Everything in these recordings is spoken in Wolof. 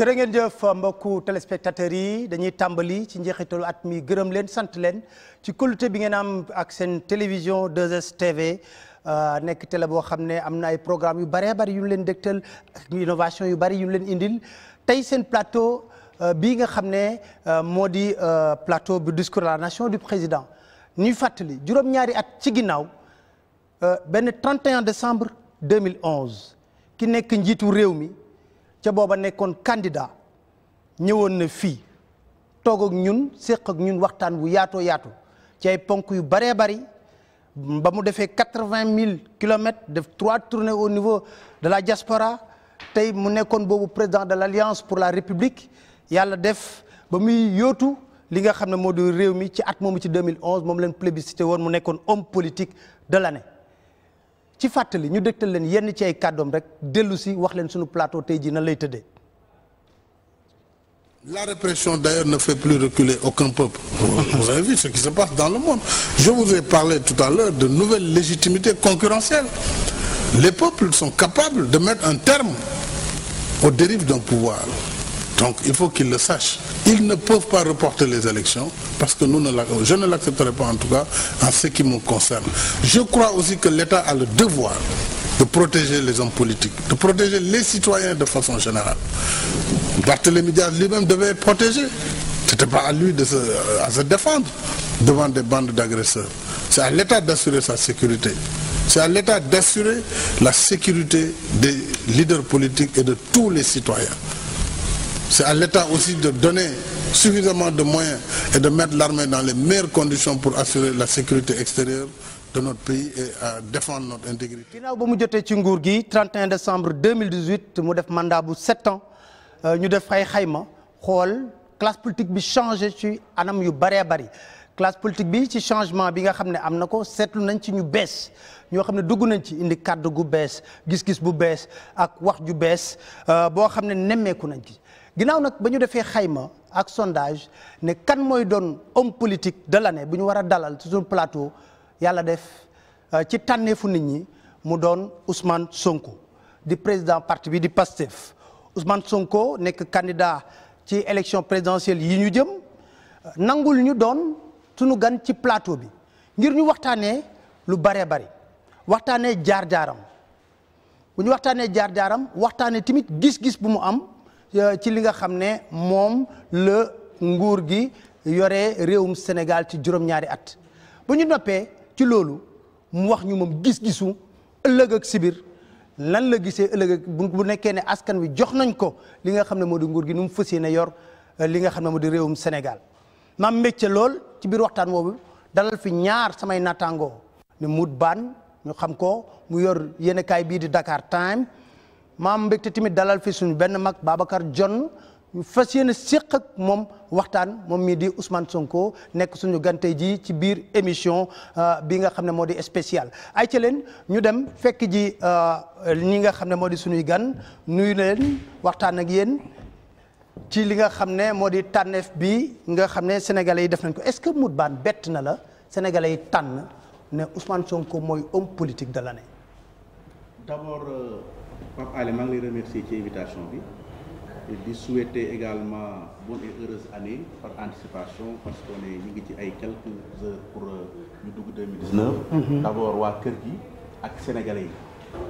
jërë ngeen jëf mbokku téléspectateurs yi dañuy tàmbali ci njeexitalu at mi gërëm leen sant leen ci kóllute bi ngeen am ak seen télévision 2STV euh, nekk tele boo xam ne am na ay programme yu bëree bëri yu ñu leen dégtal ak innovation yu bëri yu ñu leen indil tey seen plateau euh, bii nga xam ne euh, moo di plateau bu discours à la nation du président ñuy fàttali juróom-ñaari at ci ginnaaw benn 31 décembre 2011 ki nekk njiitu réew mi. ca booba nekkoon candidat ñëwoon na fii toog ak ñun séq ak ñun waxtaan bu yaatoo yaatu ci ay ponk yu baree bari ba mu defee quatre-vingt mille kilomètres def trois tournées au niveau de la jaspora tey mu nekkoon boobu président de l'Alliance pour la République yàlla def ba muy yootu li nga xam ne moo du réew mi ci at moom ci 2011 moom leen plébiscité woon mu nekkoon homme politique de ne ci fàttali ñu dégtal leen yenn ci ay kàddoom rek dellu si wax leen suñu plateau tey jii nan lay tëddee. La répression d'ailleurs ne fait plus reculer aucun peuple. Vous avez vu ce qui se passe dans le monde. Je vous ai parlé tout à l'heure de nouvelles légitimités concurrentielles. Les peuples sont capables de mettre un terme aux dérives d'un pouvoir. Donc il faut qu'ils le sachent. Ils ne peuvent pas reporter les élections parce que nous ne je ne l'accepterai pas en tout cas en ce qui me concerne. Je crois aussi que l'État a le devoir de protéger les hommes politiques, de protéger les citoyens de façon générale. Barthélémy Diaz lui-même devait être protégé. à lui de se, euh, à se défendre devant des bandes d'agresseurs. C'est à l'État d'assurer sa sécurité. C'est à l'État d'assurer la sécurité des leaders politiques et tous les citoyens. C'est à l'État aussi de donner suffisamment de moyens et de mettre l'armée dans les meilleures conditions pour assurer la sécurité extérieure de notre pays et à défendre notre intégrité. ginnaaw ba mu jotee ci nguur gi 31 décembre 2018 mu def mandat bu 7 ans euh, ñu def ay xayma xool classe politique bi changé ci anam yu bëree bëri classe politique bi ci changement bi nga xam ne am na ko seetlu nañ ci ñu bees ñoo xam ne dugg nañ ci indi kàddu gu bees gis-gis bu bees ak wax ju bees euh, boo xam ne nemmeeku nañ ci. ginnaaw nag ba ñu defee xayma ak sondage ne kan mooy doon homme politique de l'année bu ñu war a dalal ci suñu plateau yàlla def euh, ci tànneefu nit ñi mu doon Ousmane Sonko di président parti bi di PASTEF Ousmane Sonko nekk candidat ci élection présidentielle yi ñu jëm euh, nangul ñu doon suñu gan ci plateau bi ngir ñu waxtaanee lu bare bari waxtaanee jaar-jaaram bu ñu waxtaanee jaar-jaaram waxtaanee tamit gis-gis bu mu am Euh, ci li nga xam ne moom la nguur gi yore réewum Sénégal ci juróom-ñaari at bu ñu nappee ci loolu mu wax ñu moom gis-gisu ëllëg ak sibir lan la gisee ëllëg ak bu nekkee ne askan wi jox nañ ko linga xam ne moo di nguur gi nu mu fas yéene yor euh, li nga xam ne moo di réewum Sénégal maam mbégte lool ci biir waxtaan woowu dalal fi ñaar samay naataangoo ne mut baan ñu xam ko mu yor yenn kaay bii di Dakar Time maam mbégte tamit dalal fi suñu benn mag Babacar Dione ñu fas yéene séq ak moom waxtaan moom mii di Ousmane Sonko nekk suñu gante ji ci biir émission euh, bi nga xam ne moo di spécial ay ca ñu dem fekk ji euh, ñi nga xam ne moo di suñuy gan nuyu leen waxtaan ak yéen ci li nga xam ne moo di tànneef bi nga xam ne sénégalais yi def nañ ko est-ce que mut baan bett na la sénégalais yi tànn ne Ousmane Sonko mooy homme politique de l'année Pape Alé maa ngi lay remercier ci invitation bi et di souhaiter également bonne et heureuse année par anticipation parce que on ñu ngi ci ay quelques heures pour euh, ñu dugg 2019 d' abord waa kër gi ak sénégalais yi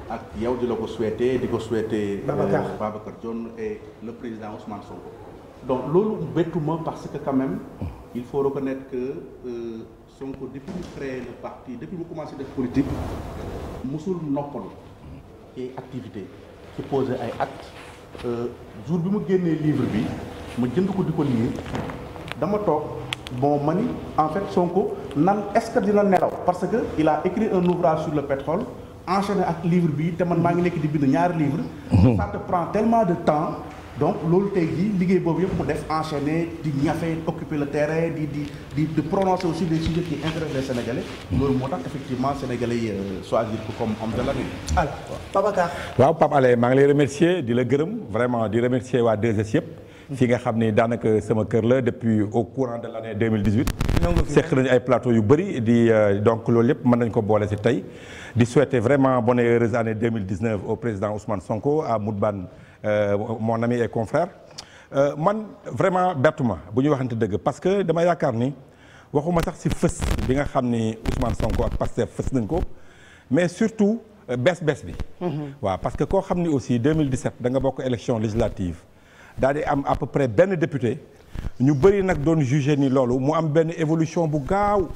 ak yow di la ko souhaiter di ko souhaiter euh, Babacar Babacar Dione et le président Ousmane Sonko donc loolu bettuma parce que quand il faut reconnaître que euh, Sonko depuis mu créé le parti depuis mu commencé def politique musul noppalu ci activité ci poser ay actes euh, jour bi mu génnee livre bi ma jënd ko di ko lire dama toog bon ma ni en fait Sonko nan est-ce que dina nelaw parce que il a écrit un ouvrage sur le pétrole enchaîné ak livre bi te man maa ngi nekk di bind ñaari livre mmh. ça te prend tellement de temps donc loolu tey jii liggéey boobu yëpp mu def enchaîner di ñafe occuper le terrain di di di di prononcer aussi des sujets qui intéressent les sénégalais. loolu moo tax effectivement sénégalais yi euh, choisir ko comme homme de l'année. alors Babacar. waaw Pape Alé maa ngi lay remercier di la gërëm vraiment di remercier waa 2S yëpp. nga xam ni daanaka sama kër la depuis au courant de l' année 2018. seq nañu ay plateau yu bëri di euh, donc loolu yëpp mën nañ ko boole si tey. di souhaiter vraiment bonne et heureuse année 2019 au président Ousmane Sonko à Moutbane. Euh, mon ami et confrère euh, man vraiment bettuma bu ñu waxante dëgg parce que dama yaakaar ni waxuma sax si fës bi nga xam ni Ousmane Sonko ak Pastef fës nañ ko mais surtout euh, bés bés bi. Mm-hmm. waaw parce que koo xam ni aussi 2017 da nga bokk élection législative daal di am à peu près benn député ñu bëri nag doon jugé ni loolu mu am benn évolution bu gaaw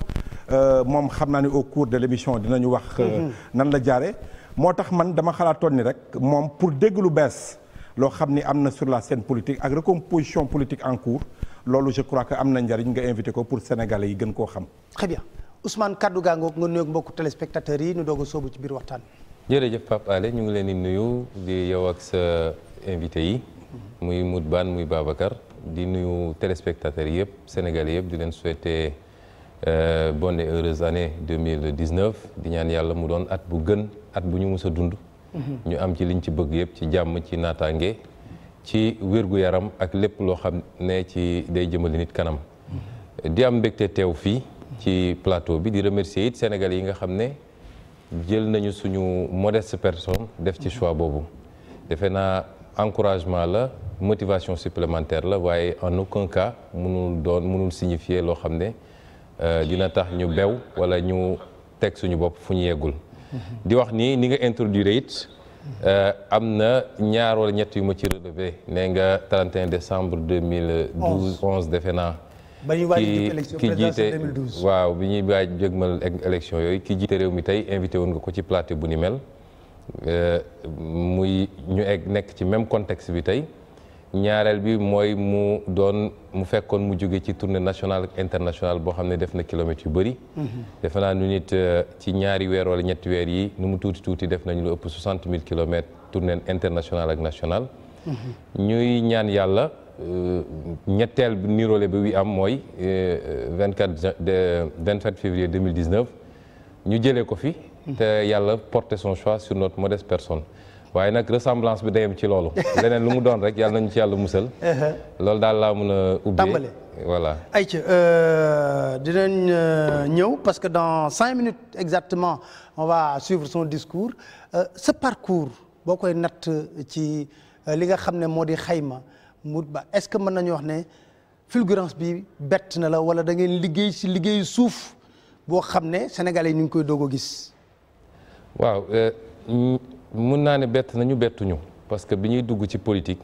moom xam naa ni au cours de l' émission dinañu wax. Mm-hmm. nan la jaare moo tax man dama xalaatoon ni rek moom pour dégg lu bees. loo xam ni am na sur la scène politique ak recomposition politique en cours loolu je crois que am na njariñ nga invité ko pour sénégalais yi gën koo xam. très bien Ousmane kaddu gaa ngoog nga nuyoog mbokku téléspectateurs yi ñu doog a sóobu ci biir waxtaan bi. jërëjëf Pape ñu ngi leen di nuyu di yow ak sa invité yi. muy Moutbane muy Babacar di nuyu téléspectateurs yëpp sénégalais yëpp di leen souhaiter. Euh, bonne et heureuse année 2019 di ñaan yàlla mu doon at bu gën at bu ñu mës a dund Mm-hmm. ñu am ci liñ ci bëgg yëpp ci jàmm ci naataange ci wérgu yaram ak lépp loo xam ne ci day jëmale nit kanam. Mm-hmm. di am mbégte teew fii ci plateau bi di remercier it yi nga xam ne jël nañu suñu modeste personne def ci mm-hmm. choix boobu defe na encouragement la motivation supplémentaire la waaye en aucun cas mënul doon mënul signifier loo xam ne euh, dina tax ñu bew wala ñu teg suñu bopp fu ñu yeggul di wax nii ni nga introduire it euh, am na ñaar wala ñett yu ma ci relevé nee nga 31 décembre 2012 11 defe naa ba ñuy waaj élection présidentielle waaw bi ñuy waaj jëgmal élection yooyu ki jiite réew mi tey invité woon nga ko ci plateau bu ni mel euh, muy ñu egg nekk ci même contexte bi tey ñaareel bi mooy mu doon mu fekkoon mu jóge ci tournée nationale ak internationale boo xam ne def na kilomètres yu bëri. Mhm. defe naa nu nit euh, ci ñaari weer wala ñetti weer yi nu mu tuuti tuuti def nañu lu ëpp 60 000 kilomètres tournée internationale ak nationale. Mhm. ñuy ñaan yàlla euh, ñetteel niroole bi wi am mooy 24 euh, de 27 février 2019 ñu jëlee ko fi. Mhm. te yàlla porter son choix sur notre modeste personne. waaye nag ressemblance bi dayam ci loolu leneen lu mu doon rek yàlla nañu ci yàlla musal uh-huh. loolu daal laa mën a ubbee tàmbale voilà ayca euh, dinañ euh, ñëw parce que dans cinq minutes exactement on va suivre son discours euh, parcours boo koy natt ci euh, li nga xam ne moo di xayma mu ba est-ce que mën nañu wax ne fulgurance bi bett na la wala da ngeen liggéey si liggéeyu suuf boo xam ne sénégal yi ñu ngi koy doog a gis waaw mun naa ne bett nañu bettuñu parce que bi ñuy dugg ci politique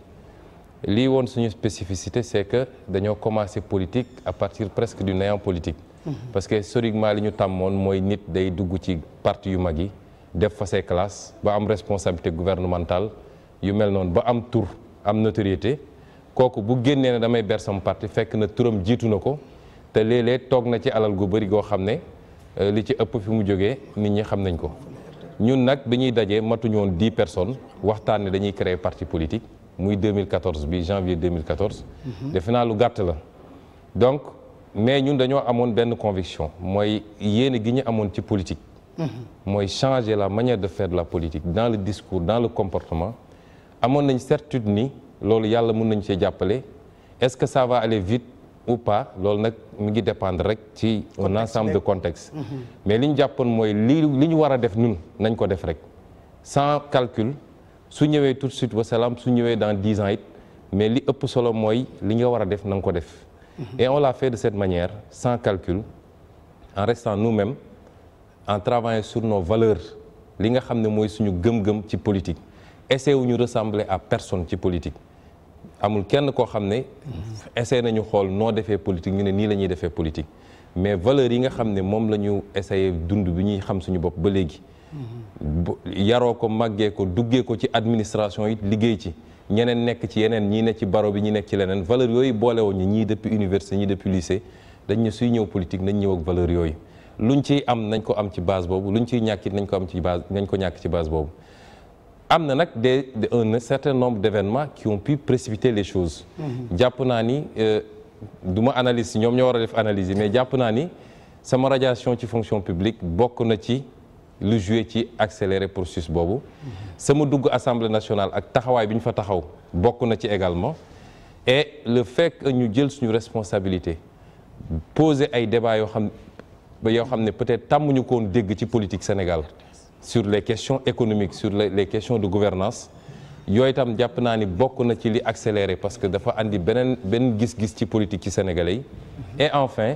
lii woon suñu spécificité c'est que dañoo commencé politique à partir presque du néant politique. Mhm. parce que historiquement li ñu tàmmoon mooy nit day dugg ci parti yu mag yi def fa ses ba am responsabilité gouvernementale yu mel noonu ba am tur am notoriété kooku bu génnee ne damay ber sama parti fekk na turam jiitu na ko te léeg-léeg toog na ci alal gu bëri goo xam ne euh, li ci ëpp fi mu jógee nit ñi xam nañ ko. ñun nag bi ñuy dajee matuñu woon dix personnes waxtaan ne dañuy créer parti politique muy 2014 bi janvier 2014. Mhm. defe naa lu gàtt la donc mais ñun dañoo amoon benn conviction mooy yéene gi ñu amoon ci politique. Mhm. mooy changer la manière de faire de la politique dans le discours dans le comportement amoon nañ certitude ni loolu yàlla mun nañ see jàppale est-ce que ça va aller vite. ou pas loolu nag mi ngi dépendre rek ci un ensemble de contexte mhm. mais li ñu jàppoon mooy li li ñu war a def ñun nañ ko def rek sans calcul su ñëwee tout de suite wasalaam su ñëwee dans dix ans it mais li ëpp solo mooy li nga war a def na ko def mhm. et on l'a fait de cette manière sans calcul en restant nous-mêmes en travaillant sur nos valeurs li nga xam ne mooy suñu gëm-gëm ci politique essayé wu ñu ressembler à personne ci politique amul kenn koo xam ne essayé nañu xool noo defee politique ñu ne nii la ñuy defee politique mais valeurs yi nga xam ne moom la ñu essayé dund bi ñuy xam suñu bopp ba léegi yaroo ko màggee ko duggee ko ci administration it liggéey ci ñeneen nekk ci yeneen ñii nekk ci baro bi ñi nekk ci leneen valeurs yooyu boole woon ñu ñii depuis université ñii depuis lycée dañ suy ñëw politique nañ ñëw ak valeurs yooyu luñ ci am nañ ko am ci base boobu luñ ciy nañ ko am ci base nañ ko ñàkk ci base boobu am na nag de un certain nombre d'événements qui ont pu précipiter les choses. jàpp naa ni euh, du ma analyse ñoom ñoo war a def analyse mais jàpp naa ni sama radiation ci fonction publique bokk na ci lu joué ci accélérer processus boobu. sama dugg assemblée nationale ak taxawaay bi ñu fa taxaw bokk na ci également. et le fait que ñu jël suñu responsabilité poser ay débats yoo xam yoo xam ne peut-être tàmmuñu koon dégg ci politique Sénégal. sur les questions économiques sur les questions de gouvernance yooyu itam jàpp naa ni bokk na ci li accéléré parce que dafa andi beneen benn gis-gis ci politique ci sénégalais yi mhm. et enfin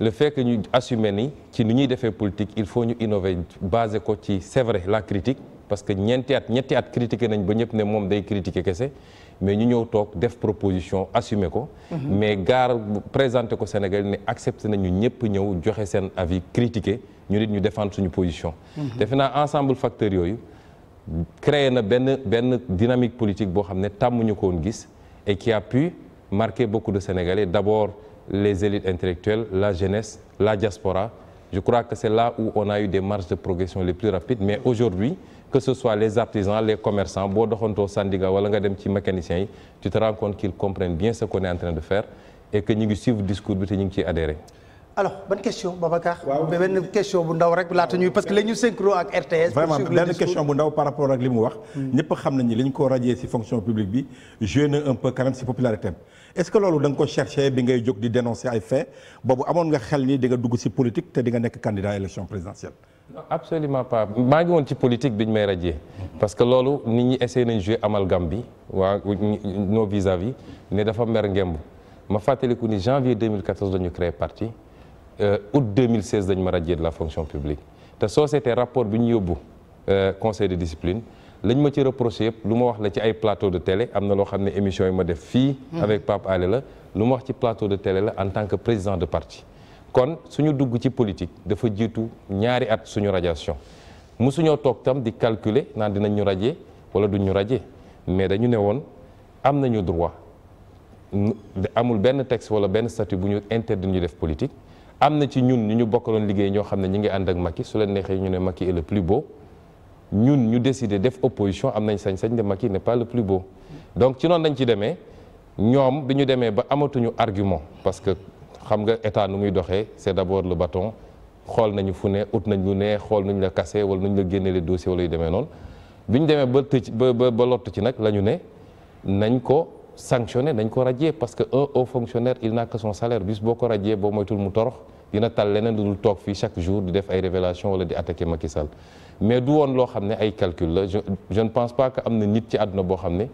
le fait que ñu assumer ni ci ni ñuy defee politique il faut ñu innover basé ko ci c'est vrai la critique parce que ñeenti at ñetti at critiqué nañ ba ñëpp ne moom day critiqué kese mais ñu ñëw toog def proposition assumer ko. Mhm. mais gar présenté ko Sénégal ne accepté nañu ñëpp ñëw joxe seen avis critiqué ñu nit ñu défendre suñu position. Mhm. defe naa ensemble facteur yooyu créer na benn benn dynamique politique boo xam ne tàmmuñu ko gis et qui a pu marquer beaucoup de Sénégalais d'abord les élites intellectuelles la jeunesse la diaspora je crois que c'est là où on a eu des marges de progression les plus rapides mais aujourd'hui que ce soit les artisans les commerçants boo doxantoo syndicat wala nga dem ci mécaniciens yi tu te rends compte bien ce qu'on de faire et que ñu ngi suivre discours bi te ñu ngi ciy adhéré. alors ban question Babacar. waaw benn question benn question bu ndaw par li mu wax. Hmm. ñëpp xam nañu li ko radier ci fonction publique bi joué na un peu quand ci popularité est-ce que loolu da ko cherché bi ngay jóg di dénoncer ay faits boobu amoon nga absolument pas maa ngi woon ci politique bi ñu may rajee parce que loolu nit ñi essayé nañ jouer amalgame bi waa nos vis-à-vis ne dafa mer ngemb ma fàttaliku ni janvier 2014 dañu créé parti euh, août 2016 dañ ma rajee de la fonction publique te soo seetee rapport bi ñu yóbbu euh, conseil de discipline lañ ma ci reproché yëpp lu ma wax la ci ay plateau de télé am na loo xam ne émission yu ma def fii hmm. avec Pape Alé la lu ma wax ci plateau de télé la en tant que président de parti kon suñu dugg ci politique dafa jiitu ñaari at suñu radiation mosuñoo toog tam di calculer naan dinañ ñu radier wala duñ ñu radier mais dañu ne woon am nañu droit amul benn texte wala benn statut bu ñu interdit ñu def politique am na ci ñun ñu ñu bokkaloon liggéey ñoo xam ne ñu ngi ànd ak Macky su leen neexee ñu ne Macky est le plus beau ñun ñu décider def opposition am nañ sañ-sañ de Macky ne pas le plus bo donc ci noonu lañ ci demee ñoom bi ñu demee ba amatuñu argument parce que xam nga état nu muy doxee c'est d'abord le baton xool nañu fu ne ut nañ lu ne xool nuñ la kase wala nuñ la génnelee dossier wala yu demee noonu bi ñu demee ba tëj ba ba ci nag la ñu ne nañ ko sanctionné nañ ko rajee parce que un haut fonctionnaire il n'a que son salaire bis boo ko rajee boo moytul mu torox dina tal leneen lu dul toog fii chaque jour di def ay révélation wala di attaquer Macky mais du woon loo xam ne ay calcul la je ne pense pas que am na nit ci àdduna boo xam ne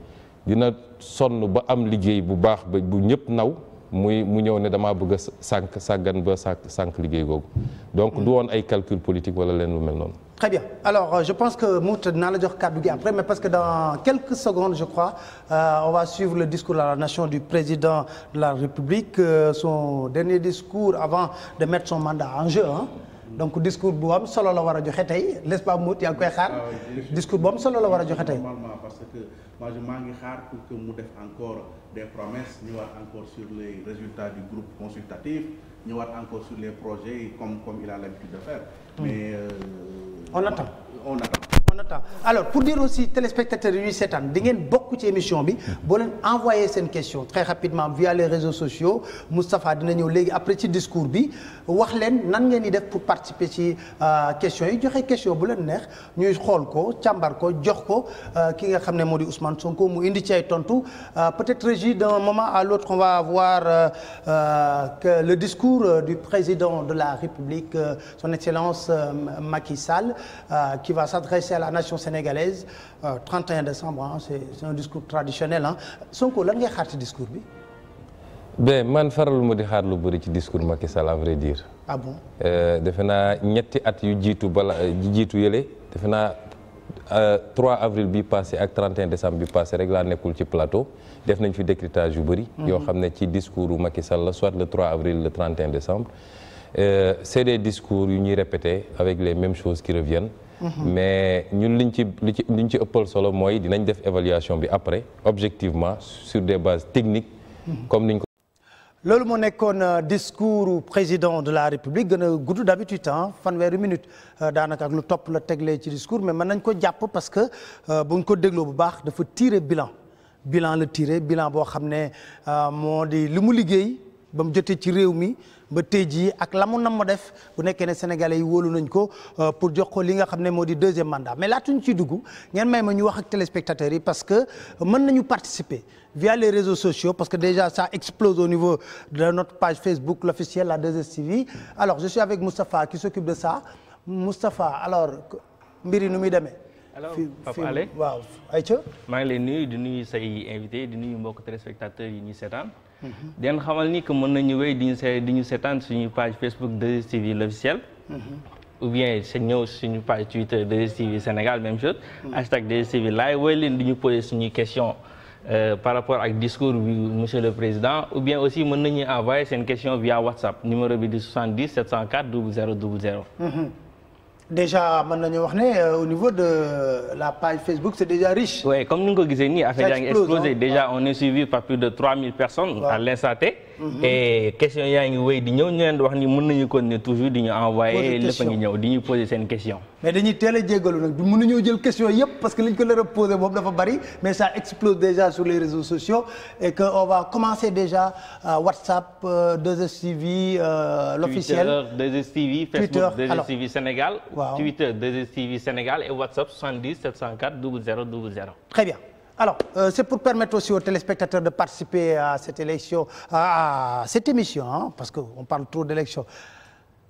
dina sonn ba am liggéey bu baax ba bu ñëpp naw muy mu ñëw ne damaa bëgg a sànq sàggan ba sànq sànq liggéey googu donc du woon ay calcul politique wala leen lu mel noonu. très bien alors euh, je pense que Mout naa la jox kàddu gi après mais parce que dans quelques secondes je crois euh, on va suivre le discours à la nation du président de la République euh, son dernier discours avant de mettre son mandat en jeu donc discours bu am solo la war a joxe tey n'est-ce mu Mout yaa ngi koy xaar. Ah discours bu solo la war a joxe te normalement parce encore. des promesses ñëwaat encore sur les résultats du groupe consultatif ñëwaat encore sur les projets comme comme il a l'habitude de faire hmm. mais euh, on attend on attend on attend alors pour dire aussi téléspectateurs yi ñuy seetaan di ngeen bokk ci émission bi boo leen envoyé seen question très rapidement via les réseaux sociaux Moustapha dina ñëw léegi après ci discours bi wax leen nan ngeen di def pour participer ci euh, question yi joxe question bu leen neex ñuy xool ko càmbar ko jox ko euh, ki nga xam ne moo di Ousmane Sonko mu indi ci ay tontu euh, peut-être régie d'un moment à l'autre on va le discours du président de la République son excellence Macky Sall qui va à la nation sénégalaise 31 euh, décembre ah c'est un discours traditionnel ah Sonko lan ngay xaar ci discours bi. ben man faralu ma di xaar lu bëri ci discours Macky Sall à vrai dire. ah euh, defe naa ñetti at yu jiitu bala euh, jiitu yële defe naa. 3 avril bi passé ak 31 décembre bi passé rek laa nekkul ci plateau def nañ fi décryptage yu bëri. Mhm. yoo xam ne ci discours u Macky Sall la soit le 3 avril le 31 décembre. Euh, c'est des discours yu ñuy répété avec les mêmes choses qui reviennent. mais ñun liñ ci li ci liñ ci ëppal solo mooy dinañ def évaluation bi après objectivement sur des bases techniques comme niñ ko loolu moo nekkoon euh, discours président de la république gën a gudd d'habitude temps fanweeri minute euh, daanaka lu topp la teglee ci discours mais mën nañ ko jàpp parce que euh, buñ ko dégloo bu baax dafa tiire bilan bilan la tiré bilan boo xam ne moo di li mu liggéey ba mu jotee ci réew mi ba tey jii ak la mu namm def bu nekkee ne sénégalais yi wóolu nañ ko euh, pour jox ko li nga xam ne moo di deuxième mandat mais laatuñ ciy dugg ngeen may ma ñu wax ak téléspectateurs yi parce que mën nañu participer via les réseaux sociaux parce que déjà sa explose au niveau de notre page Facebook l'officiel la 2STV alors je suis avec Moustapha qui s'occupe de ça Moustapha alors mbir yi nu muy demee. alors Papa Ale waaw Aïcha. maa ngi lay nuyu di nuyu say invité di nuyu mbokk téléspectateurs yi ñuy seetaan. Mm-hmm. den xamal ni que mën nañu wéy di ñu se di ñu seetaan suñu page Facebook 2STV l'officiel mm-hmm. ou bien sa ñëw suñu page Twitter 2STV Sénégal même chose mm-hmm. hashtag 2STV laay wooy leen di ñu poser suñuy question euh, par rapport ak discours bi monsieur le président ou bien aussi mën nañu envoyer seen question via WhatsApp numéro bi di 70 704 00 00 déjà mën nañu wax ne euh, au niveau de euh, la page Facebook c'est déjà riche. oui comme ni nga explosé déjà on est suivi par plus de personnes. à l'instant Mhm. et question yaa ngi wéy di ñëw ñu leen di wax nii mën nañu continuer toujours di ñu envoyé lépp a ñëw di ñuy poser seen question mais dañuy teel a jéggalu nag mën nañoo jël question yëpp parce que liñ ko leen a posé boobu dafa bari mais ça explose déjà sur les réseaux sociaux et que on va commencer déjà euh, WhatsApp 2STV euh, euh, l'officiel Twitter 2STV Facebook 2STV Sénégal waaw Twitter 2STV Sénégal et WhatsApp 70 704 00 00 très bien alors euh, c'est pour permettre aussi aux téléspectateurs de participer à cette élection à cette émission hein, parce que on parle trop d'élection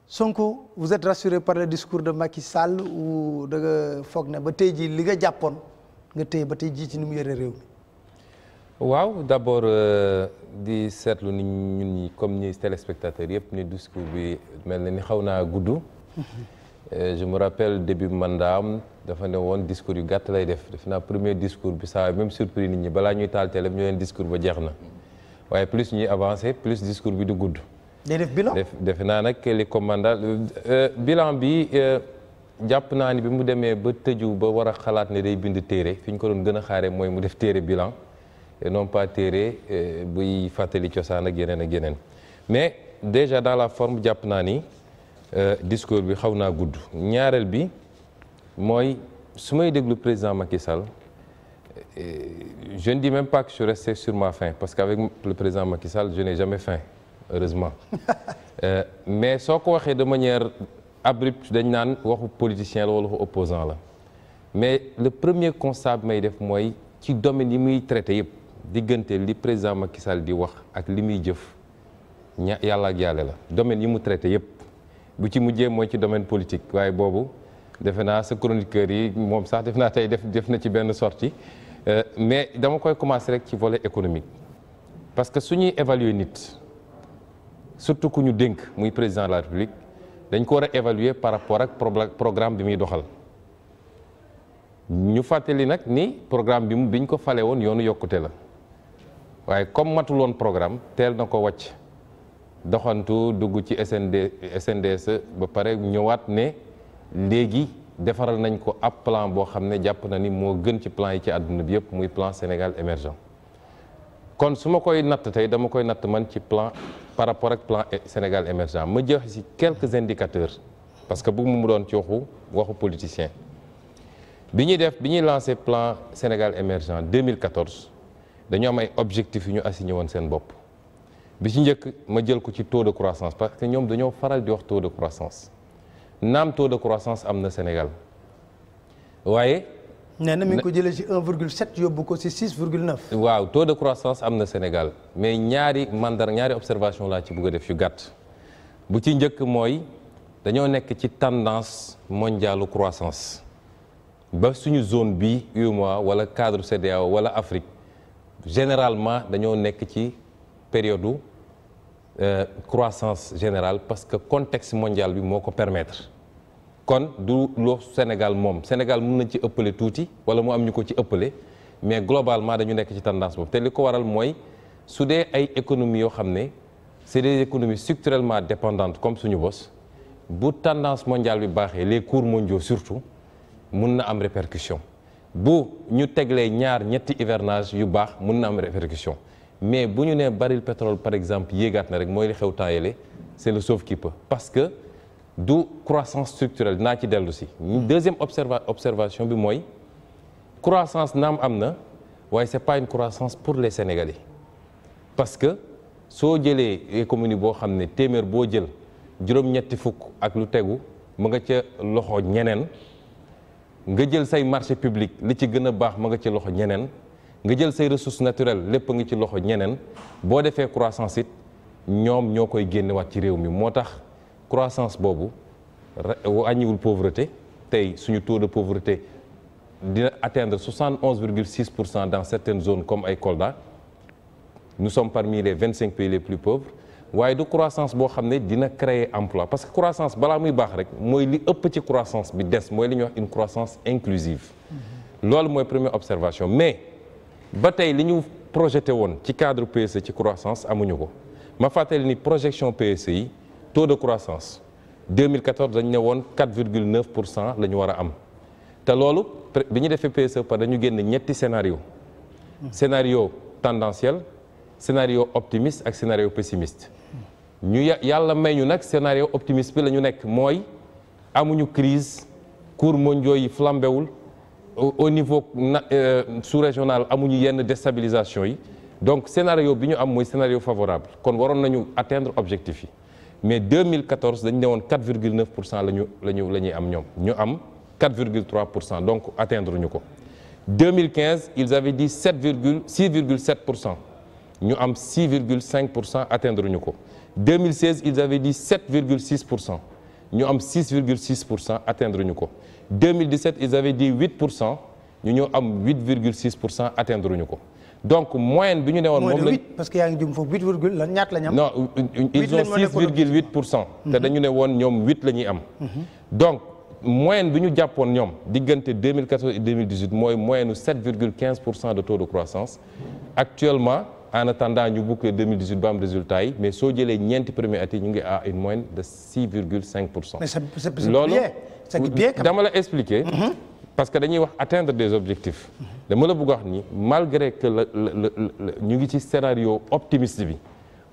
Sonko vous êtes rassuré par le discours de Macky Sall ou da nga euh, foog ne ba tey jii li nga jàppoon nga téye ba tey jii ci ni yére yore réew mi. waaw d'abord euh, di seetlu ni ñun ñi comme ni téléspectateurs yëpp ni discours bi mel na ni xaw naa gudd. Mhm. Euh, je me rappelle début mandat dafa ne woon discours yu gàtt lay def def naa premier discours bi saa même surpris nit ñi balaa ñuy taal télé ñu leen discours ba jeex na waaye plus ñuy avancer plus discours bi du gudd. day def bilan defe naa nag li commandant euh, euh, bilan bi euh, jàpp naa ni bi mu demee ba tëju ba war a xalaat ne day bind téere fi ñu ko doon gën a xaaree mooy mu def téere bilan et non pas téere buy fàttali cosaan a geneen a geneen mais déjà dans la forme jàpp naa ni discours bi xaw naa gudd ñaareel bi. mooy su may déglu président Macky Sall euh, je ne dis même pas que je suis resté sur ma faim parce qu'avec le président Macky Sall je n'ai jamais faim heureusement euh, mais soo ko waxee de manière abrupte dañ naan waxu politicien la wala waxu opposant la mais le premier constat bi may def mooy ci domaine yi muy traité yëpp diggante li président Macky Sall di wax ak li muy jëf ña yàlla ak yàlla la domaine yi mu traité yëpp bu ci mujjee mooy ci domaine politique waaye boobu defe naa sa chroniqueur yi moom sax def naa tey def def na ci benn sortie euh, mais dama koy commencer rek ci volet économique parce que su ñuy évaluer nit surtout ku ñu dénk muy président la république dañ ko war a évaluer par rapport ak programme bi muy doxal ñu fàttali nag ni programme bi mu biñ ko fale woon yoonu yokkute la waaye comme matul woon programme teel na ko wàcc doxantu dugg ci SND SNDS ba pare ñëwaat ne léegi defaral nañ ko ab plan boo xam ne jàpp na ni moo gën ci plan yi ci àdduna bi yëpp muy plan Sénégal émergent kon su ma koy natt tey dama koy natt man ci plan par rapport ak plan Sénégal émergent ma joxe ci quelques indicateurs parce que bu mu doon ci waxu waxu politicien bi ñuy def bi ñuy lancé plan Sénégal émergent 2014 dañu am ay objectifs ñu assigné woon seen bopp bi njëkk ma jël ko ci taux de croissance parce que ñoom dañoo faral di wax taux de croissance naam taux de croissance am na Sénégal waaye. nee na mi nga ko jëlee ci 1,7 yóbbu ko ci 6,9. waaw taux de croissance am na Sénégal mais ñaari mandar ñaari observation laa ci bëgg def yu gàtt bu ci njëkk mooy dañoo nekk ci tendance mondiale croissance ba suñu zone bi UEMOA wala cadre CEDEAO wala Afrique généralement dañoo nekk ci période. Euh, croissance générale parce que contexte mondial bi moo ko permettre kon du loo Sénégal moom Sénégal mun nañ ci ëppale tuuti wala mu am ñu ko ci ëppale mais globalement dañu nekk ci tendance boobu te li ko waral mooy su dee ay économies yoo xam ne c'est des économies structurellement dépendantes comme suñu bos bu tendance mondiale bi baaxee les cours mondiaux surtout mun na am répercussion bu ñu teglee ñaar ñetti hivernage yu baax mun na am répercussion mais bu ñu nee baril pétrole par exemple yéegaat na rek mooy li xew taayale c' est le sauve qui parce que du croissance structurelle naa ci dellu si. deuxième observa observation bi mooy croissance naam am na waaye c' est pas une croissance pour le Sénégalais parce que soo jëlee commune boo xam ne téeméer boo jël juróom-ñetti fukk ak lu tegu mu nga ca loxo ñeneen nga jël say marché public li ci gën a baax mu nga ca loxo ñeneen. nga jël say ressources naturelles lépp a ngi ci loxo ñeneen boo defee croissance it ñoom ñoo koy génnewaat ci réew mi moo tax croissance boobu wàññiwul pauvreté tey suñu taux de pauvreté dina atteindre 71 virgule 6 pour cent dans certaines comme ay Kolda nous sommes parmi les 25 pays les plus pauvres waaye du croissance boo xam ne dina créer emploi parce que croissance balaa muy baax rek mooy li ëpp ci croissance bi des mooy li ñuy wax une croissance inclusive mm-hmm. loolu mooy première observation mais ba tey li ñu projeté woon ci cadre PSE ci croissance amuñu ko ma fàttali ni projection PSE yi taux de croissance 2014 dañ ne woon 4 virgule 9 pour cent la war a am te loolu bi ñu defee PSE par dañu génn ñetti scénario scénario tendanciel scénario optimiste ak scénario pessimiste ñu yàlla may ñu nag scénario optimiste bi lañu nekk mooy amuñu crise cours mondiaux yi flambéwul au niveau na euh, sous-régional amuñu yenn déstabilisation yi donc scénario bi ñu am mooy scénario favorable kon waroon nañu atteindre objectif yi mais 2014 dañu ne woon 4 virgule 9 pour cent la ñu la ñu la ñuy am ñoom ñu am 4 virgule 3 pour cent donc atteindre ñu ko 2015 ils avaient dit 7 virgule 6 virgule 7 pour cent ñu am 6 virgule 5 pour cent atteindre ñu ko 2016 ils avaient dit 7 virgule 6 pour cent ñu am 6 virgule 6 pour cent atteindre ñu ko 2017 ils avaient dit 8 pour cent ñu ñëw am 8 pour cent atteindre ñu ko donc moyenne bi ñu ne woon. moom la parce que yaa ngi jum foofu 8 virgule lan ñaata la ñu am. non ils ont 6 virgule 8 pour cent. Mhm. te dañu ne woon ñoom 8 la ñuy am. Mhm. donc moyenne bi ñu jàppoon ñoom diggante 2014 et 2018 mooy moyenne nu 7 virgule 15 pour cent de taux de croissance actuellement. en attendant ñu boucler 2018 ba am résultat yi mais soo jëlee ñeenti premier at yi ñu ngi à une moyenne de 6 virgule 5 pour loolu c'est bien dama la expliquer. Mm-hmm. parce que dañuy wax atteindre des objectifs. dama la bëgg wax ni malgré que la ñu ngi ci scénario optimiste bi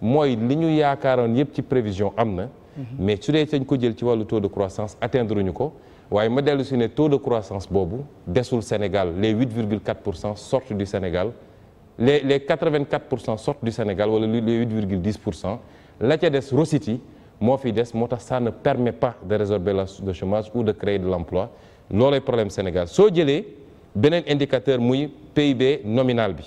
mooy li ñu yaakaaroon yëpp ci prévision am na. Mm-hmm. mais su dee dañ ko jël ci wàllu taux de croissance atteindre ñu ko. waaye ma dellu si ne taux de croissance boobu desul Sénégal les 8,4 pour cent sortent du Sénégal les les 84 pour cent sortent du Sénégal wala les 8,10 pour cent la ca des Rossiti moo fi des moo tax ça ne permet pas de résorber le chômage ou de créer de l'emploi loolay problème Sénégal soo jëlee beneen indicateur muy PIB nominal bi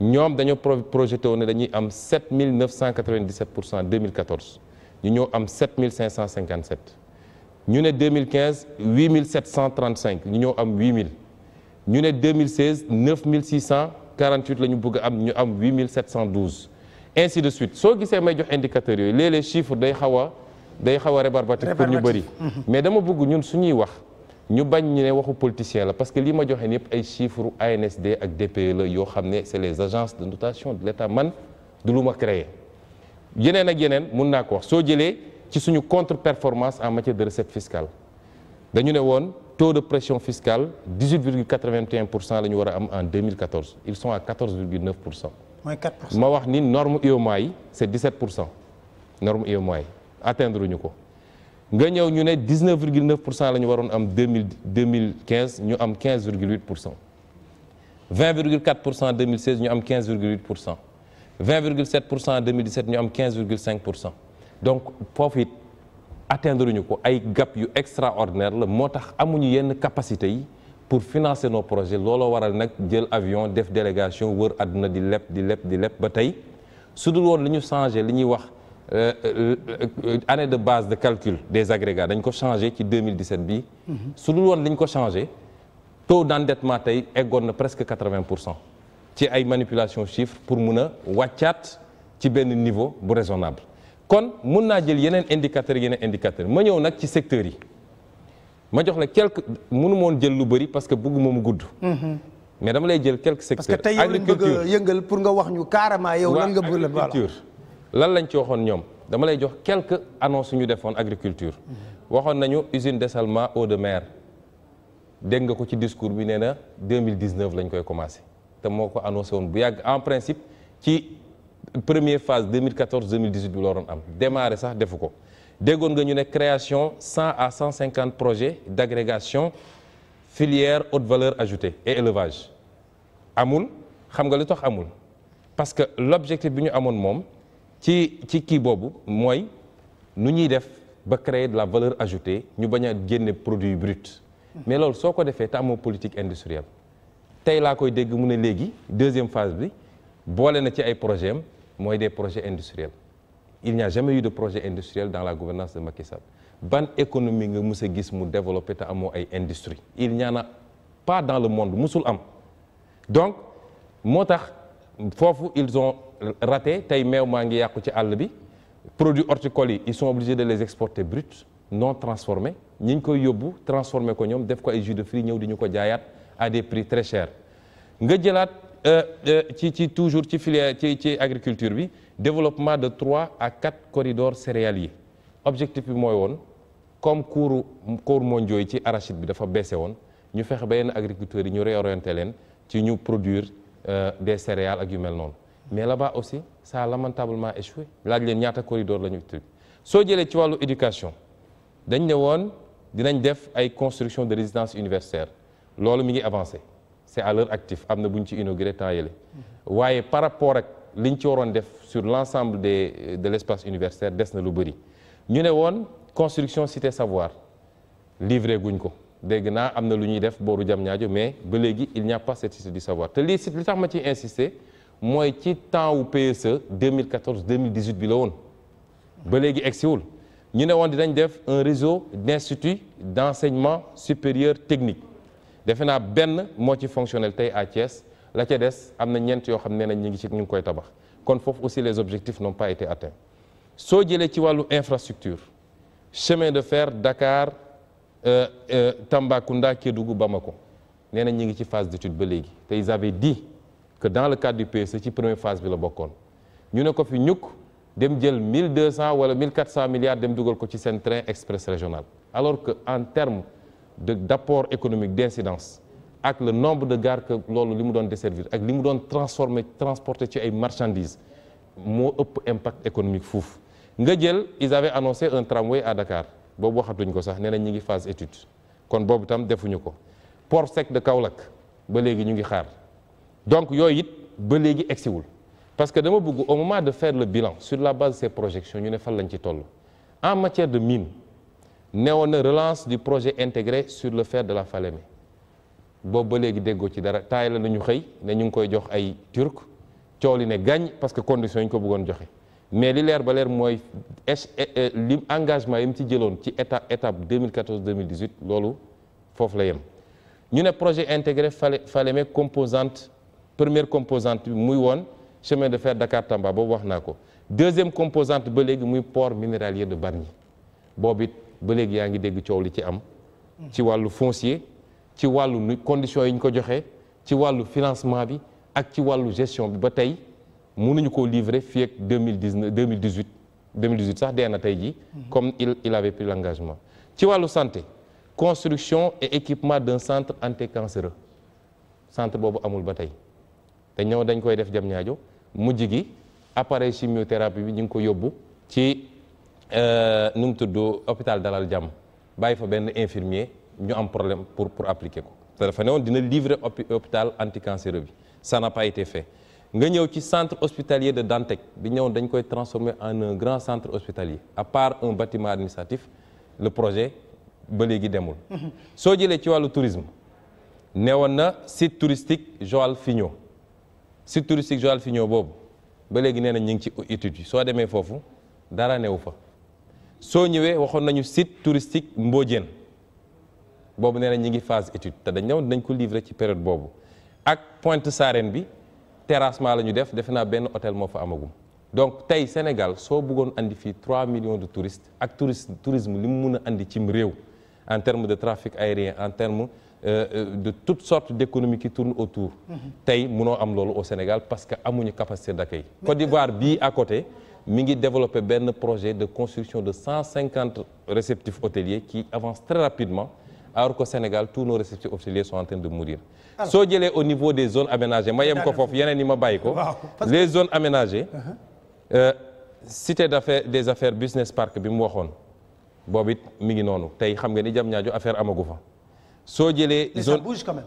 ñoom dañoo projeté woon ne dañuy am 7 997 pour cent 2014 ñu ñëw am 7 557 ñu ne 2015 8 735 ñu ñëw am 8000 ñu ne 2016 9 648 la ñu bëgg am ñu am 8 712 ainsi de suite soo gisee may jox indicateurs yooyu léeg-léeg chiffre day xaw a day xaw a rébarbatif pour ñu bëri mhm. mais dama bëgg ñun suñuy wax ñu bañ ñu ne waxu politicien la parce que lii ma joxe ni yëpp ay chiffre ANSD ak DPE la yoo xam ne c'est les agences de notation de l'État man du lu ma créé yeneen ak yeneen mun naa ko wax soo jëlee ci suñu contre-performance en matière de recette fiscale dañu ne woon taux de pression fiscale 18,81 pour ñu war a am en 2014 ils sont à 14,9 mooy 4 pour ma wax ni norme UEMOA yi c' est 17 pour cent norme UEMOA yi atteindre ñu ko nga ñëw ñu ne 19 virgule 9 pour cent la ñu waroon am 2000 2015 ñu am 15 virgule 8 pour cent 20 virgule 4 pour cent 2016 ñu am 15 virgule 8 pour cent 20 virgule 7 pour cent 2017 ñu am 15 virgule 5 pour cent donc foofu it atteindre ñu ko ay gap yu extraordinaire la moo tax amuñu yenn capacité yi. pour financer nos projet looloo waral nag jël avion def délégation wër àdduna di leb di leb di leb ba tey su dul woon li ñu changé li ñuy wax euh, euh, euh, année de base de calcul des agrégats dañ ko changé ci 2017 bii. Mhm. su dul woon li ñu ko changé taux d'endettement tey eggoon na presque 80 pour cent ci ay manipulation chiffres pour mun a wàccaat ci benn niveau bu raisonnable kon mun naa jël yeneen indicateurs yeneen indicateurs ma ñëw nag ci secteurs yi. ma jox la quelque mënu moon jël lu bëri parce que bëgguma mu gudd mhm. mais dama lay jël quelques secteurs que tey yow lañ bëgg yëngal pour nga wax ñu carrément yow lan nga bëgg agriculture lan lañ ci waxoon ñoom dama lay jox quelques annonces ñu defoon agriculture mhm. waxoon nañu usine dessalement eau de mer dégg nga ko ci discours bi nee na 2019 lañ koy commencé te moo ko annoncé woon bu yàgg en principe ci première phase 2014 2018 bi la roon am démarré sax defu ko déggoon nga ñu ne création 100 à 150 projets d'agrégation filière haute valeur ajouté et élevage amul xam nga lu tax amul parce que l'objectif bi ñu amoon moom ci ci kii boobu mooy nu ñuy def ba créer de la valeur ajouté ñu bañ a génne produit brut mais loolu soo ko defee te amoo politique industrielle tey laa koy dégg mu ne léegi deuxième phase bi boole na ci ay projet mooy des projets industriels il n'y a jamais eu de projet industriel dans la gouvernance de Macky Sall économie nga mus gis mu développé te amoo ay industrie il n'y en pas dans le monde musul am donc moo tax foofu ils ont rate tey meew maa ngi yàqu ci àll bi produit horticoles yi ils sont obligés de les exporter bruts non transformés ñi ñu koy yóbbu transformé ko ñoom def ko ay jus de fruits ñëw di ñu ko jaayaat à des prix très chers nga jëlaat euh, euh, ci ci toujours ci filière ci ci agriculture bi développement de trois à quatre corridors yi objectif bi mooy woon comme cours cours mondiaux yi ci arachide bi dafa baissé woon ñu fexe ba yenn agriculteurs yi ñu réorienté leen ci ñu produire euh, des céréales ak yu mel noonu mais là-bas aussi ça a lamentablement échoué laaj leen ñaata corridor la ñu tudd soo jëlee ci wàllu éducation dañ ne woon dinañ def ay construction de résidences universitaires loolu mu ngi avancer c'est à actif am na bu ñu ci inauguré temps yële mm-hmm. waaye par rapport ak liñ ci waroon def sur l'ensemble des euh, de l'espace universitaire des na lu bëri ñu ne woon construction cité savoir livré guñ ko dégg naa am na lu ñuy def booru jam ñaajo mais ba léegi il n'y a pas cette cité du savoir te lii li tax ma ciy insister mooy ci temps wu PSE 2014 2018 bi la woon ba léegi egsiwul ñu ne woon dinañ def un réseau d'instituts d'enseignement supérieur technique defe naa benn moo ci fonctionnel tey à Thiès la cee des am na ñeent yoo xam ne nañ ñu ngi ci ñu ngi koy tabax kon foofu aussi les objectifs n'ont pas été atteints soo jëlee ci wàllu infrastructure chemin de fer Dakar euh, euh, Tambacounda Kédougou Bamako nee na ñi ngi ci phase d'étude ba léegi te ils avaient dit que dans le cadre du PSE ci première phase bi la bokkoon ñu ne ko fi ñukk dem jël 1200 wala 1400 milliards dem dugal ko ci seen train express régional alors que en terme de d'apport économique d'incidence ak le nombre de gares que loolu li mu doon desservir ak li mu doon transformer transporter ci ay marchandises moo ëpp impact économique fuuf nga jël ils avaient annoncé un tramway à Dakar boobu waxatuñ ko sax nee na ñi ngi phase étude kon boobu itam defuñu ko port sec de Kaolack ba léegi ñu ngi xaar donc yooyu it ba léegi egsiwul parce que dama bëgg au moment de faire le bilan sur la base de ces projections ñu ne fan lañ ci toll en matière de mine newoon na relance du projet intégré sur le fer de la Falémé boobu ba léegi déggoo ci dara taay nañu xëy ne ngi koy jox ay turc coow li ne gàñ parce que condition yi ñu ko bëggoon joxe mais li leer ba leer mooy eh, eh, li engagement yi mu ci jëloon ci état étape 2014 2018 loolu foofu la yem ñu ne projet intégré Falémé composante première composante bi muy woon chemin de fer Dakar Tamba boobu wax naa ko deuxième composante ba léegi muy port minéralier de Bargny boobu it ba léegi yaa ngi dégg coow li ci am ci wàllu foncier ci wàllu nu conditions yi ñu ko joxe ci wàllu financement bi ak ci wàllu gestion bi ba tey mënuñu koo livrer fii ak deux mille dix neuf deux mille dix huit deux sax dee na tey jii. Mhm. comme il il avait pris ci wàllu santé construction et équipement d'un centre anticancéreux centre boobu amul ba tey te ñëw dañ koy def jam ñaajo mujj gi appareil chimiothérapie bi ñu ngi ko yóbbu ci euh, nu mu tudd hôpital Dalal Jàmm bàyyi fa benn infirmier. ñu am problème pour pour appliquer ko te dafa ne woon dina livrer hôpital anticancéreux bi ça n'a pas fait nga ñëw ci centre hospitalier de Dantec bi ñëw dañ koy transformer en un grand centre hospitalier à part un bâtiment administratif le projet ba léegi demul soo jëlee ci wàllu tourisme woon na site touristique Joal Fignon site touristique Joal Fignon boobu ba léegi nee na ñu ngi ci étude yi soo demee foofu dara newu fa soo ñëwee waxoon nañu site touristique Mbodiène boobu nee na ñi ngi phase étude te dañ ñëw dañ ko livrer ci période boobu ak Pointe Sarène bi terrassement la ñu def defe naa benn hôtel moo fa amagum donc tey Sénégal soo bëggoon indi fii 3 millions de touristes ak touriste tourisme li mu mun a andi cim réew en terme de trafic aérien en terme euh, euh, de toutes sortes d'économies qui tournent autour mhm. tey munoo am loolu au Sénégal parce que amuñu capacité d'accueil Côte d'Ivoire bii à côté mi ngi développé benn projet de construction de 150 réceptifs hôteliers qui avance très rapidement alors qu'au Sénégal tous nos réceptifs hôteliers sont en train de mourir soo jëlee au niveau des zones aménagées ma yem ko foofu yeneen yi ma bàyyi ko les zones aménagées uh-huh. euh, cité d'affaires des affaires business park bi mu waxoon boobu it mi ngi noonu tey xam nga ni jam ñaajo affaire amagu fa soo jëlee zone bouge quand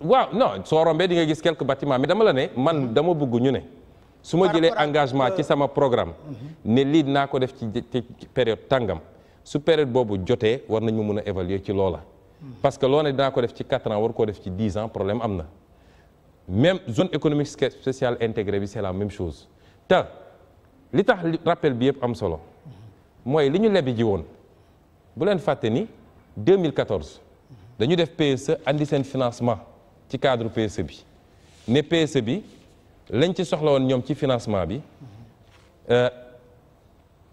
waaw non soo rombee di nga gis quelques batiment mais dama la ne man uh-huh. dama bëgg ñu ne su ma jëlee engagement ci euh, sama programme uh-huh. ne lii naa ko def ci période tàngam su période boobu jotee war nañu mën a évaluer ci loola parce que loo ne dinaa ko def ci 4 ans war koo def ci 10 ans problème am na même zone économique sociale intégrée bi c'est la même chose te li tax rappel bi yëpp am solo mooy li ñu lebi ji woon bu leen fàtte ni 2014 dañu def PSE andi seen financement ci cadre ps e bi ne PSE bi lañ ci soxla woon ñoom ci financement bi euh,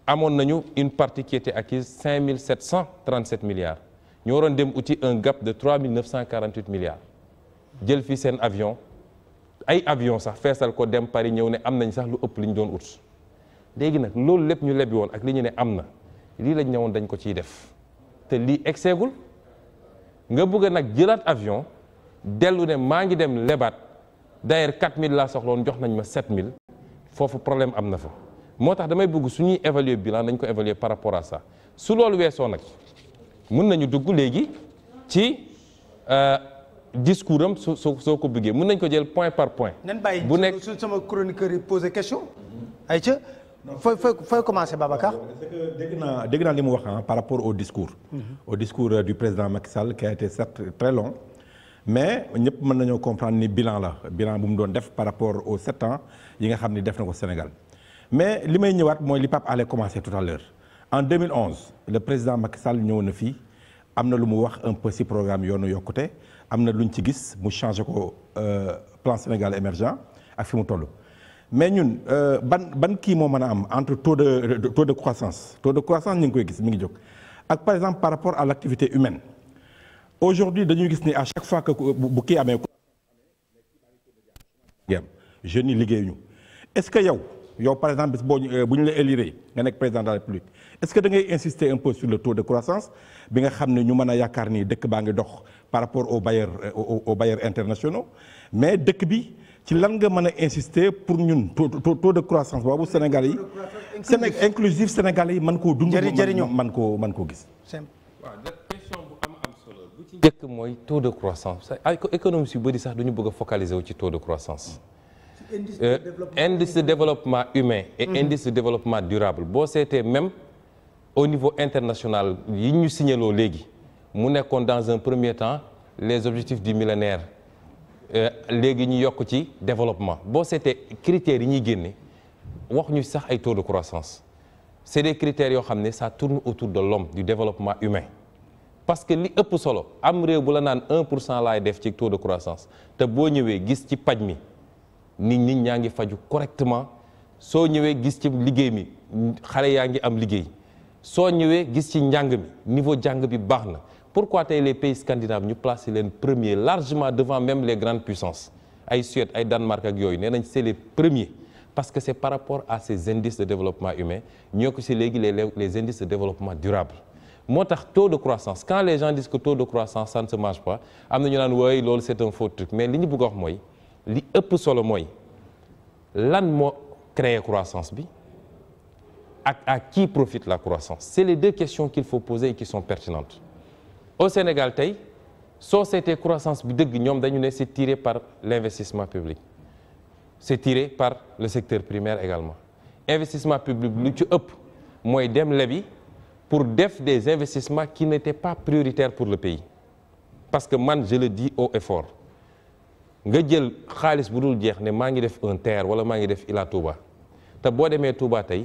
amoon nañu une partie qui était acquise 5737 milliards ñu waroon dem uti un gap de 3 948 milliards jël fi seen avion ay avion sax feesal ko dem Paris ñëw ne am nañ sax lu ëpp li ñu doon ut léegi nag loolu lépp ñu lebi woon ak li ñu ne am na lii lañ ñëwoon dañ ko ciy def te lii egseegul nga bugg nag jëlaat avion dellu ne maa ngi dem lebaat d'ailleurs mille laa soxloon jox nañ ma mille foofu problème am na fa moo tax damay bëgg suñuy ñuy évaluer bilan dañ ko évaluer par rapport à ça su loolu weesoo nag. mun nañu dugg léegi ci euh, discours am su soo ko buggee mun nañ ko jël point par point. bu nekk nan sama chroniqueur yi posé question. ayca fooy fooy fooy commencé Babacar. dégg naa dégg naa li mu wax par rapport au discours. Mm-hmm. au discours euh, du président Macky Sall qui a été certes très long. mais ñëpp mën nañoo comprendre ni bilan la bilan bu mu doon def par rapport au sept ans yi nga xam ni def na ko Sénégal mais li may ñëwaat mooy li Pape Alé commencé tout à l'heure en 2011 le président Macky Sall ñëw na fii am na lu mu wax un peu programme yoonu yokkute am na luñ ci gis mu changé ko euh, plan Sénégal émergent ak fi mu toll. mais ñun euh, ban ban kii moo mën a am entre taux de taux de croissance taux de croissance ñu ngi koy gis mu ngi jóg ak par exemple par rapport à l' activité humaine aujourd'hui dañuy gis ni à chaque fois ko bu kii amee. jeunes yi liggéeyuñu est-ce que yow. yow par exemple bis boo euh, bu ñu la élire nga nekk président de la république est ce que da ngay insister un peu sur le taux de croissance bi nga xam ne ñu mën a yaakaar ni dëkk baa ngi dox par rapport aux bailleurs euh, aux bailleurs internationaux mais dëkk bi ci lan nga mën a insister pour ñun taux de croissance boobu Sénégal yi. Séné inclusif Sénégal yi man koo dund. jëriñoo mën koo mën koo gis. njëkk mooy taux de croissance ay économie yu bëri sax du ñu bëgg a wu ci taux de croissance indice de euh, développement humain et mhm. indice de développement durable boo seetee même au niveau international yi ñu signaloo léegi mu nekkoon dans un premier temps les objectifs du millénaire euh, léegi ñu yokk ci développement boo seetee critères yi ñuy génne wax ñu sax ay taux de croissance c'est des critères yoo xam ne sa tourne autour de l'homme du développement humain parce que li ëpp solo am réew bu la naan 1 pour cent laay def ci taux de croissance te boo ñëwee gis ci paj mi nit ñi ñaa ngi faju correctement soo ñëwee gis ci liggéey mi xale yaa ngi am liggéey soo ñëwee gis ci njàng mi niveau jàng bi baax na pourquoi tey les pays scandinaves ñu placé leen premier largement devant même les grandes puissances ay Suède ay Danemark ak yooyu nee nañ c'est les parce que c'est par rapport à ces indices de développement humain ñoo ko si léegi les les indices de développement durable moo tax taux de croissance quand les gens disent que mais li ñu bëgg a mooy li ëpp solo mooy lan moo créer croissance bi ak à qui profite la croissance c'est les deux questions qu'il faut poser et qui sont pertinentes au Sénégal tey soo seetee croissance bi dëgg ñoom dañu ne c'est tiré par l'investissement public c'est tiré par le secteur primaire également investissement public lu ci ëpp mooy dem lebi pour def des investissements qui n'étaient pas prioritaires pour le pays parce que man je le dis haut et nga jël xaalis bu dul jeex ne maa ngi def un terre wala maa ngi def Ila Touba te boo demee Touba tey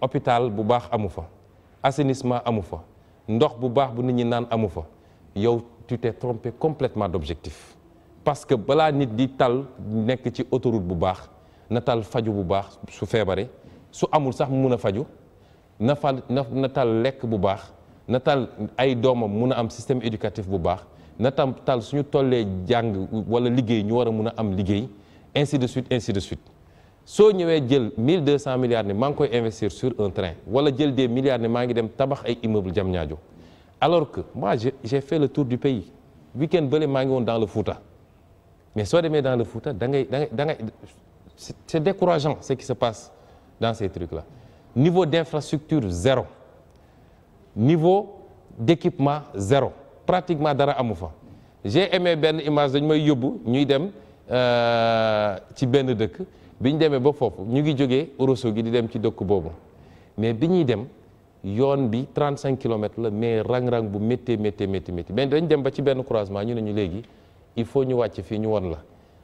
hôpital bu baax amu fa assainissement amu fa ndox bu baax bu nit ñi naan amu fa yow tu t'es trompé complètement d'objectif parce que balaa nit di tal nekk ci autoroute bu baax na tal faju bu baax su feebare su amul sax mun a faju na fal na tal lekk bu baax na tal ay doomam mun a am système éducatif bu baax na tam tal suñu tollee jàng wala liggéey ñu war a mun a am liggéey ainsi de suite ainsi de suite soo ñëwee jël 1200 milliards ne maa ngi koy investir sur un train wala jël des milliards ne maa ngi dem tabax ay immeuble jam ñaajo alors que moi j'ai fait le tour du pays week-end bële maa ngi woon dans le Fouta mais soo demee dans le Fouta da ngay da ngay da ngay c'est décourageant ce qui se passe dans ces trucs là niveau d'infrastructure zéro niveau d'équipement zéro pratiquement dara amu fa j'ai aimé benn image dañ may yóbbu ñuy dem euh, ci benn dëkk bi ñu demee ba foofu ñu ngi jógee Ourossogui gi di dem ci dëkk boobu mais bi ñuy dem yoon bi 35 kilomètres la mais rang-rang bu méttee méttee métti métti mais dañ dem ba ci benn croisement ñu ne ñu léegi il faut ñu wàcc fii ñu won la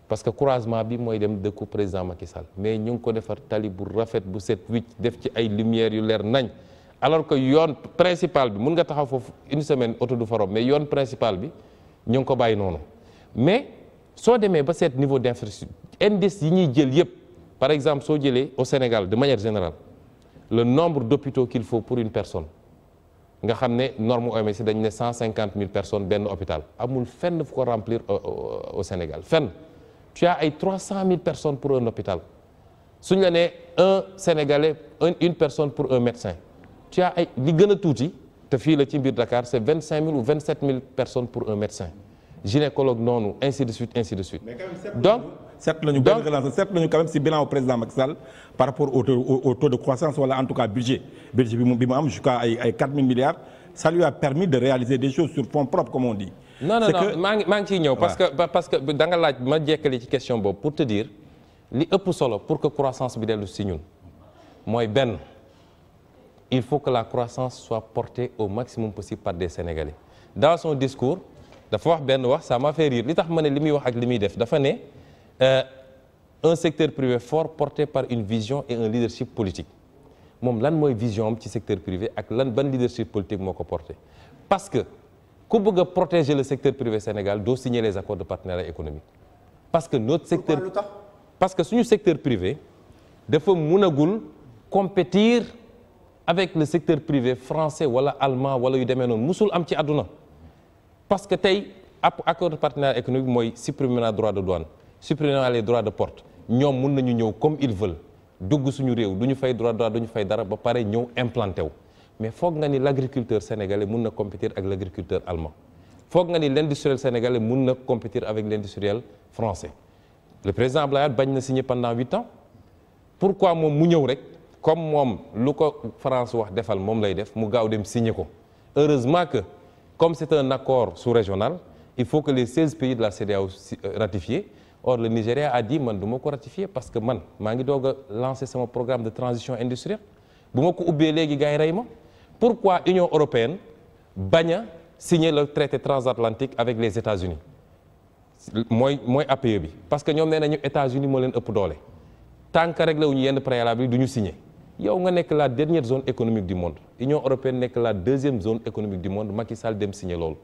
parce que croisement bi mooy dem dëkku président Macky sal mais ñu ngi ko defar tali bu rafet bu set wicc def ci ay lumières yu leer nañ alors que yoon principal bi mun nga taxaw foofu une semaine oto du forom mais yoon principal bi ñu ngi ko bàyyi noonu mais soo demee ba seet niveau d'infrastructure indice yi ñuy jël yëpp par exemple soo jëlee au Sénégal de manière générale le nombre d'hôpitaux qu'il faut pour une personne nga xam ne norme OMS dañ ne cent cinquante mille personnes benn hôpital amul fenn fu ko remplir au Sénégal fenn tu as ay cent mille personnes pour un hôpital suñ la nee un Sénégalais une personne pour un médecin tu as ay li gën a tuuti te fii la ci biir Dakar c'est vingt cinq mille ou vingt sept mille personnes pour un médecin gynécologue noonu ainsi de suite ainsi de suite. Mais donc seet lañu benn relance seet lañu quand si bilan au président Macky Sall par rapport au taux, de croissance wala en tout cas budget bi mu am jusqu'à ay ay milliards ça lui a permis de réaliser des choses sur fonds propres comme on dit. non non non maa ngi maa ngi ciy ñëw parce que parce que pour te dire li ëpp solo pour que croissance bi dellu il faut que la croissance soit portée au maximum possible par des Sénégalais dans son discours dafa wax benn wax ça m'a fait rire li tax ma ne li muy wax ak li muy def dafa ne euh, un secteur privé fort porté par une vision et un leadership politique moom lan mooy vision am ci secteur privé ak lan ban leadership politique moo ko porté parce que ku bëgg a le secteur privé Sénégal doo signer les accords de partenariat économique parce que notre secteur parce que suñu secteur privé dafa munagul avec le secteur privé français wala allemand wala yu demee noonu mosul am ci àdduna parce que tey app accord de partenariat économique mooy supprimer naa droit de douane supprimer naa les droits de porte ñoom mun nañu ñëw comme ils veulent dugg suñu réew du ñu fay droit droit du ñu fay dara ba pare ñëw implanté wu mais foog nga ni l' agriculteur sénégalais mun na compétir ak l' agriculteur allemand foog nga ni l' industriel sénégalais mun na compétir avec l' industriel français le président bañ na signé pendant huit ans pourquoi moom mu ñëw rek comme moom lu ko France wax defal moom lay def mu gaaw dem signé ko heureusement que comme c'est un accord sous-régional il faut que les 16 pays de la CEDEAO euh, ratifient or le Nigéria a man duma ko ratifier parce que man maa ngi doog a lancer sama programme de transition industrielle bu ma ko ubbee léegi gars rey ma pourquoi Union européenne bañ a signer le traité transatlantique avec les États-Unis mooy mooy APE bi parce que ñoom nee nañu États-Unis moo leen ëpp doole tant que réglé wu ñu yenn préalable yi du ñu signer yow nga nekk la dernière zone économique du monde Union européenne nekk la deuxième zone économique du monde Macky Sall dem signé loolu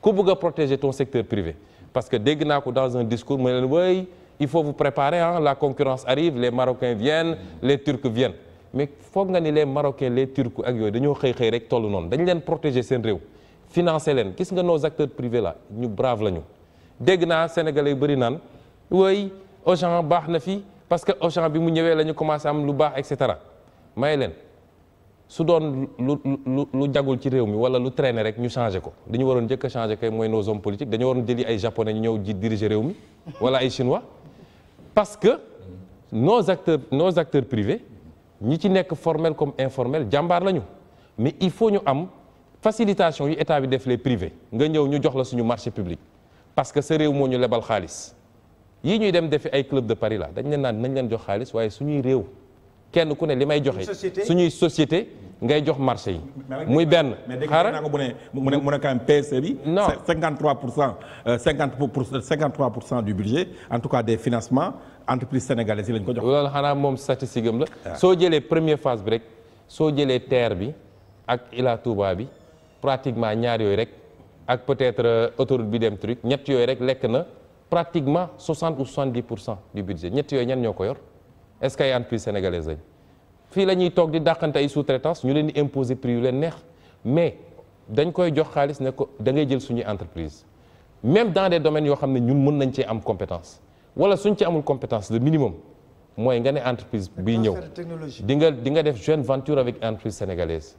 ku bëgg a protéger ton secteur privé parce que dégg naa ko dans un discours mu ne leen way il faut vous préparer ah la concurrence arrive les Marocains viennent les Turcs viennent mais foog nga ni les Marocains les Turcs ak yooyu dañoo xëy xëy rek toll noonu dañ leen protéger seen réew financé leen gis nga nos acteurs priv là ñu brave lañu dégg naa sénégalais yu bëri naan way Auchan baax na fi parce que Auchan bi mu ñëwee la ñu commencé am lu baax et cetera may leen su doon lu lu lu jagul ci réew mi wala lu traîner rek ñu changé ko dañu waroon njëkk a changé mooy nos hommes politiques dañu waroon jëli ay japonais ñu ñëw ji diriger réew mi wala ay chinois parce que nos acteurs nos acteurs privés ñi ci nekk formel comme informel jàmbaar lañu mais il faut ñu am facilitation yu état bi def les privés nga ñëw ñu jox la suñu marché public parce que sa réew moo ñu lebal xaalis yii ñuy dem defi ay club de Paris la dañ leen naan nañ leen jox xaalis suñuy réew. kenn ku ne li may joxe suñuy société ngay jox marché yi muy benn xaaral mais ko mu ne mu ne quand même PSE bi non 53 pour cent 50 euh, pour 53 pour cent du budget en tout cas des financements entreprise sénégalaise lañ ko jox loolu xanaa moom statistique am la ah. soo jëlee premier phase bi rek soo jëlee terre bi ak Ila Touba bi pratiquement ñaar yooyu rek ak peut-être euh, autoroute bi dem truc ñett yooyu rek lekk na pratiquement 60 pour cent du budget ñett yooyu ñan ñoo ko yor est-ce que ay entreprise sénégalaise lañ fii la ñuy toog di dàqante ay sous-traitance ñu leen di imposer prix yu leen neex mais dañ koy jox xaalis ne ko da ngay jël suñu entreprise même dans des domaines yoo xam ne ñun mën nañ cee am compétence wala suñ ci amul compétence le minimum mooy nga ne entreprise biy ñëw di nga di nga def joint venture avec entreprise sénégalaise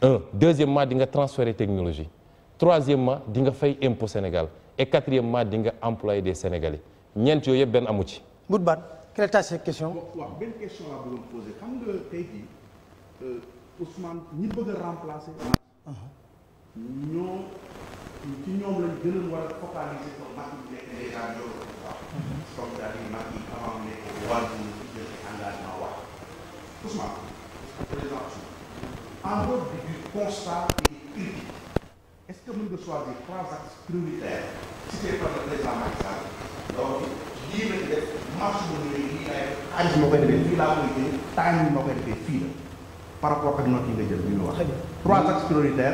deuxième deuxièmement di nga transférer technologie troisièmement di nga fay impôt Sénégal et quatrièmement di nga employer des Sénégalais ñeent yooyu yëpp benn amu ci quelle est ta question. waaw benn question laa bëggoon posé xam nga tey jii euh, Ousmane ñi bëgg a remplacer. ñoo ci ñoom lañ gën war a focaliser ko Macky nekk déjà loolu waaw. comme daal di Macky avant mu nekk wàllu jël engagement wax Ousmane président en dehors du constat et des critiques est-ce que mën nga par rapport ak notes yi nga jël bi nga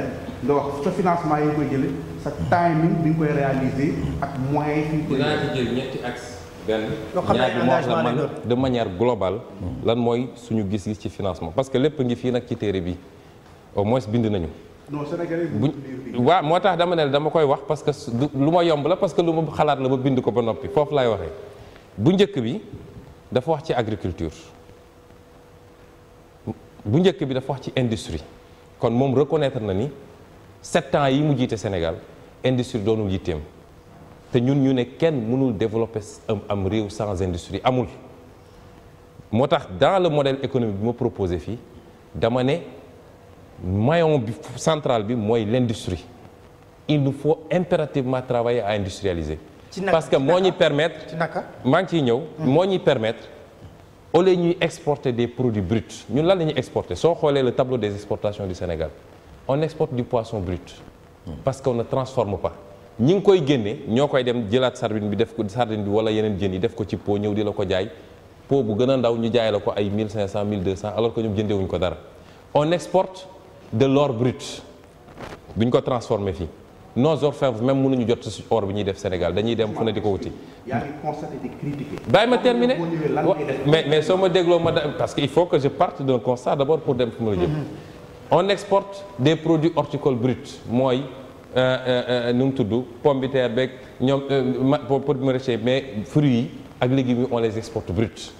wax sa financement yi nga koy jëlee sa timing bi nga koy réaliser ak moyens yi nga jël ñetti axes benn ñaar bi moo la man de manière globale hmm. lan mooy suñu gis-gis ci financement parce que lépp ngi fii nag ci téere bi au moins bind nañu bu Sénégalais waaw moo tax dama ne dama koy wax parce que lu ma yomb la parce que lu ma xalaat la ba bind ko ba noppi foofu laay waxee bu njëkk bi dafa wax ci agriculture bu njëkk bi dafa wax ci industrie kon moom reconnaître na ni sept ans yi mu jiite Sénégal industrie doonul yitteem te ñun ñu ne kenn mënul développer am am réew sans industrie amul moo tax dans le modèle économique bi ma proposé fii dama ne maillon bi central bi mooy l'industrie il nous faut impérativement travailler à industrialiser parce que moo ñuy permettre maa ngi ciy ñëw hmm. moo ñuy permettre au ñuy exporter de produits bruts ñun lan la exporte exporter soo xoolee le tableau des exportations du Sénégal on exporte du poisson brut hmm. parce qu'on ne transforme pa ñi ngi koy génne ñoo koy dem jëlaat sardine bi def ko sardine bi wala yeneen jën yi def ko ci pot ñëw di la ko jaay pot bu gën a ndaw ñu jaay la ko ay 1500 1200 alors que ñoom jëndewuñ ko dara on exporte de l'or brut bu ñu ko transformé fii nos orfèvres même mënuñu jot si or bi ñuy def Sénégal dañuy dem fu ne di ko wuti. bàyyi ma terminer mais mais soo ma dégloo ma parce que il faut que je parte d'un constat d'abord pour dem fu ma la jëm. Mm-hmm. on exporte des produits horticoles bruts mooy euh, euh, euh, nu mu tudd pomme de terre beeg ñoom ma produits maraîchers mais fruits yi ak légumes yi on les exporte bruts.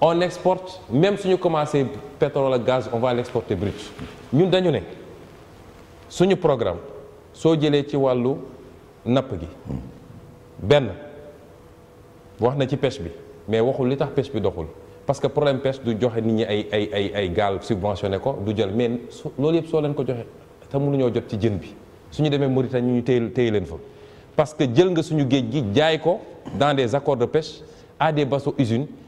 on exporte même suñu si commencé pétrole ak gaz on va l'exporter brut ñun dañu ne suñu programme soo jëlee ci wàllu napp gi benn wax na ci pêche bi mais waxul li tax pêche bi doxul parce que problème pêche du joxe nit ñi ay ay ay ay gaal subventionné ko du jël mais loolu yëpp soo leen ko joxe te mënuñoo jot ci jën bi suñu demee Mauritanie ñu téye téye leen fa parce que jël nga suñu géej gi jaay ko dans des accords de pêche à des bateaux usines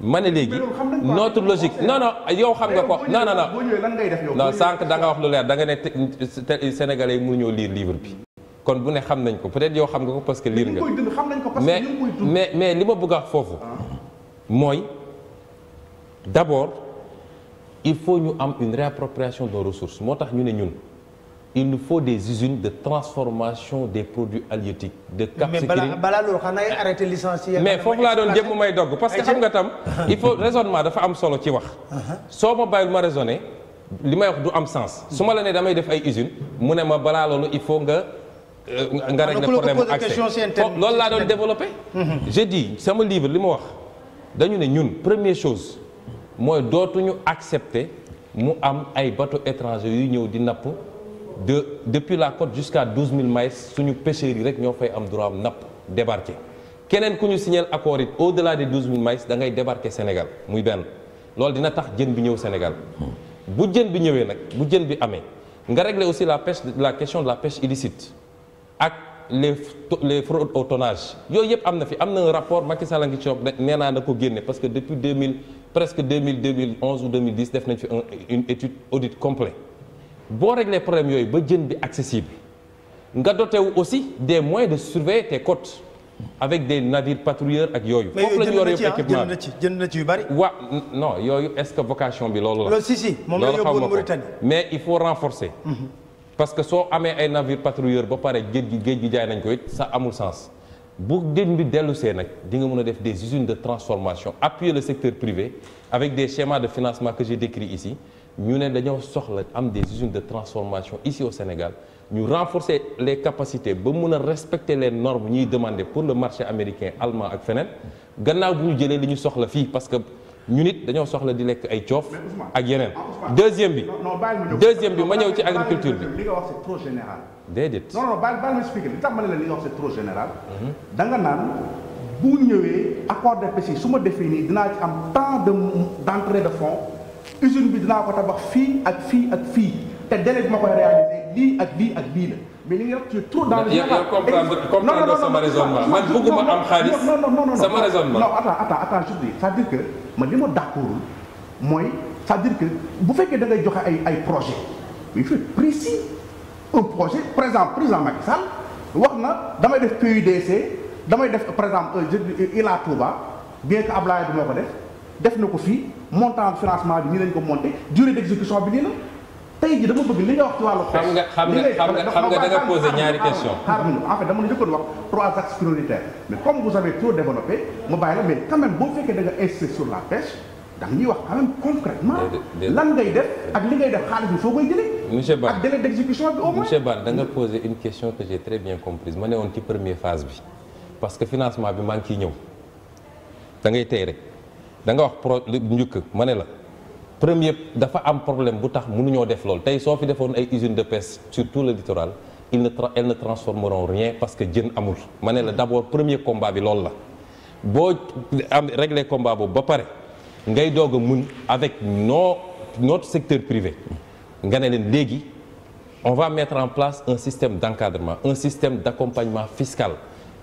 ma ne léegi notre logique non non yow xam nga ko non non non non sànq da nga wax lu leer da nga ne sénégalais mu ñëw lire livre bi kon bu ne xam nañ ko peut-être yow xam nga ko parce que lire nga mais mais mais li ma bëgg a foofu ah. mooy d'abord il faut ñu am une réappropriation de ressources moo tax ñu ne ñun il nous faut des usines de transformation des produits halieutiques de capsicling mais balaa loolu xanaa arrêté licencié mais foofu laa doon jëm may dogg parce que xam nga tam il faut raisonnement dafa am solo ci wax uh-huh. soo ma bàyyul ma raisonné li may wax du am sens su ma la nee damay def ay usines mu ne ma balaa loolu il faut nga euh, nga régler problème accès oh, loolu laa doon développé uh-huh. j'ai dit sama livre li ma wax dañu ne ñun première chose mooy dootuñu accepter mu am ay bateaux étrangers yuy ñëw di napp de depuis la côte jusqu'à 12 000 maïs suñu pêcheurs yi rek ñoo fay am droit napp débarquer keneen ku ñu signal accord it au delà des 12 000 maïs da ngay débarquer Sénégal muy benn loolu dina tax jën bi ñëw Sénégal hmm. bu jën bi ñëwee nag bu jën bi amee nga régler aussi la pêche la question de la pêche illicite ak les les fraudes au tonnage yooyu yëpp am na fi am na un rapport Macky Sall a ngi ci nee naa na ko génne parce que depuis 2000 presque 2000 2011 ou 2010 def nañ boo régler problème yooyu ba jën bi accessible nga doté wu aussi des moyens de surveiller tes côtes avec des navires patrouilleurs ak yooyu. foofu la ñu yor yëpp ah, équipement mais yooyu jënd na ci jënd na ci yu bari. wa non yooyu est-ce que vocation bi loolu la. loolu si si moom la yóbbuwoon Mauritanie mais il faut renforcer. Mhm. parce que soo amee ay navires patrouilleurs ba pare géej gi géej gi jaay nañ ko it ça amul sens. bu jën bi dellusee nag di nga mën a def des usines de transformation appuyer le secteur privé avec des schémas de financement que j'ai décrits ici. ñu ne dañoo soxla am des usines de transformation ici au Sénégal ñu renforcer les capacités ba mun a respecter les normes ñuy demander pour le marché américain allemand ak feneen gannaaw bu ñu jëlee li ñu soxla fii parce que ñu nit dañoo soxla di lekk ay coof ak yeneen ah, deuxième bi deuxième bi ma ñëw ci agriculture bi li nga wax c'est trop général déedéet non non baal général mhm. da nga naan bu ñëwee accord de pêche su ma défini dinaa am tant de d'entrée de fonds usine bi dinaa ko tabax fii ak fii ak fii te délai bi ma koy réaliser lii ak lii ak lii la mais li nga wax tu es trop dans le comprendre comprendre sama raisonnement man bëgguma am xaalis non non non sama raisonnement non attends attends cest dire que man li ma d'accordul mooy cest dire que bu fekkee da joxe ay ay projet il faut précis un projet par exemple président Macky Sall wax na damay def PUDC damay def par exemple euh, Ila Touba bien que Ablaye du ma ko def def na ko fii montant financement bi nii leen ko monté durée d'exécution bi nii la tey jii dama bëgg li nga wax ci wàllu. xam nga xam xam nga da ñaari question xaar en fait dama la njëkkoon développé ma bàyyi la la pêche da nga ñuy wax quand lan ngay def ak li ngay def xaalis bi foo koy jëlee. monsieur Ban ak délai d'exécution bi au moins. da posé une question que j'ai très bien comprise ma bi parce que financement bi maa ngi ciy ñëw da ngay tey rek. da nga wax pro njëkk ma ne la premier dafa am problème bu tax mënuñoo def loolu tey soo fi defoon ay usines de pêche surtout tout le littoral ils ne elles ne rien parce que jën amul ma ne la mm. d'abord premier combat bi loolu la boo am réglé combat boobu ba pare ngay doog a mun avec nos notre secteur privé mm. nga ne leen léegi on va mettre en place un système d'encadrement un système d'accompagnement fiscal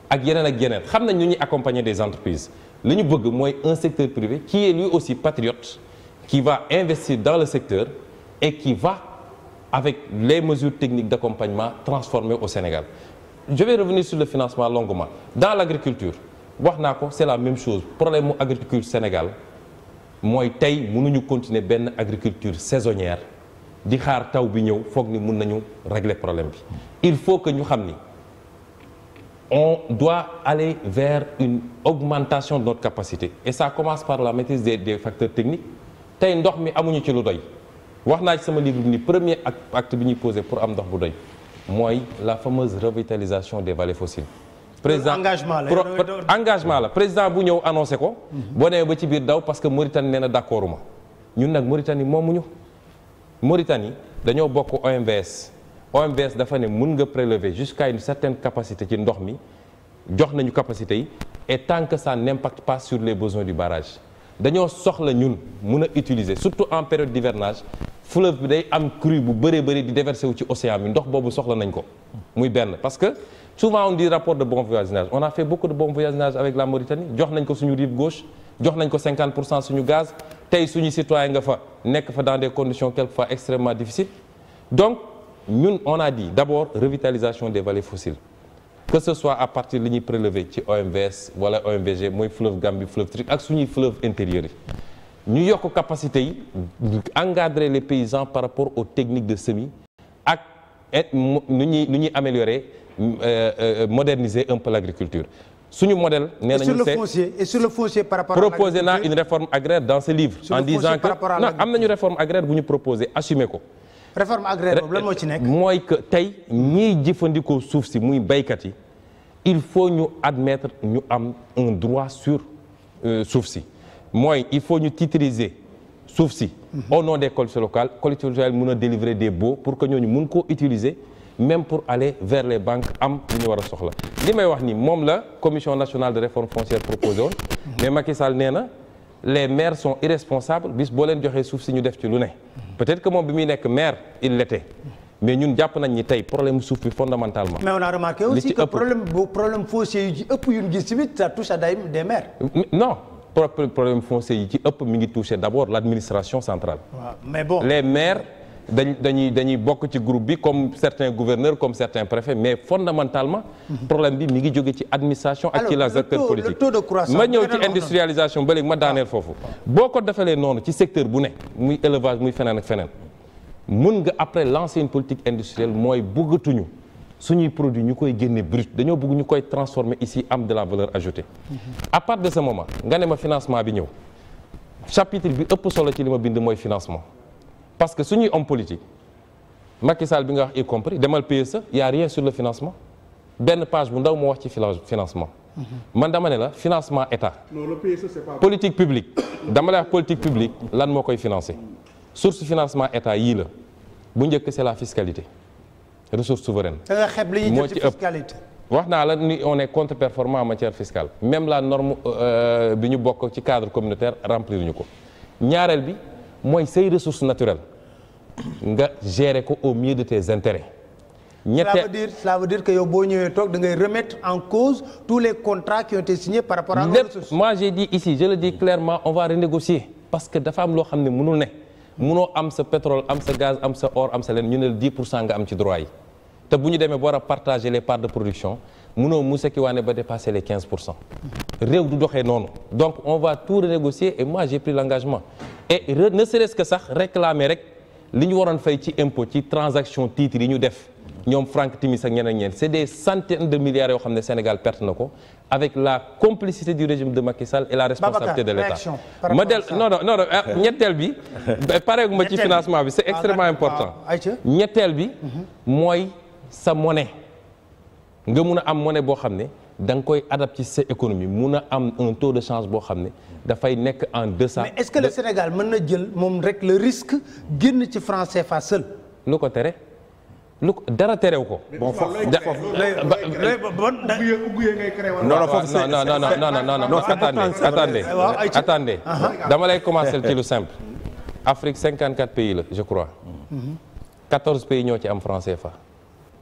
ak yeneen ak yeneen xam nañ ñu ñuy accompagner des entreprises li ñu bëgg mooy un secteur privé qui est lui aussi patriote qui va investir dans le secteur et qui va avec les mesures techniques d'accompagnement transformé au Sénégal je revenir sur le financement longuement dans l'agriculture wax naa ko c'est la même chose problème mu agriculture Sénégal mooy tey ñu continuer benn agriculture saisonnière di xaar taw bi ñëw foog ni mun nañu régler problème bi il faut que ñu xam ni on doit aller vers une augmentation de notre capacité et ça commence par la maîtrise des des facteurs techniques tey ndox mi amuñu ci lu doy wax naa ci sama livre bi ni premier acte bi ñuy posé pour am ndox bu doy mooy la fameuse revitalisation des vallées fossiles. président engagement la engagement la président bu ñëw annoncé ko. Mhm. boo demee ba ci biir daw parce que Mauritanie nee na d' accord uma ñun nag Mauritanie moomuñu Mauritanie dañoo bokk ombs OMVS dafa ne mun nga prélever jusqu'à une certaine capacité ci ndox mi jox nañu capacité yi et tant que ça n'impacte pas sur les besoins du barrage dañoo soxla ñun mun a utiliser surtout en période d'hivernage fleuve bi day am crue bu bëree bëri di déverser wu ci océan bi ndox boobu soxla nañ ko muy benn parce que souvent on dit rapport de bon voisinage on a fait beaucoup de bon voisinage avec la Mauritanie jox nañ ko suñu rive gauche jox nañ ko 50 pour cent suñu gaz tey suñu citoyen nga fa nekk fa dans des conditions quelquefois extrêmement difficiles donc ñun on a dit d'abord revitalisation des vallées fossiles que ce soit à partir li ñuy prélever ci OMVS wala OMVG mooy fleuve Gambie fleuve truc ak suñuy fleuve intérieur yi ñu yokk capacité yi engadre les paysans par rapport aux techniques de semis ak nu ñuy nu ñuy améliorer euh, euh, moderniser un peu l'agriculture suñu modèle nee nañu sur le foncier et sur une réforme agraire dans ce livre en disant que non am nañu réforme agraire bu ñu proposé assumé ko réforme agraire boobu lan moo ci nekk. mooy que tey ñiy jëfandikoo suuf si muy béykat yi il faut ñu admettre ñu am un droit sur euh, suuf si mooy il faut ñu titriser suuf si. Mhm. au nom des collectivités locales collectivités locales mën a délivrer de baux pour que ñu mun koo utiliser. même pour aller vers les banques am lu ñu war a soxla li may wax ni moom la commission nationale de réforme foncière proposé woon mhm. mais Macky Sall nee na les maires sont irresponsables bis boo leen joxee suuf si ñu def ci lu ne peut-être que moom bi muy nekk maire il l'était mais ñun jàpp nañ ni tey problème suuf bi fondamentalement. mais on a remarqué aussi que problème bu problème foncier yu ci ëpp yu ñu gis tamit ça touche à des maires. non problème foncier yi ci ëpp mi ngi touché d'abord l'administration centrale. waaw mais les maires. dañ dañuy dañuy bokk ci groupe bi comme certains gouverneurs comme certains préfets mais fondamentalement mhm. problème bi mi ngi jóge ci administration ak ci les acteurs politiques ma ñëw ci ma daaneel ah. foofu boo ko defalee noonu ci secteur bu ne muy élevage muy feneen ak feneen mun nga après lancer une politique industrielle mooy bëggatuñu suñuy produit ñu koy génne brut dañoo bëgg ñu koy transformer ici am de la valeur ajouté mhm. à partir de ce moment nga ne ma financement bi ñëw chapitre bi ëpp solo ci li ma bind mooy financement parce que suñuy homme politique Macky bi nga wax y compris demal PSE y a rien sur le financement benn page bu ndaw moo wax ci financement mhm. man dama ne la financement état non le politique publique dama la wax politique publique lan moo koy financer source financement état yii la bu njëkk c'est la fiscalité ressource souveraine moo ci ëpp wax naa la ni on est contre-performant en matière fiscale même la norme euh, bi ñu bokk ci cadre communautaire remplir ñu ko ñaareel bi mooy say ressources naturelles nga gérer ko au mieux de tes intérêts. ñette cela veut dire que yow boo ñëwee toog da ngay remettre en cause tous les contrats qui ont été signés par rapport a lépp moi j'ai dit ici je le dis clairement on va renégocier. parce que dafa am loo xam ne mënul ne. mënoo am sa pétrole am sa gaz am sa or am sa leen ñu ne la pour cent nga am ci droit yi. te bu ñu demee ba war a partager les parts de production mënoo mu sekki waane ba dépasser les 15 pour cent. réew du doxee noonu. donc on va tout renégocier et moi j'ai pris l'engagement rek. li ñu waroon fay ci impôt ci transaction titres yi ñu def ñoom Franck Timis ak ñeneen ñeen c'est des centaines de milliards yoo xam ne Sénégal perte na ko avec la complicité du régime de Macky Sall et la responsabilité de l'État ma del non non non ah, ñetteel bi pareegu ma ci financement bi c'est ah, extrêmement important ah, ñetteel bi mhm. mooy sa monnaie nga mun a am monnaie boo xam ne da nga koy adapté ci sa économie mun a am un taux de change boo xam ne dafay nekk en deçà. mais est-ce que le Sénégal mën na jël moom rek le risque génn ci franc CFA seul. lu ko tere lu ko dara terew ko. bon foofu ja foofu. non non foofu non non non non non non non attendez attendez ah, ah. dama lay commencer ci lu simple. Afrique 54 pays la je crois. 14 pays ñoo ci am franc CFA.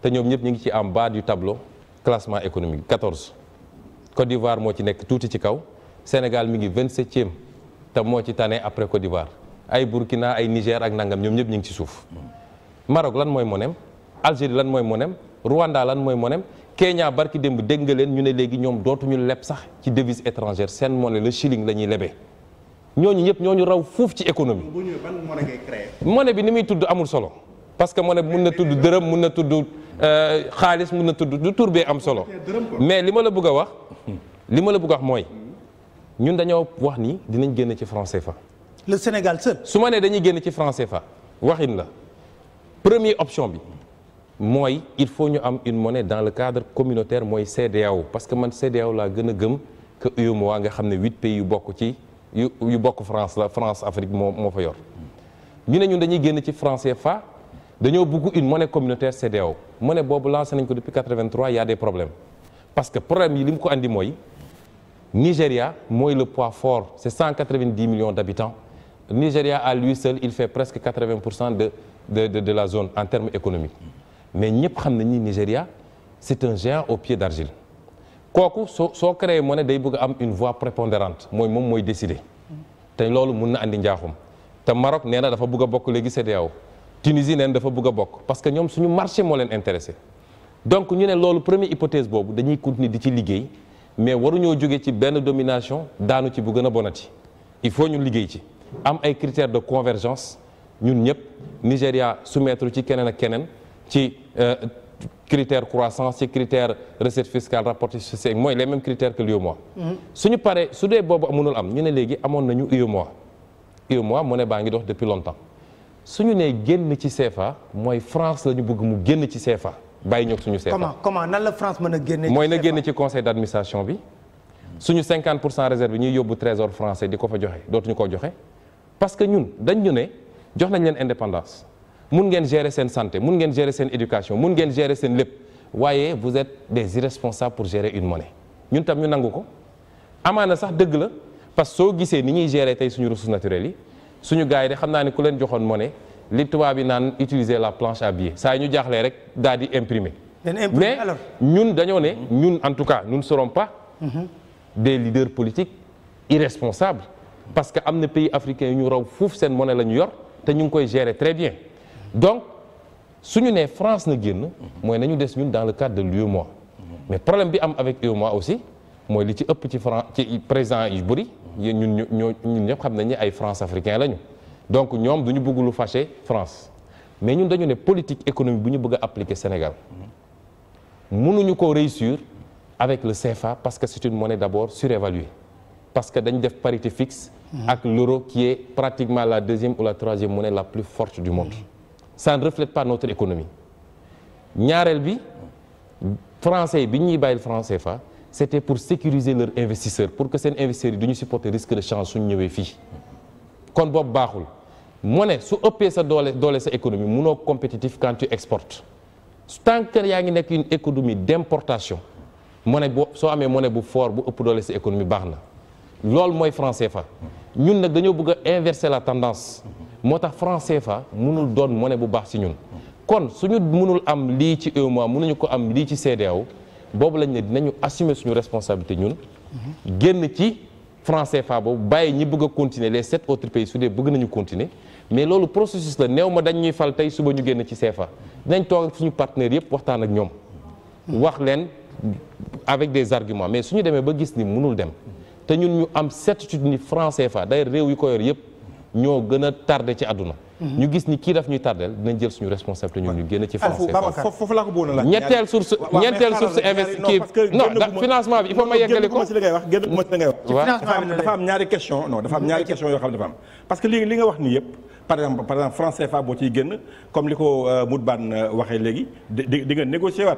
te ñoom ñëpp ñu ngi ci en bas du tableau classement économique 14. Côte d'Ivoire moo ci nekk tuuti ci kaw. Sénégal mi ngi vingt septième te moo ci tane après Côte d'Ivoire ay Burkina ay Niger ak nangam ñoom ñëpp ñu ngi ci suuf Maroc lan mooy monem Algérie lan mooy monem Rwanda lan mooy monem Kenya barki démb dégg nga leen ñu ne léegi ñoom dootuñu leb sax ci devise étrangère seen monnaie le shilling la ñuy lebee ñooñu ñëpp ñu raw foofu ci économie. bu ñëwee bi ni muy tudd amul solo parce que bi mun na tudd dërëm mun na tudd euh, xaalis mun na tudd du tur bee am solo mais li ma la bëgg a wax li ma la bëgg a wax mooy. ñun dañoo wax nii dinañ génn ci franc fa le Sénégal seul. su ma nee dañuy génn ci franc CFA waxin la première option bi mooy il faut ñu am une monnaie dans le cadre communautaire mooy CEDEAO parce que man CEDEAO laa gën a gëm que UEMOA nga xam ne huit pays yu bokk ci yu bokk France la France Afrique moo moo fa yor ñu ne ñun dañuy génn ci franc fa dañoo bëgg une monnaie communautaire CEDEAO monnaie boobu lancé nañ ko depuis 83 y a des problèmes parce que problème yi li mu ko andi mooy. Nigeria mooy le poids fort c'est 190 millions d'habitants Nigeria à lui seul il fait presque 80 pour cent de de de la zone en termes économiques mais ñëpp xam nañ ni Nigeria c'est un géant au pied d'argile kooku soo soo créé ne day bëgg am une voix prépondérante mooy moom mooy décider te loolu mun na andi njaaxum te Maroc nee na dafa bëgg a bokk léegi CEDEAO Tunisie nee na dafa bëgg a bokk parce que ñoom suñu marché moo leen intéressé donc ñu ne loolu première hypothèse boobu dañuy continuer di ci liggéey. mais ñoo jóge ci benn domination daanu ci bu gën a bonati il faut ñu liggéey ci am ay critères de convergence ñun ñëpp su soumettre ci keneen ak keneen ci euh, critère croissance ci critère recette fiscale rapport sociale mooy les mêmes critères que l'UEMOA mm-hmm. suñu pare su dee boobu mënul am ñu ne léegi amoon nañu UEMOA UEMOA monnaie baa ngi dox depuis su ñu nee génn ci CFA mooy France la ñu bëgg mu génn ci CFA bàyyi ñëw suñu seetaan comment comment la France mën a génne mooy na génne ci conseil d'administration bi suñu 50 pour cent réserve ñuy yóbbu trésor français di ko fa joxe dootuñu ko joxe parce que ñun dañ ñu ne jox nañ leen indépendance mun ngeen gérer seen santé mun ngeen gérer seen éducation mun ngeen gérer seen lépp waaye vous êtes des irresponsables pour gérer une monnaie ñun tam ñu nangu ko amaana sax dëgg la parce que soo gisee ni ñuy gérer tey suñu ressources naturel yi suñu gars yi de xam naa ne ku leen joxoon monnaie li tubaab bi naan utiliser la planche à saa yi ñu jaaxlee rek daal di imprimer. mais ñun dañoo ne ñun en tout cas nous ne serons pas. Mhm. des leaders politiques irresponsables. parce que am na pays africains yu ñu raw foofu seen monnaie la ñu yor te ñu ngi koy gérer très bien donc suñu nee France na génn mooy nañu des ñun dans le cadre de l'UEMOA mais problème bi am avec UEMOA aussi mooy li ci ëpp ci France ci président yu bëri ñun ñu ñun ñëpp xam nañu ay France africain lañu. donc ñoom du ñu bëgg lu fâché France mais ñun dañu ne politique économie bu ñu bëgg a appliquer Sénégal mënuñu ko réussir avec le CFA parce que c'est une monnaie d'abord surévaluée parce que dañu def parité fixe ak l'euro qui est pratiquement la deuxième ou la troisième monnaie la plus forte du monde ça ne reflète pas notre économie ñaareel bi français bi ñuy bàyyil franc CFA c'était pour sécuriser leurs investisseurs pour que seen investisseurs yi du ñu supporter risque de change suñu ñëwee fii kon boobu baaxul mu su ëppee sa doole doole sa économie munoo compétitif quand tu exportes tant que yaa ngi nekk une économie d'importation monnaie bu soo amee monnaie bu fort bu ëpp doole sa économie baax na loolu mooy français fa ñun nag dañoo bëgg a inverser la tendance moo tax franc CFA mënul doon monnaie bu baax ci ñun kon suñu mënul am lii ci e mun nañu ko am lii ci CEDEAO boobu lañ ne dinañu assumer suñu responsabilité ñun génn ci franc CFA boobu bàyyi ñi bëgg a continuer sept autres pays su dee bëgg nañu continuer mais loolu processus la néew ma dañ ñuy fal tey suba ñu génn ci CFA dinañ toog ak suñu partenaires yëpp waxtaan ak ñoom. wax leen avec des arguments mais suñu demee ba gis ni mënul dem te ñun ñu am certitude ni franc CFA d'ailleurs réew yu ko yor yëpp ñoo gën a tardé ci àdduna. ñu gis ni kii daf ñuy tardel dinañ jël suñu responsabilité ñun ñu génn ci ah, français foofu laa ko la ñetteel source ñetteel kii non financement bi il faut ma yeggali ko ci li dafa am ñaari question non dafa am ñaari question yoo xam dafa am parce que li li nga wax nii yëpp par exemple par exemple franc CFA boo ciy génn comme li ko euh, Moutbane euh, waxee léegi di nga négocier waat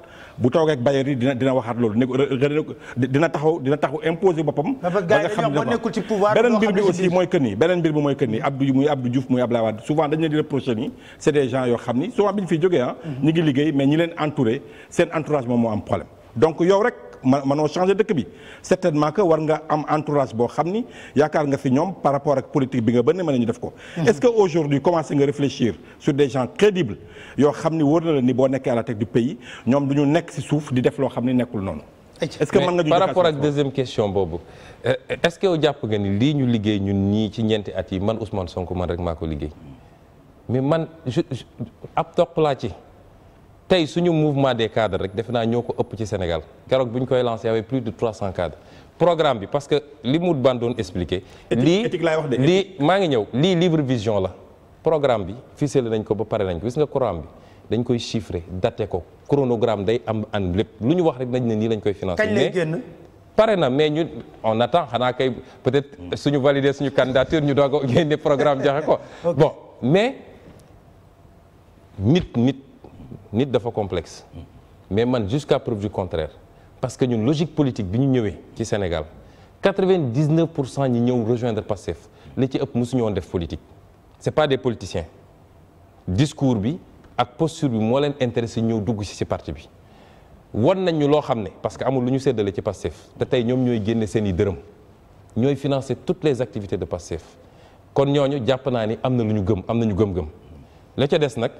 bu toogee ak Bayern yi dina dina waxaat loolu ne dina taxaw dina taxaw imposer boppam. ba nga beneen mbir bi mooy que ni beneen mbir bi mooy que ni Abdou muy Abdou Diouf muy souvent dañu leen di reprocher ni c'est des gens yoo xam ni souvent bi ñu fiy jógee ah. Mhm. ñu ngi liggéey mais ñi leen entouré seen entourage moom moo am problème donc yow rek man manoo changer dëkk bi certainement que war nga am entourage boo xam ni yaakaar nga fi ñoom par rapport ak politique bi nga bënn mën nañu def ko mm-hmm. est-ce que aujourd'hui commencé nga réfléchir sur des gens crédibles yoo xam ni wóor na la ni boo nekkee à la du pays ñoom du ñu nekk ci suuf di def loo xam ni nekkul noonu est-ce que mën nga par rapport ak deuxième question boobu euh, est-ce que jàpp nga ni lii ñu liggéey ñun ñii ci ñeenti at yi man Ousmane Sonko man rek mais man ab topp laa ci tey suñu mouvement des cadres rek defe naa ñoo ko ëpp ci Sénégal keroog bu ñu koy lancé avec plus de 300 cadres programme bi parce que li mu ban doon expliqué. lii lii maa ngi ñëw lii livre vision la. programme bi ficelé nañ ko ba pare nañ ko gis nga programme bi dañ koy chiffré daté ko chronogramme day am an lépp lu ñu wax rek nañ ne nii lañ koy financé. kañ lay pare na mais ñun on attend xanaa kay peut-être suñu valider suñu candidature ñu doog a génne programme joxe ko bon mais nit dafa complexe mais man jusqu'à preuve du contraire parce que ñu logique politique bi ñu ñëwee ci Sénégal 99 pour cent ñi ñëw rejoindre Pastef li ci ëpp mosuñu woon def politique c'est pas des politiciens discours bi ak posture bi moo leen intéressé ñëw dugg ci ci parti bi wan nañu loo xam ne parce que amul lu ñu séddale ci Pastef te tey ñoom ñooy génne seeni dërëm ñooy financer toutes les activités de Pastef kon ñooñu jàpp naa ni am na lu ñu gëm am na ñu la ca des nag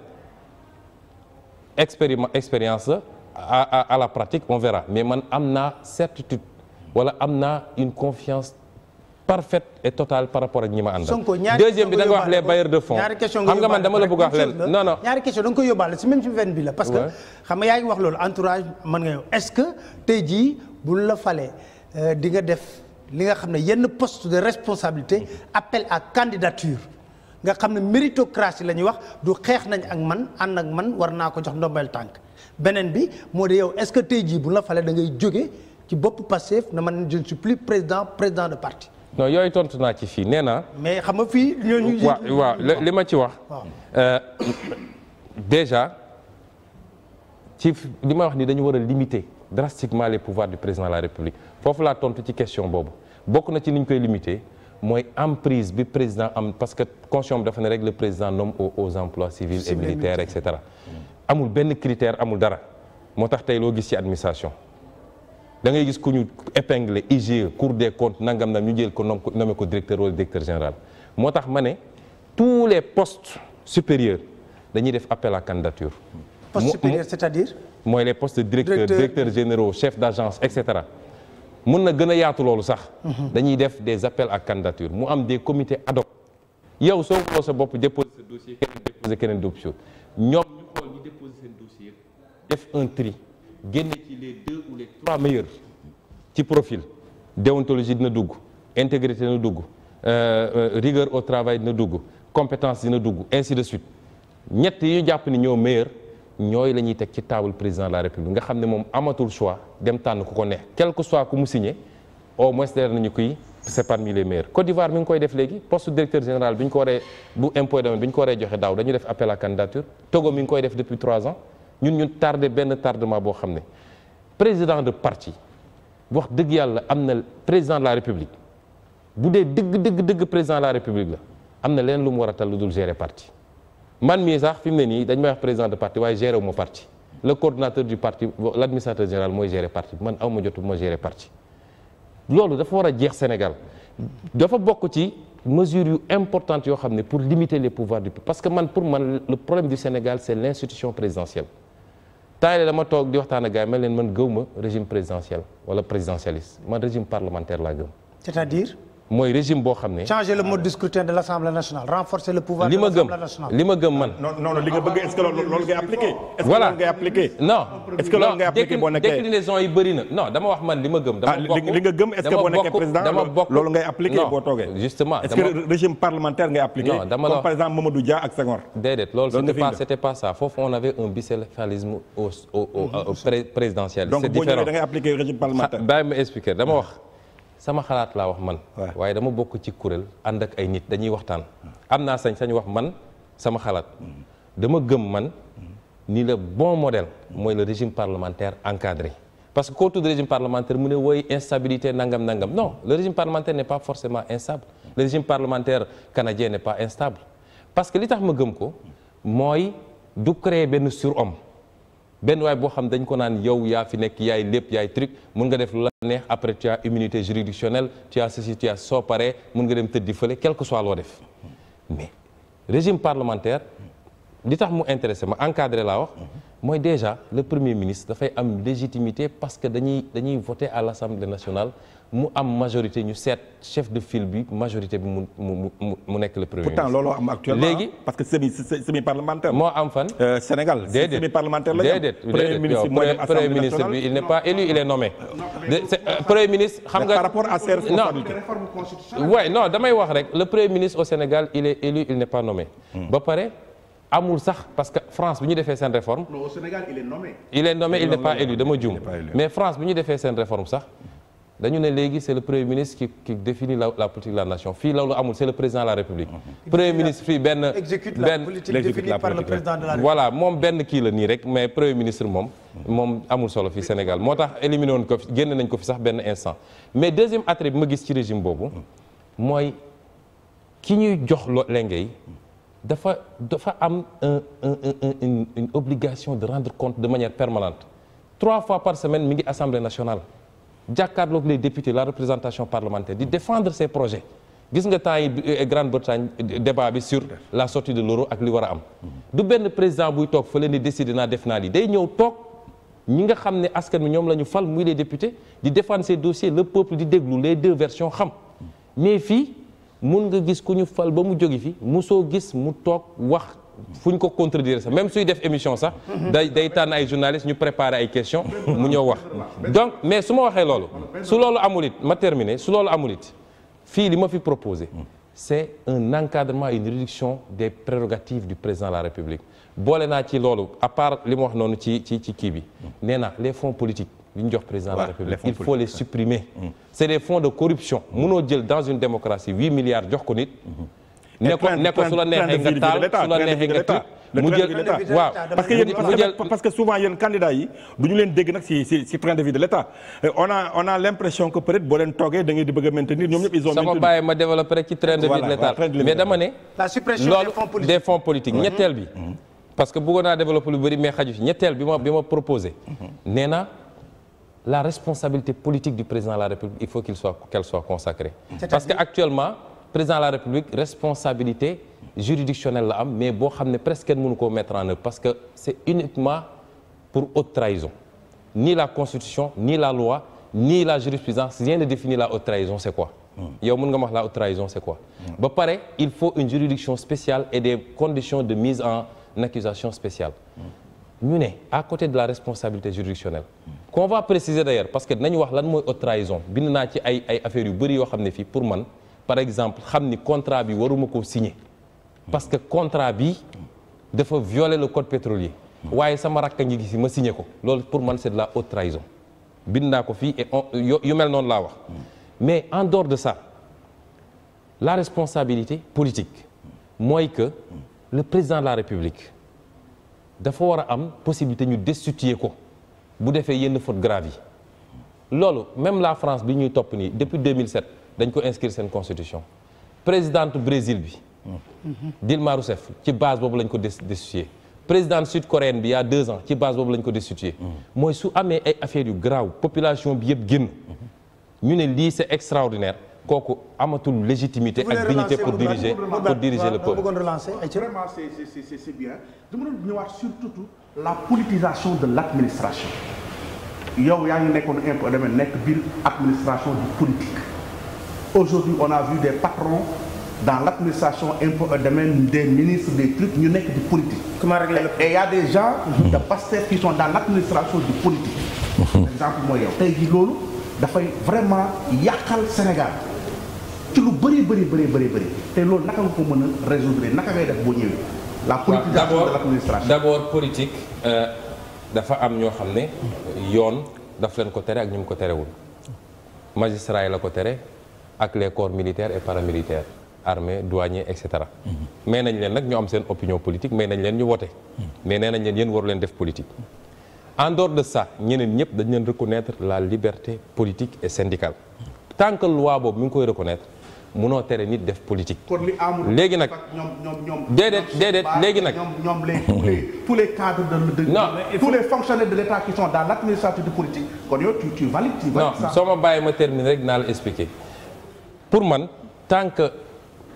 expériment expérience la à à la pratique on verra mais man am naa certitude wala am naa une confiance parfaite et totale par rapport ak ñi ma àndal. deuxième bi da nga wax les bailleurs de fonds. xam nga man dama la bëgg wax leen non non. ñaari question da nga koy yóbbaale si même si veine bi la. parce que xam nga yaa ngi wax loolu entourage mën nga yow est-ce que tey jii bu la falee euh, di nga def li nga xam ne yenn poste de responsabilité mm-hmm. appel à candidature. nga xam ne méritocratie la ñuy wax du xeex nañ ak man ànd ak man war naa ko jox ndombal tànk beneen bi moo de yow est-ce que tey jii bu la falee da ngay jóge ci bopp Pastef na ma je ne suis plus président président de parti. non yooyu tontu naa ci fii neena mais xam nga fii ñooñu. waaw waaw li ma ci wax. Euh, déjà ci li ma wax ni dañu war a limiter drastiquement les pouvoirs du président de la République foofu laa tontu ci question boobu bokk na ci ni ñu koy limiter. mooy emprise bi président am parce que constitution bi dafa ne rek le président nomme aux aux emplois civils et militaires et amul benn critère amul dara moo tax tey loo gis ci administration da ngay gis ku ñu épinglé IGE cour des comptes nangam nag ñu jël ko nommé ko directeur wala directeur général moo tax ma ne tous les postes supérieurs dañuy def appel à candidature. poste supérieur c'est-à-dire. mooy les postes de directeur directeur généraux chef d'agence et cetera. mun na gën a yaatu loolu sax. dañuy def des appels ak candidature mu am des comités ad hoc yow soo ko sa bopp déposer sa dossier keneen déposer keneen dossier ñoom ñu xool ñu déposer seen dossier def un tri génne ci les deux ou les trois meilleurs ci profil déontologie dina dugg intégrité dina dugg euh, euh, rigueur au travail dina dugg compétence dina dugg ainsi de suite ñett yi ñu jàpp ni ñoo meilleur ñooy la ñuy teg ci table président de la république nga xam ne moom amatul choix dem tànn ku ko neex quel que soit ku mu signé au moins leer nañu kuy c'est parmi les meilleurs Côte d'Ivoire mi ngi koy def léegi poste directeur général bi ñu ko waree bu impôt domaine bi ñu dañu def appel à candidature Togo mi ngi koy def depuis trois ans ñun ñun tardé benn tardement boo xam ne président de parti wax dëgg yàlla am na président de la république bu dee dëgg dëgg dëgg président de la am na leen lu mu war a tal lu parti man mii sax fi mu ne nii dañ may wax président de parti waaye géré wu ma parti le coordonnateur du parti l' administrateur général mooy géré parti man aw ma jotu ma géré loolu dafa war a jeex Sénégal dafa bokk ci mesures yu importantes yoo xam ne pour limiter les pouvoirs du peuple parce que man pour man le problème du Sénégal c' est l' institution présidentielle dama toog di waxtaan ak gars yi leen man gëw ma régime présidentiel wala présidentialiste man régime parlementaire laa gëm c'est-à-dire mooy régime boo xam ne. changer le mode de scrutin de l' assemblée nationale renforcer le pouvoir de l' ma gëm li gëm man. li nga bëgg est ce que loolu ngay appliqué. voilà est ce que loolu dama wax man li gëm. dama ah, bokk li nga gëm est ce que boo nekkee président loolu ngay appliqué justement est dama la comme par exemple Mamadou ak Senghor. déedéet loolu c'était pas c'était pas ça on avait un bicéphalisme présidentiel. c'est différent donc boo da ngay appliqué régime parlementaire. Ah, bàyyi expliquer dama wax sama xalaat laa wax man waaye dama bokk ci kuréel ànd ak ay nit dañuy waxtaan am naa sañ-sañ wax man sama xalaat dama gëm man nii le bon modèle mooy le régime parlementaire encadré parce que koo tudd régime parlementaire mu ne woy instabilité nangam nangam non le régime parlementaire ne pas forcément instable le régime parlementaire canadien n'est pas instable parce que li tax ma gëm ko mooy du créer benn surhomme benn waay boo xam dañ ko naan yow yaa fi nekk yaay lépp yaay truc mun nga def la neex après tu as immunité juridictionnelle tu as ceci tu soo paree mun nga dem tëddi fële quel que soit loo def mais régime parlementaire li tax mu intéressé ma encadré laa wax mooy déjà le premier ministre dafay am légitimité parce que dañuy dañuy voter à l'Assemblée nationale mu am majorité ñu seet chef de file bi majorité bi mu mu mu nekk le premier pourtant looloo am actuellement léegi parce que semi semi parlementaire. moo am fan. Euh, Sénégal semi parlementaire la déedéet premier ministre bi premier ministre bi il n'est pas élu il est nommé. Euh, premier ministre xam nga par rapport à ses responsabilités non waaye damay wax rek le premier ministre au Sénégal il est élu il n'est pas nommé. Hmm. ba pare amul sax parce que France bi ñu defee seen réforme. non au Sénégal il est nommé. il est pas élu dama juum mais France bi ñu defee seen réforme sax. dañu ne léegi c' est le premier ministre qui qui définit la la politique de la nation fii loolu amul c' le président de la république. Mhm. premier ministre fii benn la politique définie par le président de la moom benn kii la nii rek mais premier ministre moom. Mhm. moom amul solo fii Sénégal moo tax éliminé woon ko fi génne nañ fi sax benn instant mais deuxième attrait ma gis ci régime boobu. Mhm. mooy ki ñuy jox lo lengay dafa dafa am un un une une obligation de rendre compte de manière permanente trois semaine mi ngi assemblée nationale. jàkkaarlook les députés la représentation parlementaire di défendre ses projet gis nga temps yi euh, Grande-Bretagne euh, débat bi sur la sortie de l'euro ak li war a am du benn président buy toog fa fële ni décidé naa def naa lii day ñëw toog ñi nga xam ne askan bi ñoom la ñu fal muy les député di défendre ces dossiers le peuple di déglu les deux version xam mais fii mun nga gis ku ñu fal ba mu jóge fi musoo gis mu toog wax fu ñu ko contredire sax même suy def émission sax. day day tànn ay journalistes ñu préparer ay questions mu ñëw wax. donc mais su ma waxee loolu. su loolu amul it ma terminer su loolu amul it fii li ma fi proposé. c'est un encadrement une réduction des prérogatives du président de la République boole naa ci loolu à li ma wax noonu ci ci ci kii bi nee na les fonds politiques li ñu jox président de la République il faut les supprimer mm. c'est des fonds de corruption jël dans une démocratie huit jox ko nit ne ko ne ko su la neexee nga taal su la neexee nga tëj mu jël waaw parce que souvent yéen candidats yi du ñu leen dégg nag si train de vie de l'État euh, on a l'impression que peut-être boo leen toogee da di bëgg a maintenir ñoom sama bàyyi ma développé rek ci train de vie de l'État mais dama ne la suppression fonds politiques ñetteel bi mhm. parce que bëggoon naa développé lu bëri mais xaju ci ñetteel bi ma bi mhm. nee na la responsabilité politique du président la République président de la république responsabilité juridictionnelle la am mais boo xam ne presque kenn mënu koo mettre en œuvre parce que c'est uniquement pour haute trahison ni la constitution ni la loi ni la jurisprudence rien ne définit la haute trahison c'est quoi hmm. yow mën nga ma wax la haute trahison c'est quoi hmm. ba pare il faut une juridiction spéciale et des conditions de mise en accusation spéciale hmm. ñu ne à côté de la responsabilité juridictionnelle qu'on va préciser d'ailleurs parce wax lan mooy haute bind naa ci ay ay yu bëri yoo xam ne fii pour man par exemple xam ni contrat bi waruma ko signer parce que contrat bi dafa violer le code pétrolier waaye sama rakk a ngi gis ma signé ko loolu pour man c'est de la haute trahison bind naa ko fii et yu mel noonu laa wax mais en dehors de ça la responsabilité politique mooy que le président de la République dafa war a am possibilité ñu destituer ko bu defee yenn fautes graves yi loolu même la France bi ñuy topp nii depuis 2007 dañ ko inscrire seen constitution présidente Brésil bi. Dilma Rousseff ci base boobu lañ ko destitué présidente sud coréenne bi y' a deux ans ci base boobu lañ ko destitué. mooy su amee ay affaires yu grave population bi yëpp génn. ñu ne lii c'est extraordinaire kooku amatul légitimité ak dignité pour diriger pour diriger le peuple. vraiment c'est c'est bien la politisation de l'administration yow yaa ngi nekkoon nekk biir administration du politique. aujourd'hui on a vu des patrons dans l'administration impôts et domaines des ministres des trucs ñu nekk du politique. comment régler le et y a des gens. de Pastef qui sont dans l'administration du politique. Mhm. exemple mooy yow tey loolu dafay vraiment yàqal Sénégal ci lu bëri bëri bëri bëri bëri te loolu naka nga ko mën a résoudre naka ngay def boo ñëwee. la politisation de l'administration d'abord politique euh, dafa am ñoo xam ne yoon daf leen ko tere ak ñu mu ko terewul magistrat yi la ko tere. ak les corps militaires et paramilitaires armée douanier et cetera. Mhm. may nañ leen nag ñu am seen opinion politique may nañ leen ñu wote. Mhm. mais nee nañ leen yéen waru leen def politique. en dehors de ça ñeneen ñëpp dañ leen reconnaître la liberté politique et syndicale mhm. tant que loi boobu mu ngi koy mu noo tere nit def politique. léegi nag déedéet déedéet léegi nag. ñoom les tous les cadres de non tous les fonctionnaires de l'État qui sont dans l'administration politique kon soo ma bàyyi ma terminer rek naa la expliquer. pour man tant que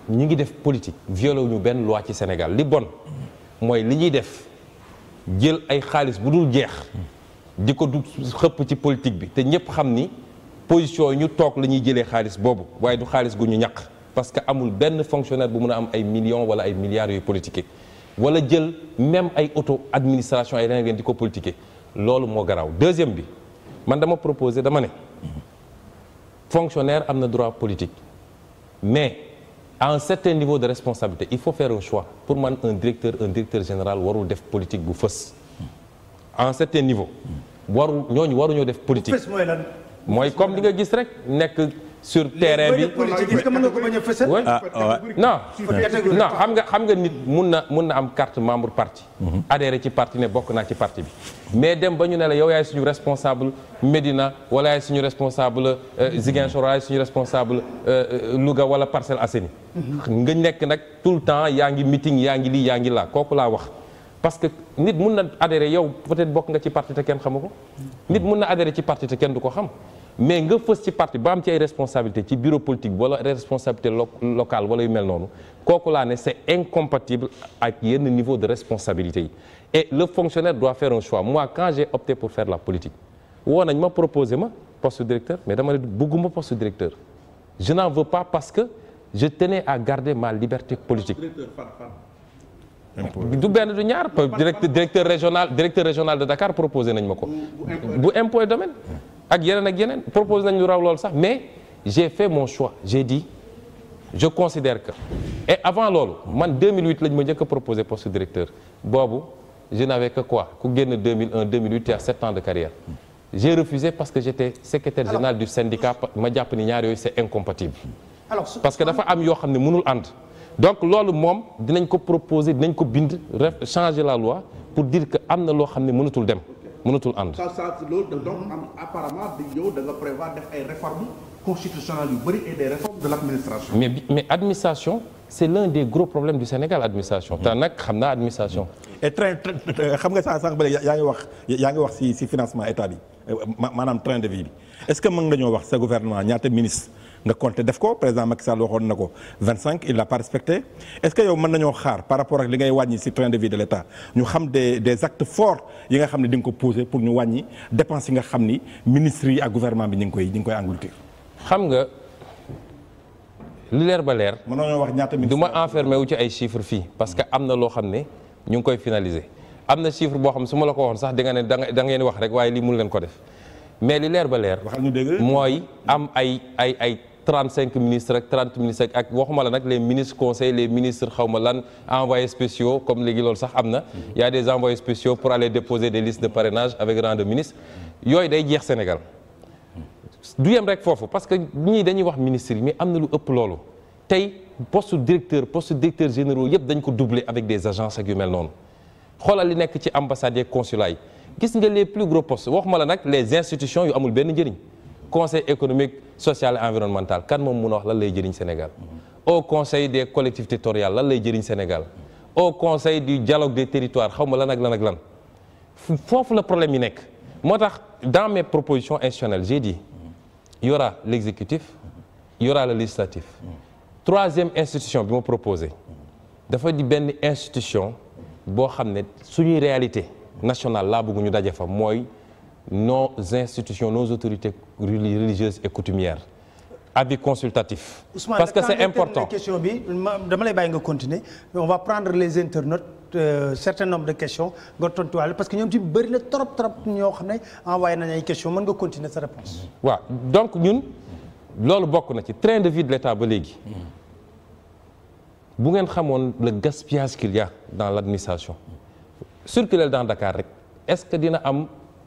ñu ngi def politique violé wu ñu benn loi ci Sénégal li bon mooy li ñuy def jël ay xaalis bu dul jeex di ko du xëpp ci politique bi te ñëpp xam ni position yi ñu toog la ñuy jëlee xaalis boobu waaye du xaalis gu ñu ñàq parce que amul benn fonctionnaire bu mun a am ay millions wala ay milliards yooyu politiqué wala jël même ay auto administration ay leneen di ko politiqué loolu moo garaw deuxième bi man dama proposé dama ne fonctionnaire am na droit politique mais à un certain niveau de responsabilité il faut faire un choix pour man un directeur un directeur général warul def politique bu fës. à un certain niveau. warul ñooñu waruñoo def politique. mooy comme li nga gis rek nekk. sur terrain bi ah, non non xam nga xam nga nit mun na mun na am carte membre parti mhm. adhéré ci parti ne bokk naa ci parti bi mais dem ba ñu ne la yow yaay suñu responsable Médina wala yaay suñu responsable euh, mhm. Ziguinchor wala yaay suñu responsable euh, euh, Louga wala Parcelles Assainies mhm. nga nekk nag tout le temps yaa ngi meeting yaa ngi lii yaa ngi laa kooku laa wax parce que nit mun na adhéré yow peut-être bokk nga ci parti te kenn xamu ko nit mun na adhéré ci parti te kenn du ko xam mais nga fës ci parti ba am ci ay responsabilité ci bureau politique wala responsabilité locale wala yu mel noonu kooku laa ne c'est incompatible ak yenn niveau de responsabilité yi et le fonctionnaire doit faire un choix moi quand j'ai opté pour faire la politique woo nañ ma proposé ma poste directeur mais dama ne bëgguma poste directeur je n'en veux pas parce que je tenais à garder ma liberté politique euh, du benn du ñaar directeur régional directeur régional de Dakar proposé nañ ma ko bu impôt ak yeneen ak yeneen propose nañ lu raw loolu sax mais j'ai fait mon choix j'ai dit je considere que e avant loolu man 2008 lañ ma njëkk a proposé poste directeur boobu je n'avais que quoi ku génn 2001 2008 tu as 7 ans de carrière j'ai refusé parce que j'étais secrétaire général du syndicat ma jàpp ni ñaar yooyu c'est incompatible alors parce que dafa am yoo xam ne mënul ànd donc loolu moom dinañ ko proposer dinañ ko bind changer la loi pour dire que am na loo xam ne mënatul dem mënatul ànd. ça ça loolu donc am apparemment yow da nga prévoir def ay réformes constitutionnelles yu bëri et des réformes de l' administration. mais mais administration c' est l'un des gros problèmes du Sénégal administration. te nag xam naa administration. et train xam nga sànq sànq ba yaa ngi wax yaa ngi wax si ci financement état bi euh, maanaam train de vie bi est ce que mën nga ñoo wax sa gouvernement ñaata ministre. nga compté def ko président Macky Sall waxoon na ko 25 il l'a pas respecté est-ce que yow mën nañoo xaar par rapport ak li ngay wàññi ci train de vie de l'État ñu xam des actes forts yi nga xam ne di nga ko poser pour ñu wàññi dépenses yi nga xam ni ministres yi ak gouvernement bi ñu ngi koy ñu ngi xam nga li leer ba leer. mënoo wax ñaata ministres du ma enfermé wu ci ay fii parce que am na loo xam ne ñu ngi koy finaliser. am na chiffre boo xam su ma la ko waxoon sax di nga ne da ngeen wax rek waaye lii mun leen ko def mais li leer ba leer. mooy am ay ay ay. cinq ministres ak 30 ministres ak waxuma la nag les ministres conseils les ministres xaw ma lan envoyés spéciaux comme léegi loolu sax am na y a des envoyés spéciaux pour aller déposer des listes de parrainage avec rang ministre yooyu day jeex Sénégal du yem rek foofu parce que ñii dañuy wax ministres yi mais am na lu ëpp loolu tey poste directeur poste directeur généraux yëpp dañ ko doubler avec des agences ak yu noonu xoolal li nekk ci am yeeg consulats gis nga les plus gros postes la nag les institutions yu amul benn njëriñ conseil économique social et environnemental kan moom mun a wax lan lay jëriñ Sénégal mm-hmm. au conseil des collectivités territoriales lan lay jëriñ Sénégal mm-hmm. au conseil du dialogue de territoires xaw ma lan ak lan lan foofu la problème yi nekk moo tax dans mes propositions institutionnelles j'ai dit il mm-hmm. y l'exécutif il y législatif troisième institution bi ma proposé dafa di benn institution boo xam ne suñuy réalité nationale laa bëgg ñu daje fa mooy nos institutions, nos autorités religieuses et coutumières. avis consultatif. Ousmane, parce que c'est important question bi dama lay bàyyi nga continuer on va prendre les internautes euh, certain nombre de questions nga tontuwaale parce que ñoom ci bëri na trop trop ñoo xam ne envoyé nañ ay questions mën nga continuer sa réponse waaw donc ñun loolu bokk na ci train de vie de l'État ba léegi bu ngeen xamoon la gaspillage qu'il y a dans l'administration dans Dakar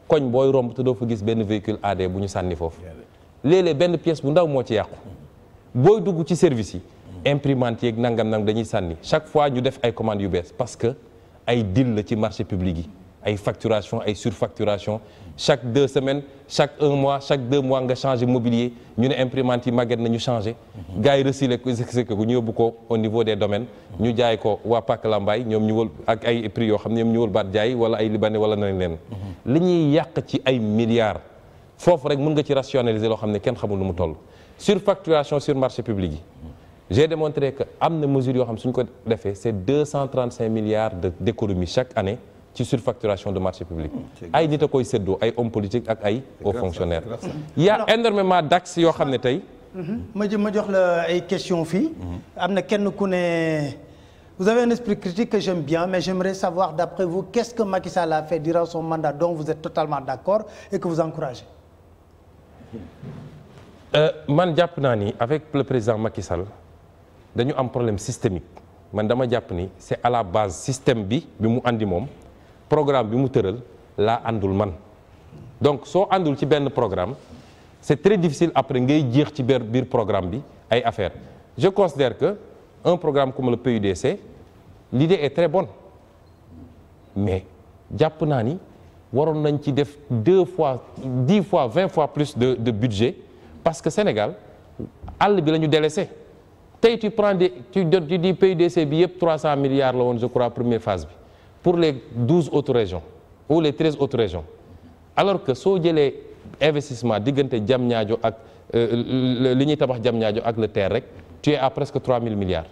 koñ booy romb te doo fa gis benn véhicule AD bu ñu sànni foofu léeg benn pièce bu ndaw moo ci yàqu booy dugg ci service yi mm-hmm. imprimante yeeg nangam nang dañuy sànni chaque fois ñu def ay commandes yu bees parce que ay deal la ci marché public yi ay facturation ay surfacturation chaque deux semaines chaque un mois chaque deux mois nga changé mobilier ñu ne imprimante yi màgget na ñu changé mhm. gars yi recyclé ko ko ñu yóbbu ko au niveau des domaines mhm. ñu jaay ko waa Pàcc Lambaay ñoom ñu wël ak ay prix yoo xam ne ñoom ñu wël baat jaay wala ay libanais wala nañ mhm. li ñuy yàq ci ay milliards foofu rek mën nga ci rationaliser loo xam ne kenn xamul lu mu toll surfacturation sur marché public yi j'ai démontré que defee c'est deux cent trente cinq milliards d'économie chaque année ci surfacturation de marché public mm, ay nit a koy séddoo ay hommes politiques ak ay hauts fonctionnaires il y a énormément d'axes yoo xam ne tey mm-hmm. ma ma jox la ay question fii mm-hmm. am na kenn ku ne vous avez un esprit critique que j'aime bien mais j'aimerais savoir d'après vous qu'est-ce que Macky Sall a fait durant son mandat dont vous êtes totalement d'accord et que vous encouragez euh, man jàpp naa ni avec le président Macky dañu am problème systémique man dama jàpp ni programme bi mu tëral laa àndul man donc soo àndul ci benn programme c'est très difficile après ngay jeex ci biir biir programme bi ay affaire je considère que un programme comme le PUDC l'idée est très bonne mais jàpp naa ni waroon nañ ci def deux fois dix fois vingt fois plus de de budget parce que Sénégal àll bi la ñu délaissé tey tu prends des tu dis PUDC bi yëpp milliards la woon je crois première phase bi pour les douze autres régions ou les treize autres régions alors que soo jëlee investissement diggante jam ñaajo ak euh, li ñuy tabax jam ñaajo ak le TER rek tu es à presque 3000 milliards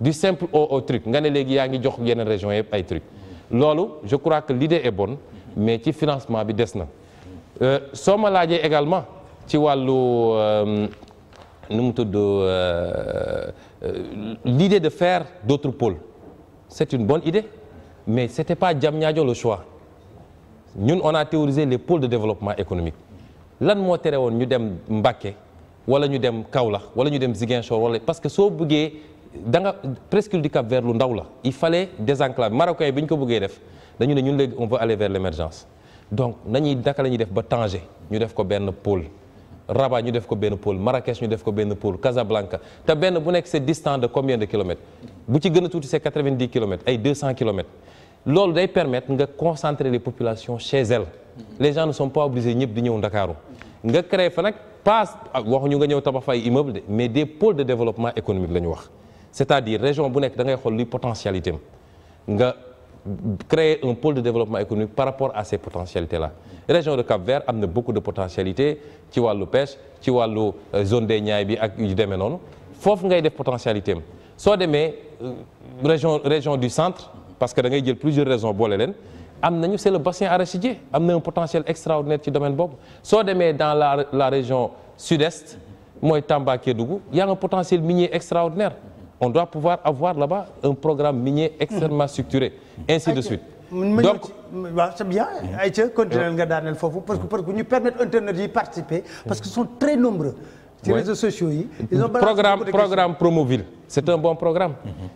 du simple au au nga ne léegi yaa ngi jox yeneen région yëpp ay truc loolu je crois que l'idée est bonne mais ci financement bi des na euh, soo ma laajee également ci wàllu euh, nu mu tudd l'idée de faire d'autres pôles c'est une bonne idée mais c'était pas Diamniadio le choix ñun on a théorisé les pôles de développement économique lan moo tere woon ñu dem Mbacké wala ñu dem Kaolack wala ñu dem Ziguinchor wala parce que soo bëggee da nga presqu'île du Cap-Vert lu ndaw la il fallait désenclaver Marocains bi ñu ko bëggee def dañu ne ñun léegi on veut aller vers l'émergence donc nañuy naka la ñuy def ba Tanger ñu def ko benn pôle Rabat ñu def ko benn pôle Marrakech ñu def ko benn pôle Casablanca te benn bu nekk c'est distant de bu ci gën a tuuti c'est 90 kilomètres ay 200 kilomètres loolu day permettre nga concentrer les populations chez elles mhm. les gens ne sont pas obligés ñëpp di ñëw Ndakaaru nga créer fa nag passe ah, waxuñu nga ñëw tabax fa ay immeuble de mais des pôles de développement économique la ñu wax c'est-à-dire région bu nekk da ngay xool luy potentialité nga créer un pôle de développement économique par rapport à ces potentialités là région de Cap-Vert am na beaucoup de potentialité ci wàllu pêche ci wàllu euh, zone de Niayes bi ak yu demee noonu foofu ngay def potentialité am soo demee euh, région région du centre parce que da ngay jël plusieurs raisons boole leen am nañu c'est le bassin arachidier am na un potentiel extraordinaire ci domaine boobu soo demee dans la la région sud-est mooy Tamba Kédougou y a un potentiel minier extraordinaire on doit pouvoir avoir là-bas un programme minier extrêmement mmh. de suite donc waaw c'est bien mmh. Aïcha foofu parce que parce que ñu permettre internautes yi participer parce qu'ils mmh. sont très nombreux ci réseaux sociaux yi programme programme Promoville c'est un bon programme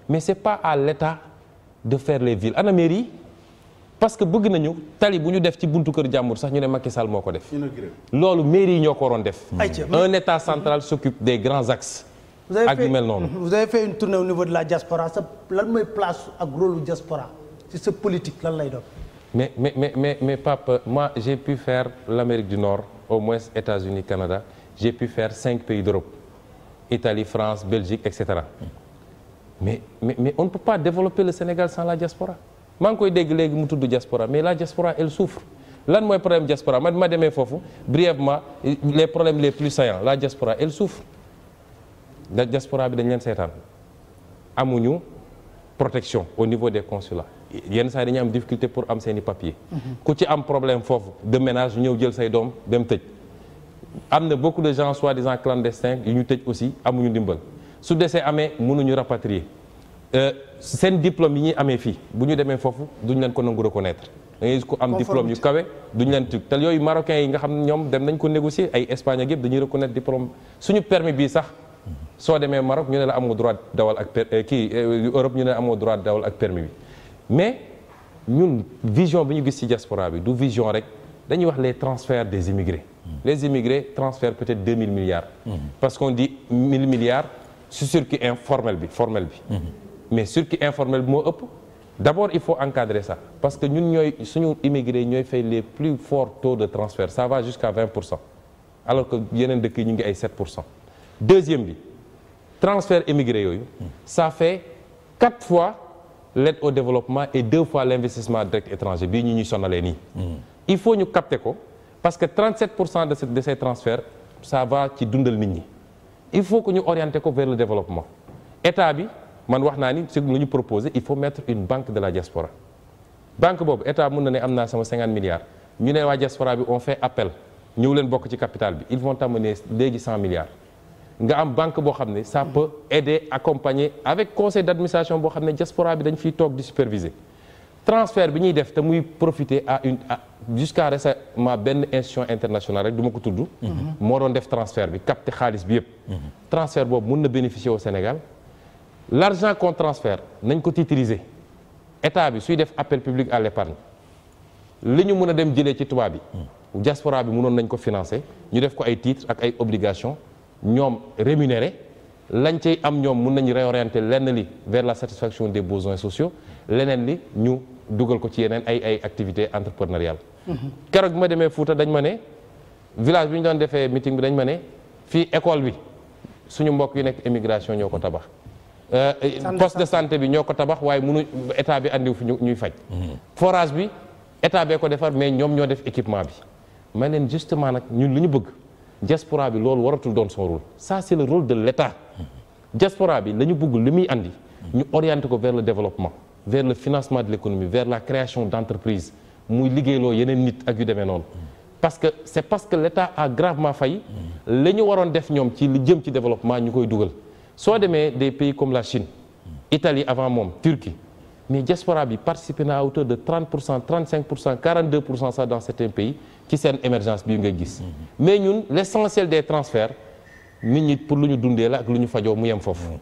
mais c'est pas à l'État de faire les villes ana mairie yi parce que bëgg nañu tali bu ñu def ci buntu kër jàmbur sax ñu ne Macky Sall moo ko def. loolu mairie yi ñoo ko waroon def. Mmh. un état central s'occupe des grands axes. ak yu mel noonu. vous avez fait une tournée au niveau de la diaspora sa lan mooy place ak rôle lu diaspora ci sa politique lan lay doon. mais mais mais mais mais Pape moi j'ai pu faire l'Amérique du Nord au moins États-Unis Canada j'ai pu faire cinq pays d'Europe Italie France Belgique et cetera. mais mais mais on ne peut pas développer le Sénégal sans la diaspora maa ngi koy dégg léegi mu tudd diaspora mais la diaspora elle souffre lan mooy problème diaspora man ma demee foofu brièvement les problème les plus saillants la diaspora elle souffre la diaspora bi dañ leen seetaan amuñu protection au niveau des consulats yenn saa yi dañuy am difficulté pour am seen i papier mhm. ku ci am problème foofu de ménage ñëw jël say doom dem tëj am na beaucoup de gens soi-disant clandestins ñu tëj aussi amuñu ndimbal su desee amee mënuñu rapatrier euh, seen diplôme yi ñuy amee fii bu ñu demee foofu duñ leen ko nangu reconnaître da ngay gis ku am diplôme yu kawe duñ leen tuk te yooyu marocains yi nga xam ne ñoom dem nañ ko négocier ay Espagne ak yëpp dañuy reconnaître diplôme suñu permis bii sax soo demee Maroc ñu ne la amoo droit dawal ak euh, kii euh, Europe ñu ne amoo droit dawal ak permis bi mais ñun vision bi ñu gis ci diaspora bi du vision rek dañuy wax les transferts des immigrés les immigrés transfèrent peut-être 2000 milliards mmh. parce qu'on dit si circuit informel bi formel bi. Mhm. mais circuit informel bi moo ëpp. d'abord il faut encadre sax parce que ñun ñooy suñu immigré ñooy fay les plus fort taux de transfert ça va jusqu'à 20 pour cent alors que yeneen dëkk yi ñu ngi ay 7 pour cent. deuxième bi transfert immigré yooyu. Mhm. ça fait quatre fois l'aide au développement et deux fois l'investissement direct étranger bii ñu ñuy sonalee nii. Mhm. il faut ñu capter ko parce que 37 pour cent de ces de ces transferts va ci dundal nit ñi. il faut que ñu orienter ko vers le développement état bi man wax naa ni si lu ñu proposé il faut mettre une banque de la diaspora banque boobu état mun na ne am naa sama 50 milliards ñu ne waa diaspora bi on fait appel ñëw leen bokk ci capital bi ils vont t'amener léegi 100 milliards nga am banque boo xam ne ça peut aider accompagner avec conseil d'administration boo xam ne diaspora bi dañ fiy toog di superviser transfert bi ñuy def te muy profiter à une à jusqu'à récemment benn institution internationale rek duma ko tudd. Mhm. moo doon def transfer bi capter xaalis bi yëpp. Mhm. transfert boobu mun na bénéficier au Sénégal. l'argent qu'on transfère nañ ko titriser état bi suy def appel public à l'épargne li ñu mën a dem jëlee ci tubaab bi. Mm. diaspora bi munoon nañ ko financer ñu def ko ay titres ak ay obligation ñoom rémunéré lañ cay am ñoom mun nañ réorienter lenn li vers la satisfaction des besoins sociaux leneen li dugal ko ci yeneen ay ay activité entrepreneuriale keroog bi ma demee Fuuta dañ ma ne village bi ñu doon defee meeting bi dañ ma ne fii école bi suñu mbokk yi nekk émigration ñoo ko tabax euh, poste de santé bi ñoo ko tabax waaye mënu état bi andiw fi ñuy faj forage bi état bee ko defar mais ñoom ñoo def équipement bi ma leen justement nag ñun li ñu bëgg diaspora bi loolu waratul doon son rôle ça c'est le rôle de l'état diaspora bi la ñu bëgg li muy andi ñu orienté ko vers développement vers le financement de l'économie vers la création d'entreprises muy liggéeyloo yeneen nit ak yu demee noonu parce que c'est parce que l'État a gravement failli li ñu waroon def ñoom ci li jëm ci développement ñu koy dugal soo demee des pays comme la Chine Italie avant moom Turquie mais diaspora bi participer na à hauteur de 30 pour cent 35 pour cent 42 pour cent sax dans certains pays ci seen émergence bii ngay gis mais ñun l'essentiel des transferts nit ñi pour lu ñu dundee la ak lu ñu fajoo mu yem foofu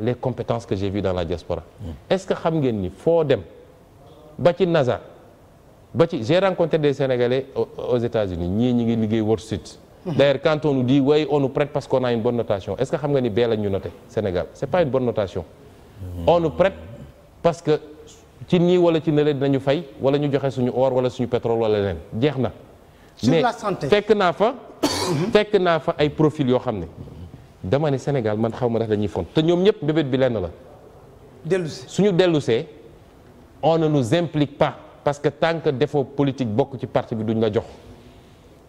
les compétence que j'ai vues dans la diaspora est-ce que xam ngeen ni foo dem ba ci NASA ba ci j'ai rencontré des Sénégalais aux États-Unis ñii ñi ngi liggéey Wall Street mhm. d'ailleurs quand on nous dit oui on nous prête parce qu'on a une bonne notation est-ce que xam nga ni bee la ñu noté Sénégal c'est pas une bonne notation mhm. on nous prête parce que ci nii wala ci nële dinañu fay wala ñu joxe suñu or wala suñu pétrole wala neen jeex na mais fekk naa fa mhm. fekk naa fa ay profil yoo xam ne dama ne Sénégal man xaw ma ndax dañuy font te ñoom ñëpp mbébét bi lenn la. dellusee suñu dellusee on ne nous implique pas parce que tant que défaut politique bokk ci parti bi duñu la jox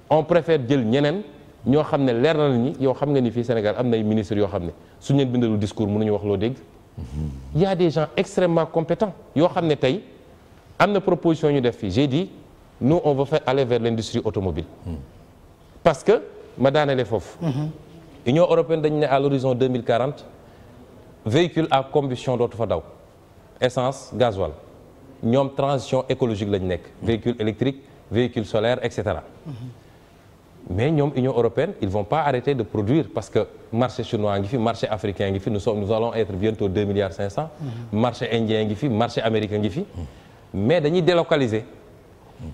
on préfère jël ñeneen ñoo xam ne leer na la ñi yow xam nga ni fii Sénégal am na ay ministres yoo xam ne suñu leen bindalul discours ñu wax loo dégg. Mhm. y a des gens extrêmement compétents yoo xam ne tey am na proposition ñu def fii j'ai dit nous on veut faire aller vers l'industrie automobile mhm. parce que ma daanale foofu. Mhm. Union européenne dañu ne à l'horizon 2040 véhicule à combustion dootu fa daw essence gasoil ñoom transition écologique lañu nekk véhicule électrique véhicule solaire et cetera mais ñoom Union européenne ils vont pas arrêter de produire parce que marché chinois ngi fi marché africain ngi fi nous sommes nous allons être bientôt 2 milliards 500 marché indien ngi fi marché américain ngi fi mais dañuy délocaliser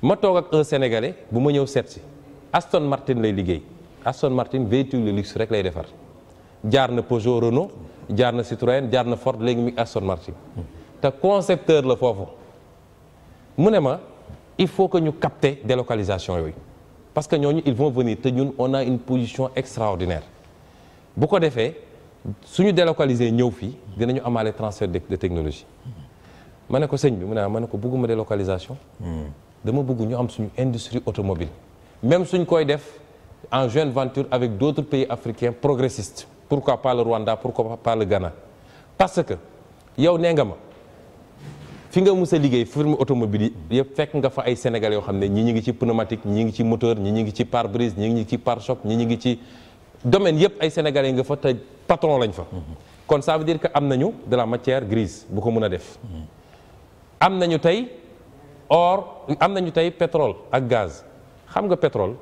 ma toog ak un bu ma ñëw seet si Aston Martin lay liggéey Aston Martin véhicule de luxe rek lay defar jaar na Peugeot Renault jaar na Citroën jaar na Ford léegi mi Aston Martin te concepteur la foofu mu ne ma il faut que ñu capter délocalisation yooyu parce que ñooñu ils vont venir te ñun on a une position extraordinaire bu ko defee suñu délocaliser ñëw fii dinañu amaale transfert de technologie ma ne ko sëñ bi mu ne ma ne ko bëgguma délocalisation hmm. dama buggu ñu am suñu industrie automobile même suñ koy def en joint venture avec d'autres pays africains progressistes pourquoi pas le Rwanda pourquoi pas le Ghana parce que yow nee nga ma fi nga mus a liggéey firme automobile yi yëpp fekk nga fa ay Sénégal yoo xam ne ñi ñu ngi ci pneumatique ñi ngi ci moteur ñi ñu ngi ci pare-brise ñi ngi ci pare-choc ñi ñu ngi ci domaine yëpp ay sénégal yi nga fa te patron lañ fa kon ça veut dire que am nañu de la matière grise bu ko mën a def am nañu tey or am nañu tey pétrole ak gaz xam nga pétrole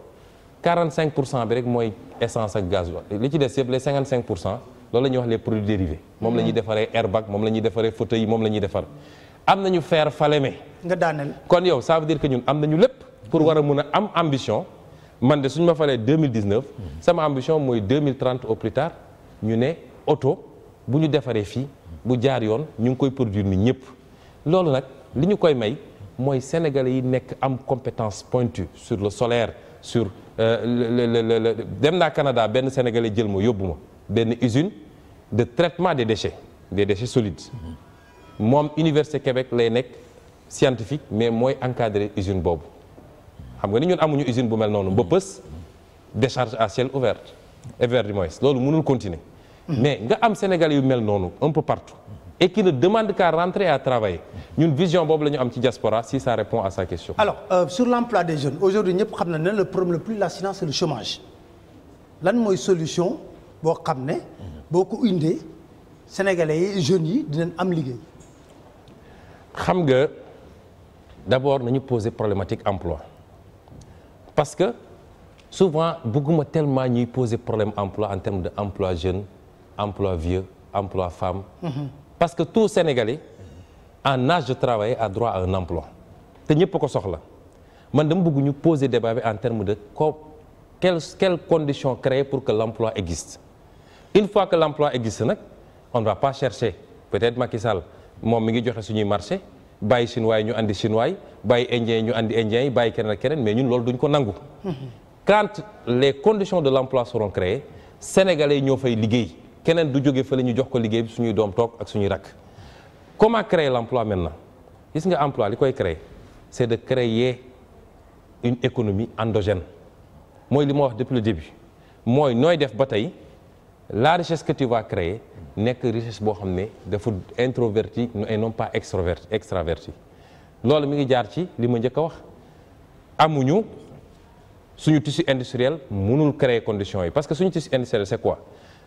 45 pour cent bi rek mooy essence ak gasoil li ci des yëpp les 55 pour cent loolu la ñuy wax les produits dérivés. moom la ñuy mm-hmm. defaree airbag moom la ñuy defaree fauteuil yi moom la ñuy defar am nañu faire faleme nga daaneel kon yow ça veut dire que ñun am nañu lépp. pour war a mun a am ambition. man de suñu ma falee 2019. sama ambition mooy 2030 au plus tard ñu ne oto bu ñu defaree fii bu jaar yoon ñu ngi koy produire ni ñëpp loolu nag li ñu koy may mooy sénégalais yi nekk am compétence pointue sur le solaire sur. dem naa Canada benn sénégalais jël ma yóbbu ma benn usine de traitement des déchets des déchets solides moom université Québec lay nekk scientifique mais mooy encadrer usine boobu xam nga ni ñun amuñu usine bu mel noonu mbëppës décharge à ciel ouvert et du moins loolu mënul continuer hmm. mais nga am sénégalais yu mel noonu un peu partout et qui ne demande qu'à rentrer et à travailler vision boobu lañu am ci diaspora si ça répond à sa question. alors euh, sur l'emploi des jeunes aujourd'hui ñëpp xam na ne le problème le plus lancinant c'est le chômage lan mooy solution boo xam ne. boo ko indee sénégalais yi jeunes yi dinañ am liggéey. xam nga d'abord ñu poser problématique emploi parce que souvent bëgguma tellement ñuy poser problème emploi en termes de emploi jeune emploi vieux emploi femme. Mhm. parce que tout Sénégalais en nage de travailler a droit à un emploi te ñëpp ko soxla man dama bëgg ñu poser débat bi en termes de ko quelles quelles condition créer pour que l'emploi existe il faut que l'emploi existe nag on ne va pas chercher peut-être Macky Sall moom mi ngi joxe suñuy marché bàyyi chinois yi ñu indi chinois yi bàyyi indien yi ñu andi indien yi bàyyi keneen keneen mais ñun loolu duñ ko nangu quand les conditions de l'emploi seront créées sénégalais ñoo fay keneen du jóge fële ñu jox ko liggéey bi suñuy doom toog ak suñuy rakk comment créer l'emploi na gis nga emploi li koy créer c'est de créer une économie endogène mooy li ma wax depuis le début mooy nooy def ba tey la richesse que tu créer nekk richesse boo xam ne dafa introverti et non pas extroverti extraverti loolu mu ngi jaar ci li ma njëkk a wax amuñu suñu tissu industriel mënul créer conditions yi parce que suñu tissu industriel c'est quoi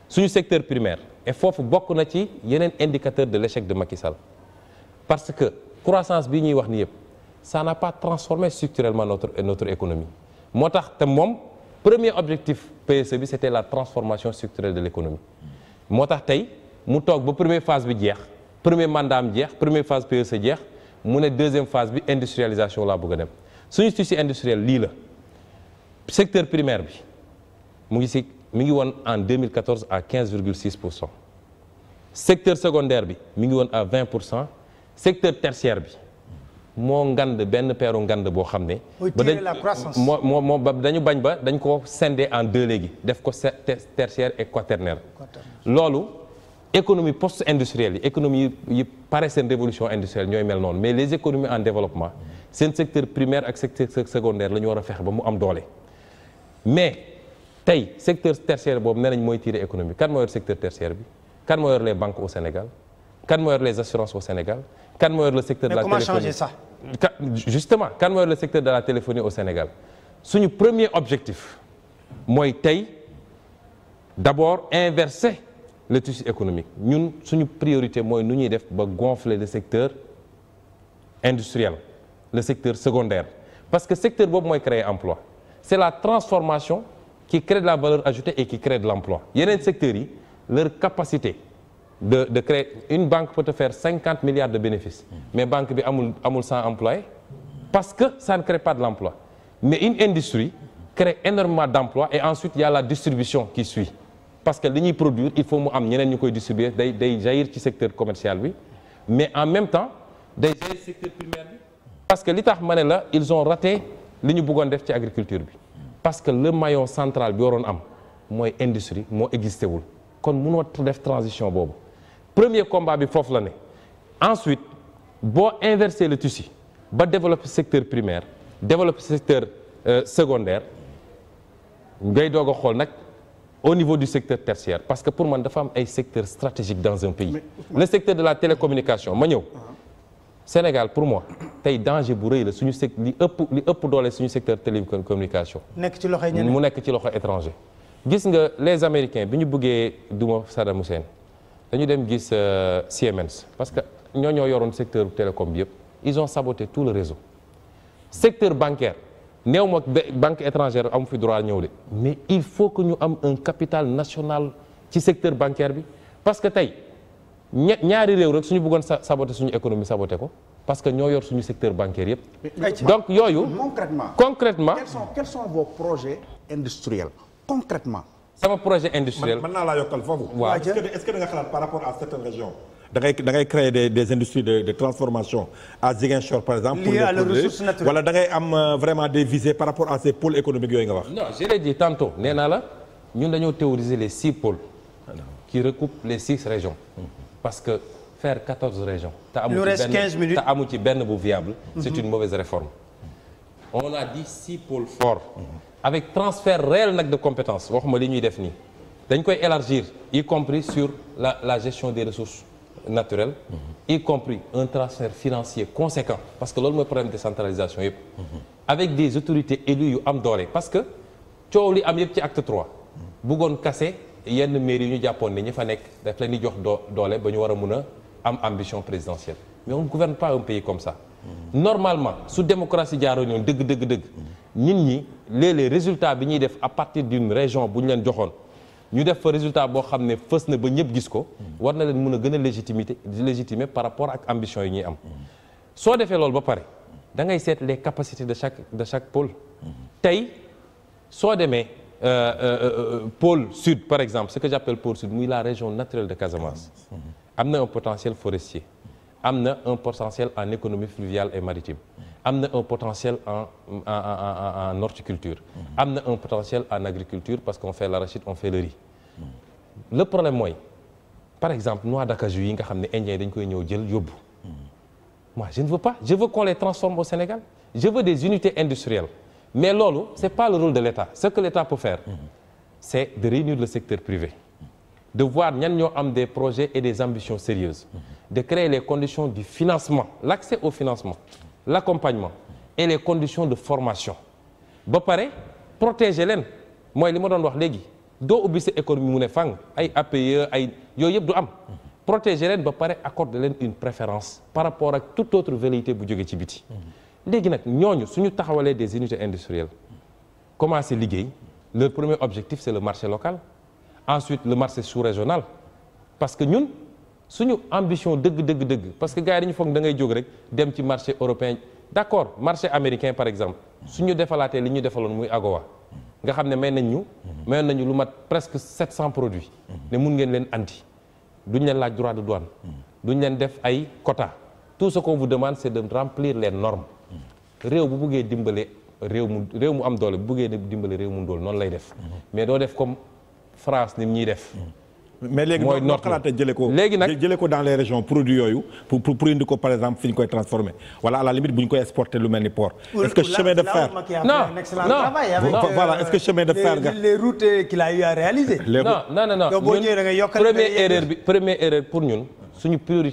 suñu secteur primaire et foofu bokk na ci yeneen indicateur de l'échec de Macky Sall parce que croissance bi ñuy wax ni yëpp ça n'a pas transformé structurellement notre notre économie moo tax te moom premier objectif PSE bi c'était la transformation structurelle de l'économie moo tax tey mu toog ba premier phase bi jeex premier mandat am jeex premier phase PSE jeex mu ne deuxième phase bi industrialisation laa bëgg a dem suñu tissu industriel lii la secteur primaire bi mi ngi woon en 2014 à 15,6 pour cent secteur secondaire bi mi ngi woon à 20 pour cent secteur tertiaire bi moo ngande benn peeru ngande boo xam ne. ba dañ moo moo moo ba dañu bañ ba dañ ko scinder en deux léegi def ko tertiaire et quaternaire. loolu économie post industrielle yi économie yi pare seen révolution industrielle ñooy mel noonu mais les économies en développement seen secteur primaire ak secteur secondaire la ñu war a fexe ba mu am doole mais. tey secteur tertiaire boobu nee nañ mooy tirer économie kan moo yor secteur tertiaire bi kan moo yor les banques au Sénégal kan moo yor les assurances au Sénégal kan moo yor le secteur de la téléphonie mais de la téléphonie au Sénégal suñu premier objectif mooy tey d'abord inverser le tissu économique ñun suñu priorité mooy nu ñuy def ba gonfler le secteur industriel le secteur secondaire parce que secteur boobu mooy créer emploi c'est la transformation qui créent de la valeur ajoutée e qui créent de l'emploi yeneen secteurs yi leur capacité de de une banque peut te faire cinquante milliards de bénéfices mais banque bi amul amul cent employés parce que ça ne crée pas de l'emploi mais une industrie crée énormément d'emplois et ensuite il la distribution qui suit parce que li ñuy produire il faut mu am ñeneen ñu koy distribuer day day jaillir ci secteur commercial bi mais en même temps day jaillir secteur primaire bi parce que li tax ma ne la ils raté li ñu bëggoon def ci agriculture bi parce que le maillon central bi waroon am mooy industrie moo existé wul kon munoo def transition boobu premier combat bi foofu la ne ensuite boo inverser le tissu ba développer secteur primaire développer secteur euh, secondaire ngay doog a xool nag au niveau du secteur tertiaire parce que pour man dafa am ay secteur stratégique dans un pays le secteur de la télécommunication ma ñëw ah. Sénégal pour moi tey danger bu rëy la suñu sec li ëpp ëpp doole suñu secteur télécommunication. nekk ci loxo ñeneen mu nekk ci loxo étranger. gis nga les américains bi ñu bëggee duma Saddam Hussein dañu dem gis euh, Siemens parce que ñoo ñoo yoroon secteur télécom bi yëpp ils ont saboté tout le réseau. secteur bancaire néew ma banque étrangère amu fi droit ñëw de mais il faut que ñu am un capital national ci secteur bancaire bi parce que tey. ñaari réew rek suñu bëggoon saboté suñu économie saboté ko parce que ñoo yor suñu secteur bancaire yëpp donc yooyu concrètement concrètement quels sont sama projet industriel mën naa laa yokkal foofu waaw est-ce que da nga xalaat par rapport à certaines régions da ngay da ngay créer des des industries de de transformation à Ziguinchor par exemple. pour les ressources naturelles wala da ngay am euh, vraiment des visées par rapport à ces pôles économiques yooyu nga wax. non je l'ai dit tantôt nee naa la ñun dañoo théoriser les six pôles. qui recoupent les six parce que faire quatorze régions. te amu ci benn te amu ci benn bu viable. Mhm. c'est une mauvaise réforme. on a dit six pôles forts. avec transfert réel nag de compétences waxuma li ñuy def nii. dañ koy élargir y compris sur la la gestion des ressources naturelles. Mhm. y compris un transfert financier conséquent parce que loolu mooy problème de yëpp. Mhm. avec des autorités élues yu am doole parce que coow li am yëpp ci acte trois. bëggoon casser. yenn maire yi ñu jàppoon ne ñi fa nekk daf leen ni jox doole ba ñu war a mun a am ambition présidentielle mais on ne gouverne pas un pays comme ça. Mm-hmm. normalement su démocratie jaaroo ñoon dëgg dëgg dëgg. Mm-hmm. nit ñi léeg-léeg résultat bi ñuy def à partir d'une région bu ñu leen joxoon ñu def fa résultat boo xam ne fës na ba ñëpp gis ko. Mm-hmm. war na leen mun a gën a légitimité légitimer par rapport ak ambition yi ñuy am. soo defee loolu ba pare da ngay seet les capacités de chaque de chaque pôle. tey soo demee. Euh, euh, euh, pôle sud par exemple ce que j'appelle pôle sud muy la région naturelle de Casamance am na un potentiel forestier am na un potentiel en économie fluviale et maritime am na un potentiel en en en en horticulture am na un potentiel en agriculture parce qu'on fait l'arachide on fait le riz le problème mooy par exemple noix d'acajou yi nga xam ne indien dañu koy ñëw jël yóbbu moi je ne veux pas je veux qu'on les transforme au Sénégal je veux des unités industrielles mais loolu c'est pas le rôle de l'État ce que l'État peut faire c'est de réunir le secteur privé de voir ñan ñoo am des projets et des ambitions sérieuses de créer les conditions du financement l'accès au financement l'accompagnement et les conditions de formation ba pare protéger leen mooy li ma doon wax léegi doo ubbi sa économie mu ne fang ay APE ay yooyu yëpp du am protéger leen ba pare accorder leen une préférence par rapport ak toute autre velléité bu jógee ci biti léegi nag ñooñu suñu taxawalee des unités industrielles commencé liggéey leur premier objectif c'est le marché local ensuite le marché sous-régional parce que ñun suñu ambition dëgg dëgg dëgg parce que gars yi dañu foog da ngay jóg rek dem ci marché européen d'accord marché américain par exemple su ñu defalaatee li ñu defaloon muy AGOA nga xam ne may nañ ñu mayoon nañu lu mat presque 700 produits ne mun ngeen leen andi duñ leen laaj droit de douane leen def ay quota tout ce qu'on vous de remplir les normes réew bu buggee dimbale réew mu réew mu am doole bu buggee dimbale réew mu ndóol noonu lay def mhm. mais doo def comme France ni ñuy def mhm. mais léegi noo xalaata jële ko léegi nag jële ko dans les régions produit yooyu pour pour indi ñu koy transformer wala à la limite lu mel ni port euh, est-ce que chemin de fer non non voilà est-ce que chemin de fer nga les routes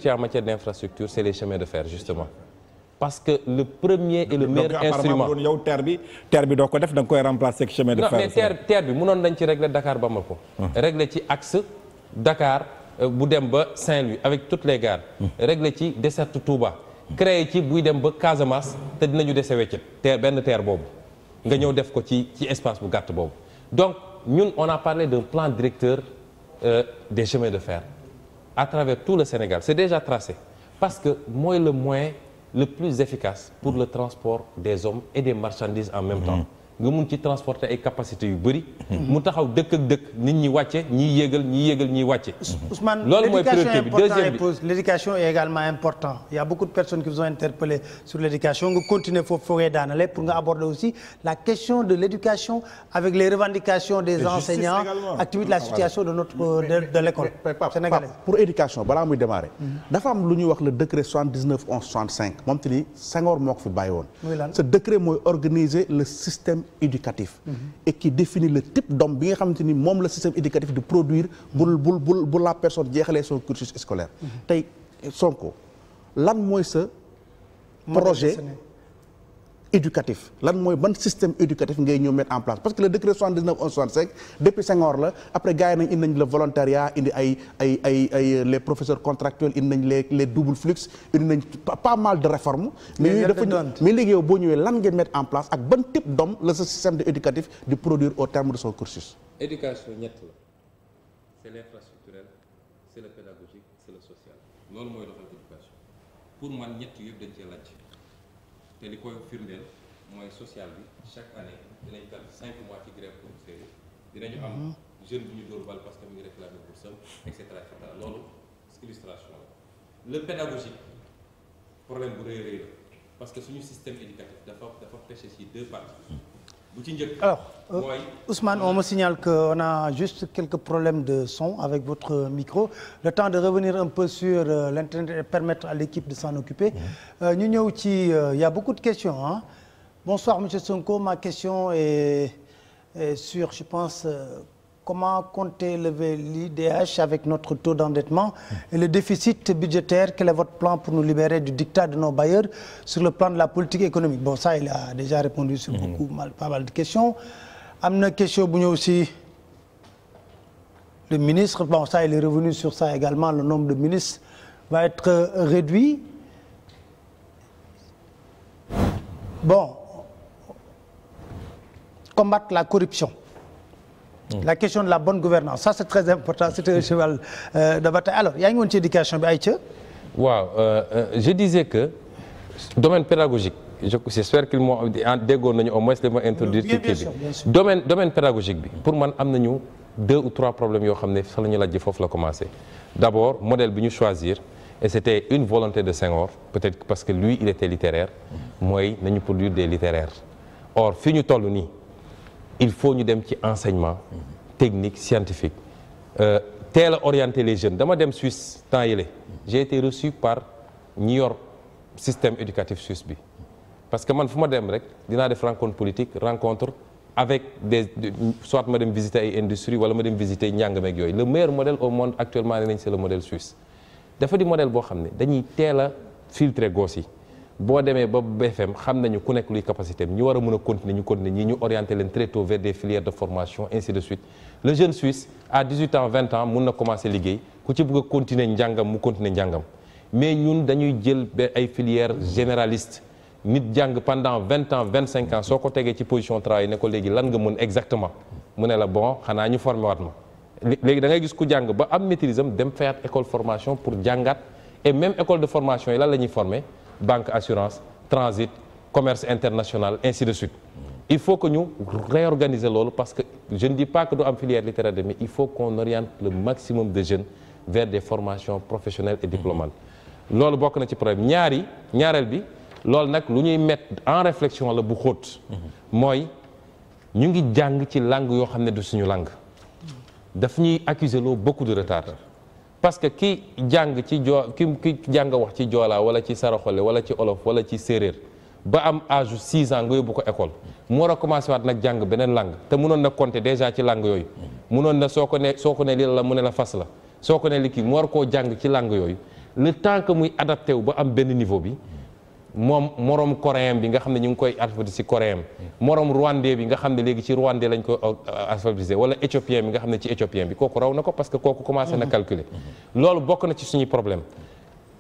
a matière d'infrastructure c'est les chemins de fer justement parce que le premier et le meilleur instrument donc yow terre bi terre bi doo ko def da koy remplacer ak chemin de fer. non mais terre terre bi mënoon nañ ci régler Dakar Bamako. régler ci axe Dakar euh, bu dem ba Saint-Louis avec toutes les gares. régler ci dessert Touba. créer ci buy dem ba Casamance te dinañu dese weccet terre benn terre boobu nga ñëw def ko ci ci espace bu gàtt boobu donc ñun on a parlé d'un plan directeur euh, des chemins de fer à travers tout le Sénégal c'est déjà tracé parce que mooy le moyen. le plus efficace pour le transport des hommes et des marchandises en même mhm. temps nga mun ci transporter ay capacité yu bëri. mu taxaw dëkk ak dëkk nit ñi wàcce ñiy yéegal ñiy yéegal ñiy wàcce. Ousmane loolu mooy priorité important il a beaucoup de personnes qui vous ont interpellé sur l'éducation nga continuer foofu foogee daanale pour nga aborder aussi la question de l'éducation avec les revendications des enseignants ak tamit la ah, situation de notre euh, de de l'école sénégalaise. pour éducation balaa muy démarrer. dafa am lu ñuy wax le décret éducatif et qui définit le type d'homme bi nga xamante ni moom la système éducatif de produire bul bul bul la personne jeexalee son cursus scolaire mhm. tey Sonko lan mooy sa projet éducatif lan mooy ban système éducatif ngay ñëw mettre en place parce que le décret 79 165 depuis Senghor la après gars nañ indi nañ le volontariat indi ay ay ay ay les professeurs contractuels nañ les les double flux indi nañ pas mal de réformes mais dafa mais léegi boo ñëwee lan ngeen mettre en place ak ban type d'homme la ce système éducatif di produire au terme de son cursus éducation ñett la c'est l'infrastructurel c'est c'est le social te li koy firndeel mooy social bi chaque année dinañ perdre cinq mois ci grève professeurs yi dinañu am mhm. jeune bi ñu dóor bal parce que mu ngi réclamé pour sam et cetera et cetera loolu illustration la le pédagogique problème bu rëy rëy la parce que suñu système éducatif dafa dafa péché ci deux parties bu ci njëkk alors euh, ouais. Ousmane on me signale que on a juste quelques problèmes de son avec votre micro le temps de revenir un peu sur euh, l'internet et permettre à l'équipe de s'en occuper mhm. euh, ñu ñëw ci il euh, y a beaucoup de questions hein bonsoir monsieur Sonko ma question est, est sur je pense euh, comment comptez lever l'IDH avec notre taux d'endettement et le déficit budgétaire Quel est votre plan pour nous libérer du dictat de nos bailleurs sur le plan de la politique économique Bon, ça, il a déjà répondu sur mhm. beaucoup, mal, pas mal Le ministre, bon, ça, il est revenu sur ça également. Le nombre de ministres va être euh, réduit. Bon, combattre la corruption. la question de la bonne gouvernance ça c'est très important c'est un cheval euh, de bataille alors yaa ngi woon ci éducation bi ay ca waaw euh, euh, je disais que domaine pédagogique je j'espère qu'ils m'ont déggoon nañu au moins li ma introduire ci bi domaine domaine pédagogique bi pour man am nañu deux ou trois problèmes yoo xam ne fa la ñu lajj foofu la commencé d'abord modèle bi ñu choisir et c'était une volonté de Senghor peut-être parce que lui il était littéraire mooy nañu produire des littéraires or fi ñu toll nii il faut ñu dem ci enseignement technique scientifique euh, teel a orienter les jeunes dama dem Suisse temps yële j'ai été par ñi yor système éducatif suisse bi parce que man fu ma dem rek dinaa def rencontre politique rencontre avec des soit ma dem visiter ay industrie wala ma dem visiter njàng meeg yooyu le meilleur modèle au monde actuellement nee nañ c'est le modèle suisse dafa di modèle boo xam ne dañuy teel a filtrer gosses yi boo demee ba BFM xam nañu ku nekk luy capacité ñu war a mën a continuer ñu continuer ñi ñu orienté leen très tôt vers des filières de formation ainsi de suite le jeune suisse à 18 ans 20 ans mun na commencer liggéey ku ci bëgg a continuer njàngam mu continuer njàngam mais ñun dañuy jël ay filières généraliste nit jàng pendant 20 ans 25 soo ko tegee ci position travail ne ko léegi lan nga mën exactement mu ne la bon xanaa ñu formé waat ma léegi da ngay gis ku jàng ba am maîtrise dem fayaat école formation pour jàngaat et école de formation yi la ñuy former banque assurance transit commerce international ainsi de suite il faut que ñu réorganiser loolu parce que jeune ne dis pas que du am filière littéraire mais il faut qu'on oriente le maximum de jeunes vers des formations professionnelles et diplômantes loolu bokk na ci problème ñaari ñaareel bi loolu nag lu ñuy mettre en réflexion la bu xóot mooy ñu ngi jàng ci langue yoo xam ne du suñu langue daf ñuy accuser loo beaucoup de retard parce que ki jàng ci joo ki ki jàng wax ci joolaa wala ci saraxole wala ci olof wala ci séeréer ba am âge six ans nga yóbbu ko école mu war a commencé waat nag jàng beneen langue te munoon na compter déjà ci langue yooyu munoon na soo ko ne soo ko ne lii la mu ne la fas la soo ko ne li kii mu war koo jàng ci langue yooyu le temps que muy adapté wu ba am benn niveau bi moom moroom coréen bi nga xam ne ñu ngi koy alphabétiser ci coréen moroom rwandais bi nga xam ne léegi ci rwandais lañ koy euh, euh, alphabétiser wala éthiopien bi nga xam ne ci éthiopien bi kooku raw na ko parce que kooku commencé na mhm. calculer loolu bokk na ci suñu problème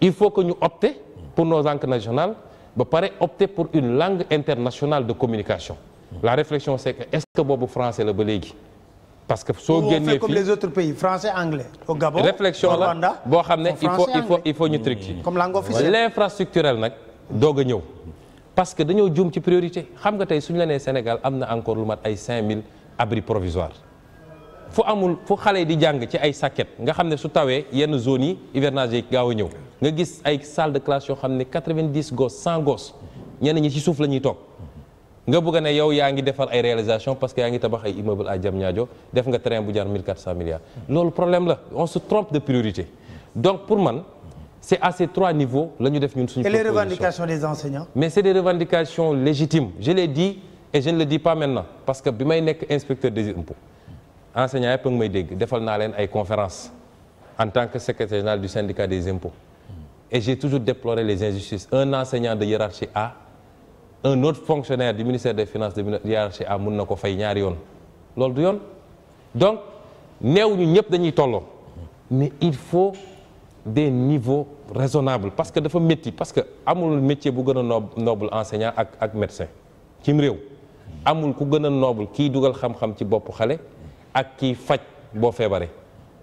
il faut que ñu opter pour nos langues nationales ba pare opter pour une langue internationale de communication la réflexion c'est que est-ce que boobu français la ba léegi parce que soo génnee fii comme les autres pays français anglais boo xam ne il faut il ñu truc ci comme langue nag doog a ñëw parce que dañoo juum ci priorité xam nga tey suñu la nee Sénégal am na encore lu mat ay 5000 abri provisoire fu amul fu xale yi di jàng ci ay sàkket nga xam ne su tawee yenn zones yi hivernage yi gaaw a ñëw nga gis ay salle de classe yoo xam ne 90 gosses 100 gosses ñenn ñi ci suuf la ñuy toog nga bëgg ne yow yaa ngi defar ay réalisation parce que yaa ngi tabax ay immeuble à Diamniadio def nga train bu jar 1400 milliards loolu problème la on se trompe de c'est à ces trois niveaux la ñu def ñun suñu. et les revendications mais c'est des revendications légitimes je l'ai dit et je ne le dis pas maintenant parce que bi may nekk inspecteur des impôts enseignants yëpp a ngi may dégg defal naa leen ay conférences en tant que secrétaire général du syndicat des impôts et j'ai toujours déploré les injustices un enseignant de hiérarchie A un autre fonctionnaire du ministère des finances de hiérarchie A mun na ko fay ñaari yoon loolu du yoon donc néew ñëpp dañuy tolloo des niveau raisonnables parce que dafa métti parce que amul métier bu gën a noble enseignant ak ak médecin cim réew amul ku gën a noble kii dugal xam-xam ci bopp xale ak kii faj boo feebaree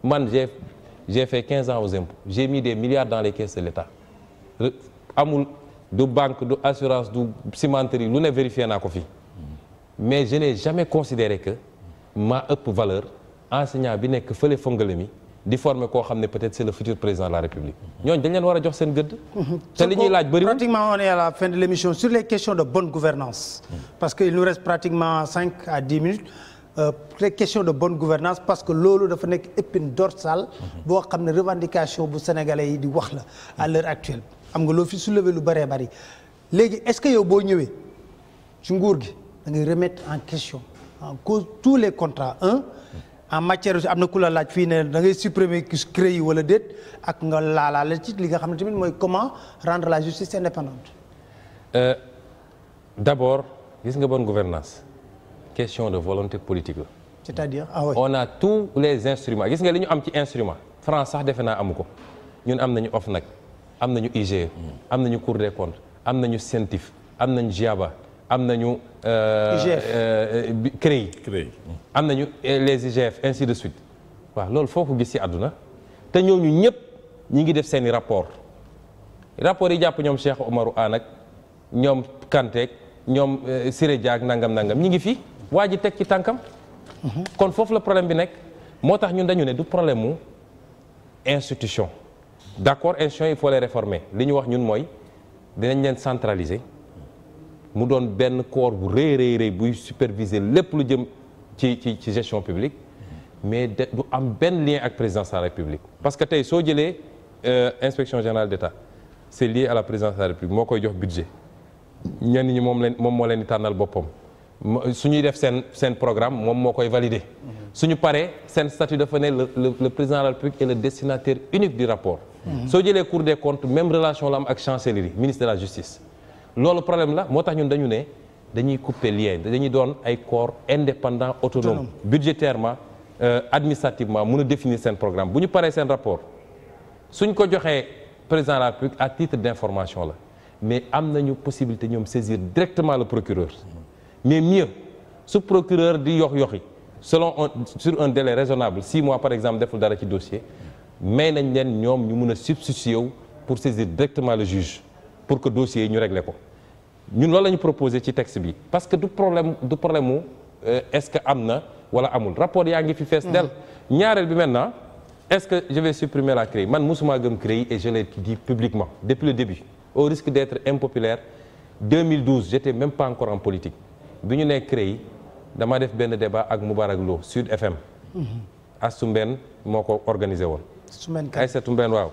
man j'ai j'ai fait quinze ans aux impôts j'ai mis des milliards dans les caisses de l'État amul du banque du assurance du cimenterie lu ne vérifié naa ko fii mais je n'ai jamais considéré que maa ëpp valeur enseignant bi nekk fële fongale mi di former koo xam ne peut-être c'est le futur président de la République mm-hmm. ñooñu dañ leen war a jox seen gëdd. Mm-hmm. te li ñuy laaj bëriwul pratiquement on est la fin de l'émission sur les questions de bonne gouvernance mm-hmm. parce que il nous reste pratiquement cinq à dix minutes. Euh, les questions de bonne gouvernance parce que loolu dafa nekk épine dorsale boo xam ne revendication bu sénégalais yi di wax la à l'heure actuelle am nga loo fi su soulever lu bëree bari léegi est-ce que yow boo ñëwee ci nguur gi da en question en les contrats un en matière am na ku la laaj fii ne da ngay supprimer CREI wala déet ak nga laalaale ci li nga xam ne tamit mooy comment rendre la justice indépendante. Euh, d'abord gis nga bonne gouvernance question de volonté politique la. c'est-à-dire ah oui. on a tous les instruments gis nga li am ci instrument France sax defe naa amu ko ñun am nañu nag am nañu IGE. Hmm. am nañu Cour des comptes am ñu CENTIF am nañu GIABA. am nañu. Euh, IGF euh, CREI. CREI am nañu euh, les IGF ainsi de suite waaw loolu foo ko gis ci àdduna te ñooñu ñëpp ñi ngi def seen i rapport rapport yi jàpp ñoom Cheikh Omarou Anne ñoom Kanteeg ñoom Siré Dia ak nangam nangam ñi ngi fi waa ji teg ci tànkam. Mhm. kon foofu la problème bi nekk moo tax ñun dañu ne du problème mu institution. d' accord institution il faut les réformer li ñu wax ñun mooy dinañ leen centraliser. mu doon benn corps bu rëy rëy rëy buy superviser lépp lu jëm ci ci ci gestion publique mais de du am benn lien ak présidence de la république parce que tey soo jëlee euh, inspection générale d'État c'est lié à la présidence de la république moo koy jox budget ñenn ñi moom leen moom moo leen di tànnal boppam su ñuy def seen seen programme moom moo koy valider ñu paree seen statut dafa ne le président de la république est le destinataire unique du rapport mmh. soo jëlee cour des comptes même la am ak chancellerie la justice loolu problème la moo tax ñun dañu ne dañuy couper lien dañuy doon ay corps indépendant autonome budgétairement euh, administrativement mun a définir seen programme bu ñu paree seen rapport suñ ko joxee président de la République à titre d'information la mais am nañu possibilité ñoom saisir directement la procureur mais mieux su procureur di yox yoxi selon un sur un délai raisonnable six mois par exemple deful dara ci dossier may nañ leen ñoom ñu mun a substituer wu pour saisir directement le juge pour que dossier yi ñu régle ko ñun loolu lañu ñu ci texte bi parce que du problème du problème mu euh, est-ce que am na wala amul rapport yaa ngi fi fees mm. del ñaareel bi maintenant est-ce que je vais supprimer la CREI man mosuma gëm CREI et je l'ai dit publiquement depuis le début au risque d'être impopulaire 2012 j'étais même pas encore en politique bi ñu nee CREI dama def benn débat ak Moubarak Lo Sud FM mm-hmm. Assou Mbène moo ko organisé woon Soumbène Kane Aïssatou waaw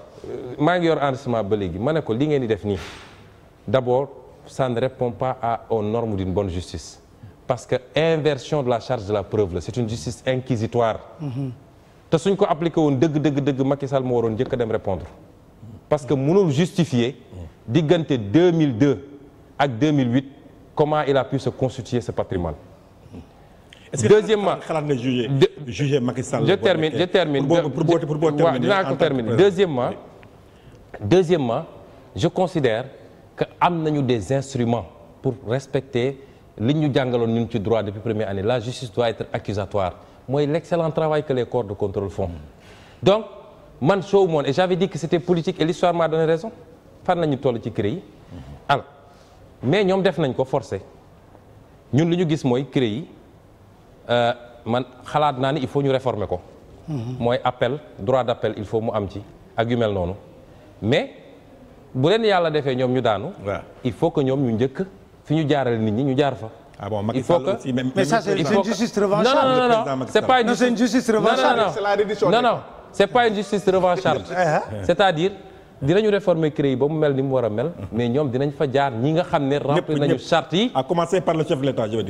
maa ngi yor enregistrement ba léegi ma ne ko li ngeen di def nii d'abord ça ne répond pas à aux normes d'une bonne justice parce que inversion de la charge de la preuve la c'est une justice inquisitoire mm-hmm. te suñ ko appliqué woon dëgg dëgg dëgg Macky Sall moo waroon njëkk dem répondre parce que mënul justifier diggante 2002 ak 2008 comment il a pu se constituer ce patrimoine est-ce que deuxièmement xalaat na juger juger Macky Sall je termine je termine waaw dinaa ko terminer deuxièmement deuxièmement je considère que am nañu des instruments pour respecter li ñu jàngaloon ñun ci droit depuis première année la justice doit être accusatoire mooy l'excellent travail que les corps de contrôle font donc man soow moon et j'avais dit que c'était politique et l'histoire m'a donné raison fan lañu toll ci CREI yi alors mais ñoom def nañ ko forcé ñun li ñu gis mooy CREI yi Euh, man xalaat naa ni il faut ñu réformer ko. mooy appel droit d'appel il faut mu am ci ak yu mel noonu mais bu leen yàlla defee ñoom ñu daanu. il faut que ñoom ñu njëkk fi ñu jaarale nit ñi ñu jaar fa. ah bon Macky Sall aussi même mais ça c'est une justice revanchable. non non non c'est pas une justice revanchable. non non non c'est la reddition non non c'est pas une justice revanchable. c'est-à-dire. dinañu réformer CREI ba mu mel ni mu war a mel. Mhm. mais ñoom dinañ fa jaar ñi nga xam ne. rempli nañu charte yi. à par le chef de l'État je veux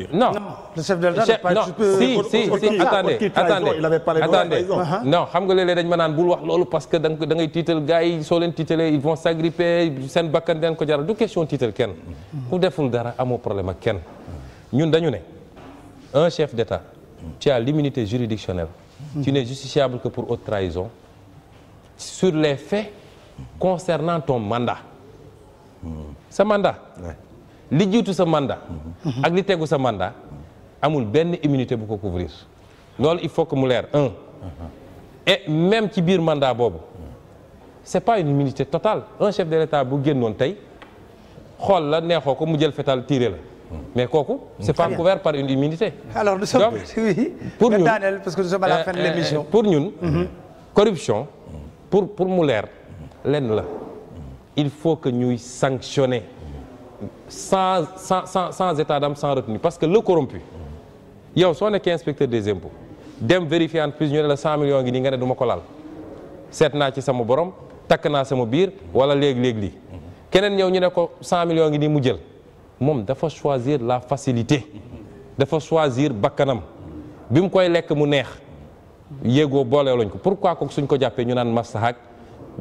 uh-huh. xam nga léeg-léeg dañ ma naan bul wax loolu parce que da da ngay tiital gars yi soo leen tiitalee ils vont s'agripper seen bakkan dinañ ko jaral du question tiital kenn. Uh-huh. ku deful dara amoo problème ak kenn. ñun dañu ne un chef d'État. tu as l'immunité juridictionnelle. Uh-huh. tu n'es justiciable que pour haute trahison. sur les faits. concernant ton mandat sa mandat li jiitu sa mandat ak li tegu sa mandat amul benn immunité bu ko couvrir loolu il faut que mu leer un et ci biir mandat boobu c'est pas une immunité totale un chef de l'État bu génnoon tey xool la neexoo ko mu jël fetal tiire la mais kooku c'est pas couvert par une immunité pour ñun que nous sommes euh, euh, pour ñun corruption pour pour mu leer lenn la il faut que ñuy sanctionner sans sans sans sans état d'âme sans retenue parce que le corrompu yow soo nekkee inspecteur des impôts dem vérifier plus ñu ne la 100 millions ngi nii nga ne duma ko laal seet naa ci sama borom takk naa sama biir wala léeg-léeg lii keneen yow ñu ne ko 100 millions ngi nii mu jël moom dafa choisir la facilité dafa choisir bakkanam bi mu koy lekk mu neex yéegoo boole lañ ko pourquoi ko suñ ko jàppee ñu naan masahaak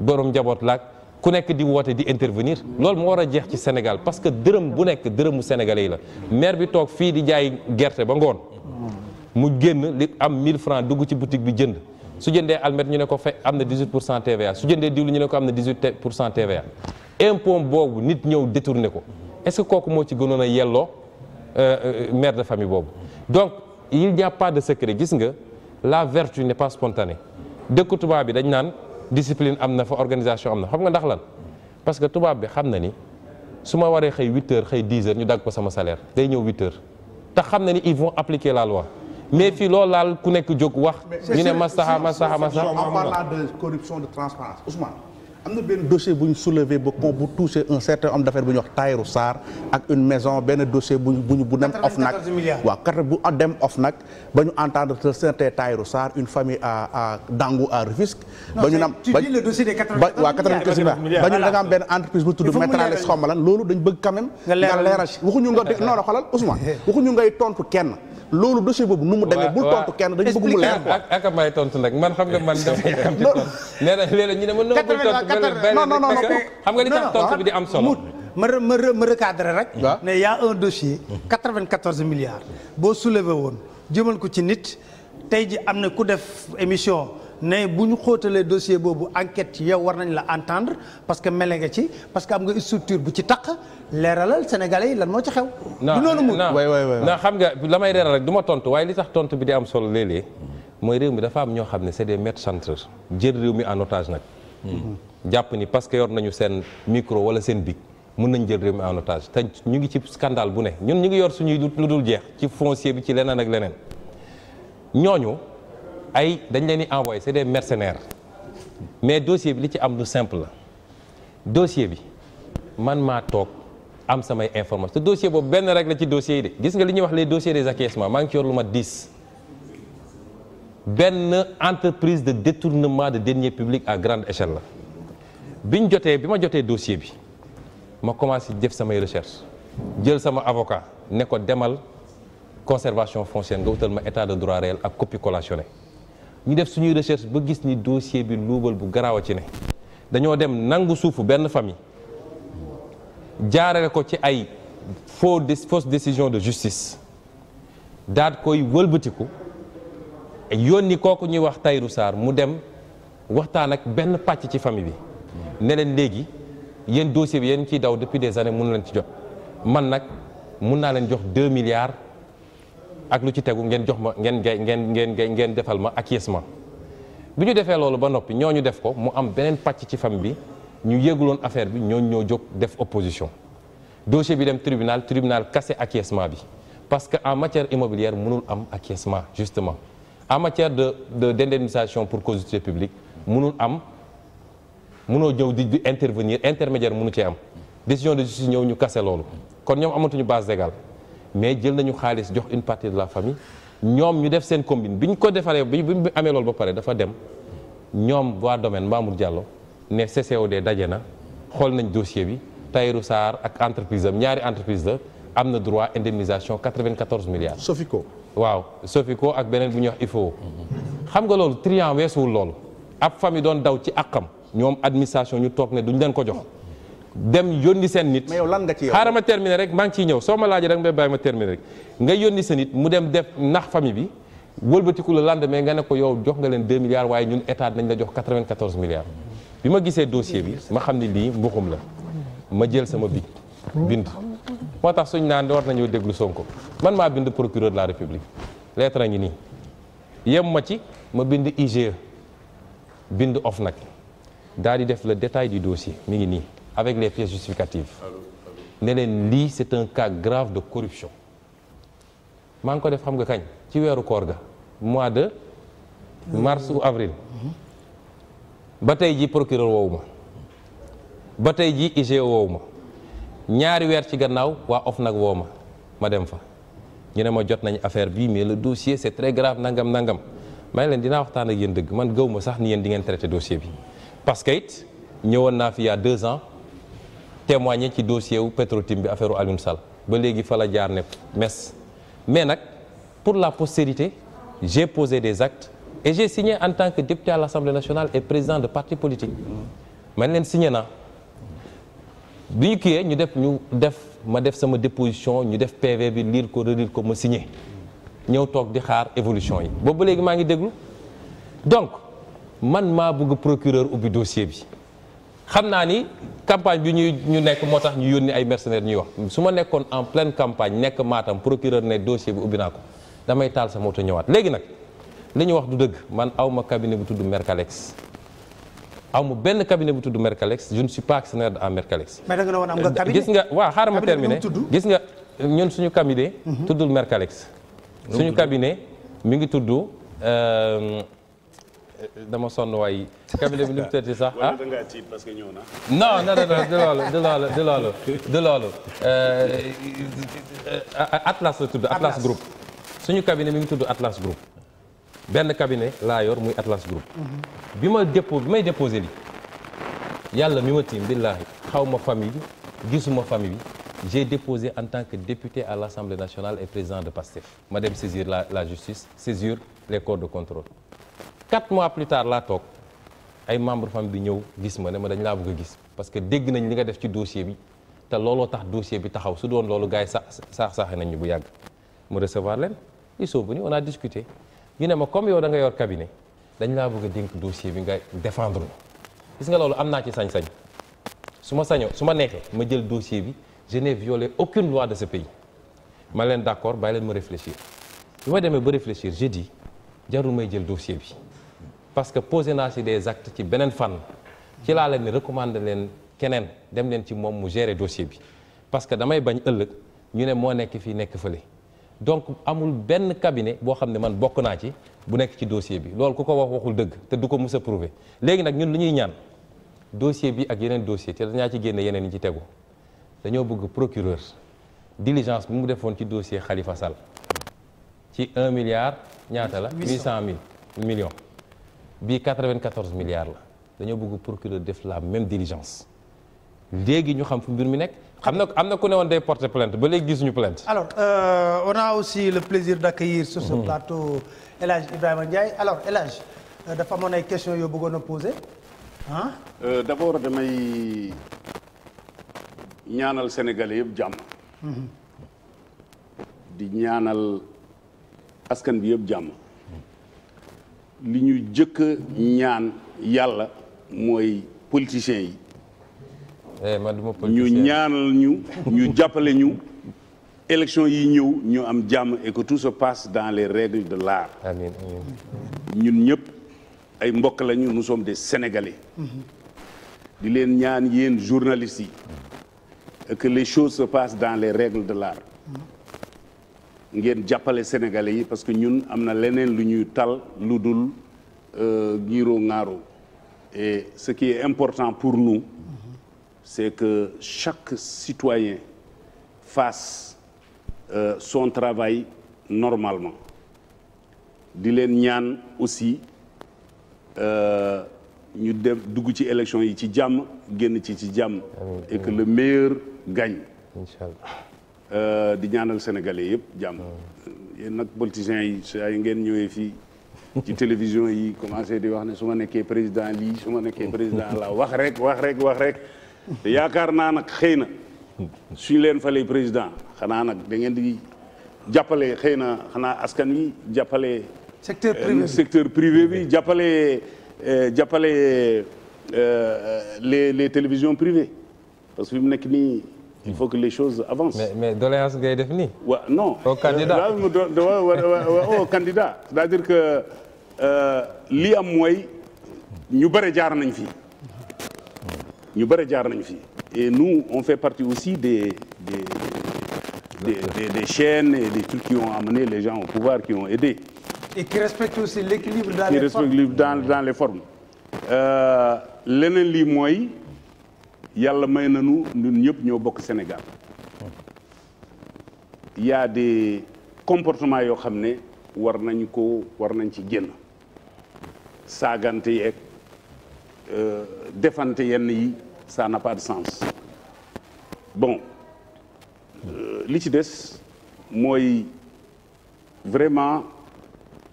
borom njaboot laag ku nekk di woote di intervenir loolu moo war a jeex ci Sénégal parce que dërëm bu nekk dërëmu sénégalais yi la maire bi toog fii di jaay gerte ba ngoon mu génn li am mille francs dugg ci boutique bi jënd su jëndee almet ñu ne ko fe am na 18 pour cent TVA su jëndee diwli ñu ne ko am na 18 pour cent TVA impôt boobu nit ñëw détourné ko est-ce que kooku moo ci gënoon a yelloo euh, euh, mère de famille boobu donc il n'y pas de secret gis nga la vertu n'est pas spontanée dëkku discipline am na fa organisation am na xam nga ndax lan parce que tubaab bi xam na ni su ma waree xëy 8 heures xëy 10 heures ñu dagg ko sama salaire day ñëw 8 heures te xam na ni ils vont appliquer la wa mais fii lool laal ku nekk jóg wax. ñu ne Mastaxa Mastaxa Mastaxa. en parlant de corruption de transparence Ousmane. am na benn dossier bu ñu soulever ba kon bu touché un certain homme d'affaires bu ñuy wax Tahirou Sarr ak une maison benn dossier bu ñu bu dem OFNAC waaw bu dem OFNAC ba ñu entendre ce certain Tahirou Sarr une famille à à Dangou ba ñu nam am benn entreprise bu tudd Metralex xaw ma lan loolu dañ bëgg quand nga leeral waxuñu nga non non xoolal Ousmane ngay tontu kenn loolu dossier boobu nu mu demee bul tontu kenn dañu bëgg mu leer ko ak ak may tontu nag man xam nga man def nee na léeg-léeg ñu ne ma non bul tontu non non non xam nga li tax tontu ah, bi di am solo ma ma ma rek milliards boo soulevé woon jëmal ko ci nit tey ji am na ku def émission ne bu ñu xootalee dossier boobu enquête yow war nañ la entendre parce que mele nga ci parce que am nga structure bu ci taq leeralal sénégalais yi lan moo ci xew. du noonu mu waay waay xam nga lamay may leeral rek du ma tontu waaye li tax tont bi di am solo léeg-léeg mooy réew mi dafa am ñoo xam ne c'est des maîtres chanteurs jël réew mi en otage nag. Mm-hmm. jàpp ni parce que yor nañu seen micro wala seen bic mun nañ jël réew mi en otage te ñu ngi ci scandale bu ne ñun ñu ngi yor suñuy lu dul jeex ci foncier bi ci leneen ak leneen ñooñu. ay dañ leen di envoyé c'est des mercenaires mais dossier bi li ci am lu simple la dossier bi man maa toog am samay information te dossier boobu benn rek la ci dossier yi de gis nga li ñuy wax les dossiers des acquiescements maa ngi ci yor lu ma dix benn entreprise de détournement de deniers publics à grande échelle la bi ñu jotee bi ma jotee dossier bi ma commencé def samay recherche jël sama avocat ne ko demal conservation foncière nga wutal ma état de droit réel ak copie ñu def suñuy recherche ba gis ni dossier bi luubal bu garaaw a ci ne dañoo dem nangu suufu benn famille jaarale ko ci ay faux fausse décision de justice daat koy wëlbatiku yónni kooku ñuy wax Tayru Sarr mu dem waxtaan ak benn pàcc ci famille bi ne leen léegi yéen dossier bi yéen ciy daw depuis des années mënu leen ci jot man nag mun naa leen jox deux milliards ak lu ci tegu ngeen jox ma ngeen gay ngeen ngeen ngeen defal ma acquiescement bi ñu defee loolu ba noppi ñoo ñu def ko mu am beneen pàcc ci fam bi ñu yéeguloon affaire bi ñooñu ñoo jóg def opposition dossier bi dem tribunal tribunal kase acquiescement bi parce que en matière immobilière mënul am acquiescement justement en matière de de d'indemnisation pour cause d'utilité munul am mënoo ñëw di di intervenir intermédiaire mënu cee am décision de justice ñëw ñu cassé loolu kon ñoom amatuñu base légale mais jël nañu xaalis jox une partie de la famille ñoom ñu def seen combine bi ñu ko defaree bi mu amee loolu ba pare dafa dem ñoom waa domaine Mamour Diallo ne CCOD daje na xool nañ dossier bi Tahirou Sarr ak entreprise am ñaari entreprise la am na droit indemnisation 94 milliards. Sofico waaw Sofico ak beneen bu ñuy wax IFO. xam nga loolu triant weesuwul loolu ab famille doon daw ci àqam ñoom administration ñu toog ne duñu leen ko jox. dem yónni seen nit. mais lan nga ci yow xaaral ma terminer rek maa ngi ciy ñëw soo ma laaj rek nga bàyyi ma terminer rek nga yónni sa nit mu dem def nax famille bi la le lendemain nga ne ko yow jox nga leen 2 milliards waaye ñun état nañ la jox 94 milliards. bi ma gisee dossier bi ma xam ne lii mbuxum la ma jël sama bi bind. moo tax suñ naan war nañoo déglu Sonko man maa bind procureur la république lettre ngi nii yem ma ci ma bind IGE bind nag daal di def le détail du dossier mi ngi nii. avec les pièces justificatives ne leen lii c'est un cas grave de corruption maa ngi ko def xam nga kañ ci weeru koor ga mois de mars ou avril ba tey ji procureur woowu ma ba tey ji IGE woowu ma ñaari weer ci gannaaw waa OFNAC woo ma ma dem fa ñu ne ma jot nañ affaire bi mais le dossier c'est très grave nangam nangam may leen dinaa waxtaan ak yéen dëgg man gëw ma sax ni yéen di ngeen traité dossier bi parce que it naa fi il ans témoigner ci dossier wu Petro-Tim bi affaire Alioune sal ba léegi fa la jaar ne mes mais nag pour la postérité j'ai posé des actes et j'ai signé en tant que député à l'Assemblée nationale et président de parti politique man leen signé naa bi ñu kiiyee ñu def ñu def ma def sama déposition ñu def PV bi lire ko relire ko ma signé ñëw toog di xaar évolution yi boobu ba léegi maa ngi déglu donc man maa bëgg procureur ubbi dossier bi xam naa ni campagne bi ñuy ñu nekk moo tax ñu yónni ay mercenaires ñuy wax su ma nekkoon en pleine campagne nekk maatam procureur ne dossier bi ubbi naa ko damay taal sa moto ñëwaat léegi nag li wax du dëgg man aw ma cabinet bu tuddu Mercalex aw ma benn cabinet bu tudd Mercalex je ne suis pas actionnaire en Mercalex. mais da nga nga euh, cabinet gis nga waaw xaaral ma terminé gis nga ñun suñu cabinet. Mhm. tuddul Mercalex. suñu cabinet mi ngi tudd. Euh, dama sonn waay cabinet bi nu mu sax ah. dangaa tiit parce que ñëw na. non non non du loolu du loolu du loolu euh, euh, Atlas la tudd Atlas Group. suñu cabinet mi ngi tudd Atlas Group. benn cabinet laa yor muy Atlas Group. Mhm. bi ma dépo bi may déposé li yàlla mi ma tiim billaahi xaw ma famille bi gisuma famille bi. j'ai déposé en tant que député à l'Assemblée nationale et président de PASTEF ma dem saisir la la justice saisir les corps de contrôle quatre mois plus tard laa toog ay membre famille bi ñëw gis ma ne ma dañ laa bëgg a gis parce que dégg nañ li nga def ci dossier bi te looloo tax dossier bi taxaw su doon loolu gars yi saax saax saaxe nañ ñu bu yàgg mu recevoir leen ils sont venus on a discuté ñu ne ma comme yow da nga yor cabinet dañ laa bëgg a dénk dossier bi nga défendre ko gis nga loolu am naa ci sañ-sañ su ma sañoo su ma neexee ma jël dossier bi je n'ai violé aucune loi de sa pays ma leen d'accord bàyyi leen ma réfléchir bi ma demee ba réfléchir j'ai dit jarul may jël dossier bi parce que posé naa si des actes ci beneen fànn ci laa leen ni recommander leen keneen dem leen ci moom mu gérer dossier bi parce que damay bañ ëllëg ñu ne moo nekk fii nekk fële donc amul benn cabinet boo xam ne man bokk naa ci bu nekk ci dossier bi loolu ku ko wax waxul dëgg te du ko mës a prouver léegi nag ñun lu ñuy ñaan dossier bi ak yeneen dossier te dañaa ci génn yeneen yi ci tegu dañoo bëgg procureur diligence bi mu defoon ci dossier xalifa sal ci un milliard ñaata la huit cent bii 94 milliards la dañoo bëgg procureur def la même diligence léegi ñu xam fu mbir mi nekk. xam na am na ku ne woon day porter plainte ba léegi gisuñu plainte. alors euh, on a aussi le plaisir d'accueillir sur ce mhm. plateau El Hadj Ibrahima Ndiaye alors El euh, dafa amoon ay question yoo bëggoon a poser ah. d'abord damay ñaanal Sénégalais yëpp jàmm. Mhm. di ñaanal askan bi yëpp jàmm. li ñu jëkk ñaan yàlla mooy politiciens yi. Eh, ñu ñaanal ñu ñu jàppale ñu. élection yi ñëw ñu am jàmm et que tout se passe dans les règles de l'art ñun ñëpp ay mbokk lañu nous sommes des sénégalais. di leen ñaan yéen journalistes yi. que les choses se passent dans les règles de l'art ngeen jàppale sénégalais yi parce que ñun am na leneen lu ñuy tal lu dul euh, giiroo ŋaaro et ce qui est important pour nous c'est que chaque citoyen fasse euh, son travail normalement di leen ñaan aussi euh, ñu dem dugg ci élection yi ci jàmm génn ci ci jàmm et que le meilleur gagne. Euh, di ñaanal sénégalais yëpp jàmm. Ah. yéen nag politiciens yi saa yi ngeen ñëwee fii. ci télévision yi commencé di wax ne su ma nekkee président lii su ma nekkee président la wax rek wax rek wax rek yaakaar naa nag xëy na suñu leen falee président xanaa nag da ngeen di jàppale xëy na xanaa askan wi jàppale. secteur euh, privé bi bi jàppale euh, jàppale les les télévisions privées parce que mu nekk nii. il faut que les choses avancent. mais mais doléance ngay def nii. wa non au candidat c'est-à-dire que euh, li am mooy ñu bëri jaar nañ fi ñu bëri jaar nañ fii. et nous on fait partie aussi des des. Des, des, des, chaînes et des trucs qui ont amené les gens au pouvoir, qui ont aidé. Et qui respectent aussi l'équilibre dans, les formes. Euh, lenen respectent l'équilibre yàlla may nañu ñun ñëpp ñoo bokk Sénégal y a des comportements yoo xam ne war nañ ko war nañ ci génn saagante yeeg euh, defante yenn yi ça n'a pas de sens bon euh, li ci des mooy vraiment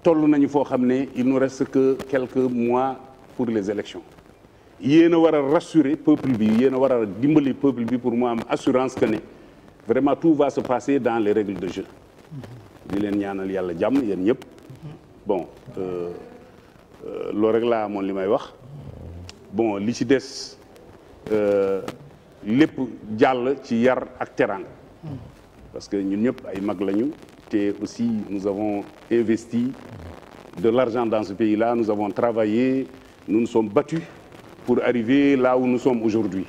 toll nañu foo xam ne il nous reste que quelques mois pour les élections yéen a war a rassurer peuple bi yéen a war a dimbali peuple bi pour mu am assurance que ne vraiment tout va se passer dans les règles de jeu di leen ñaanal yàlla jàmm yéen ñëpp bon euh, euh, loolu rek laa amoon li may wax bon li ci des euh, lépp jàll ci yar ak teraanga parce que ñun ñëpp ay mag lañu te aussi nous avons investi de l'argent dans ce pays-là nous avons travaillé nous nous sommes battus pour arriver là où nous sommes aujourd'hui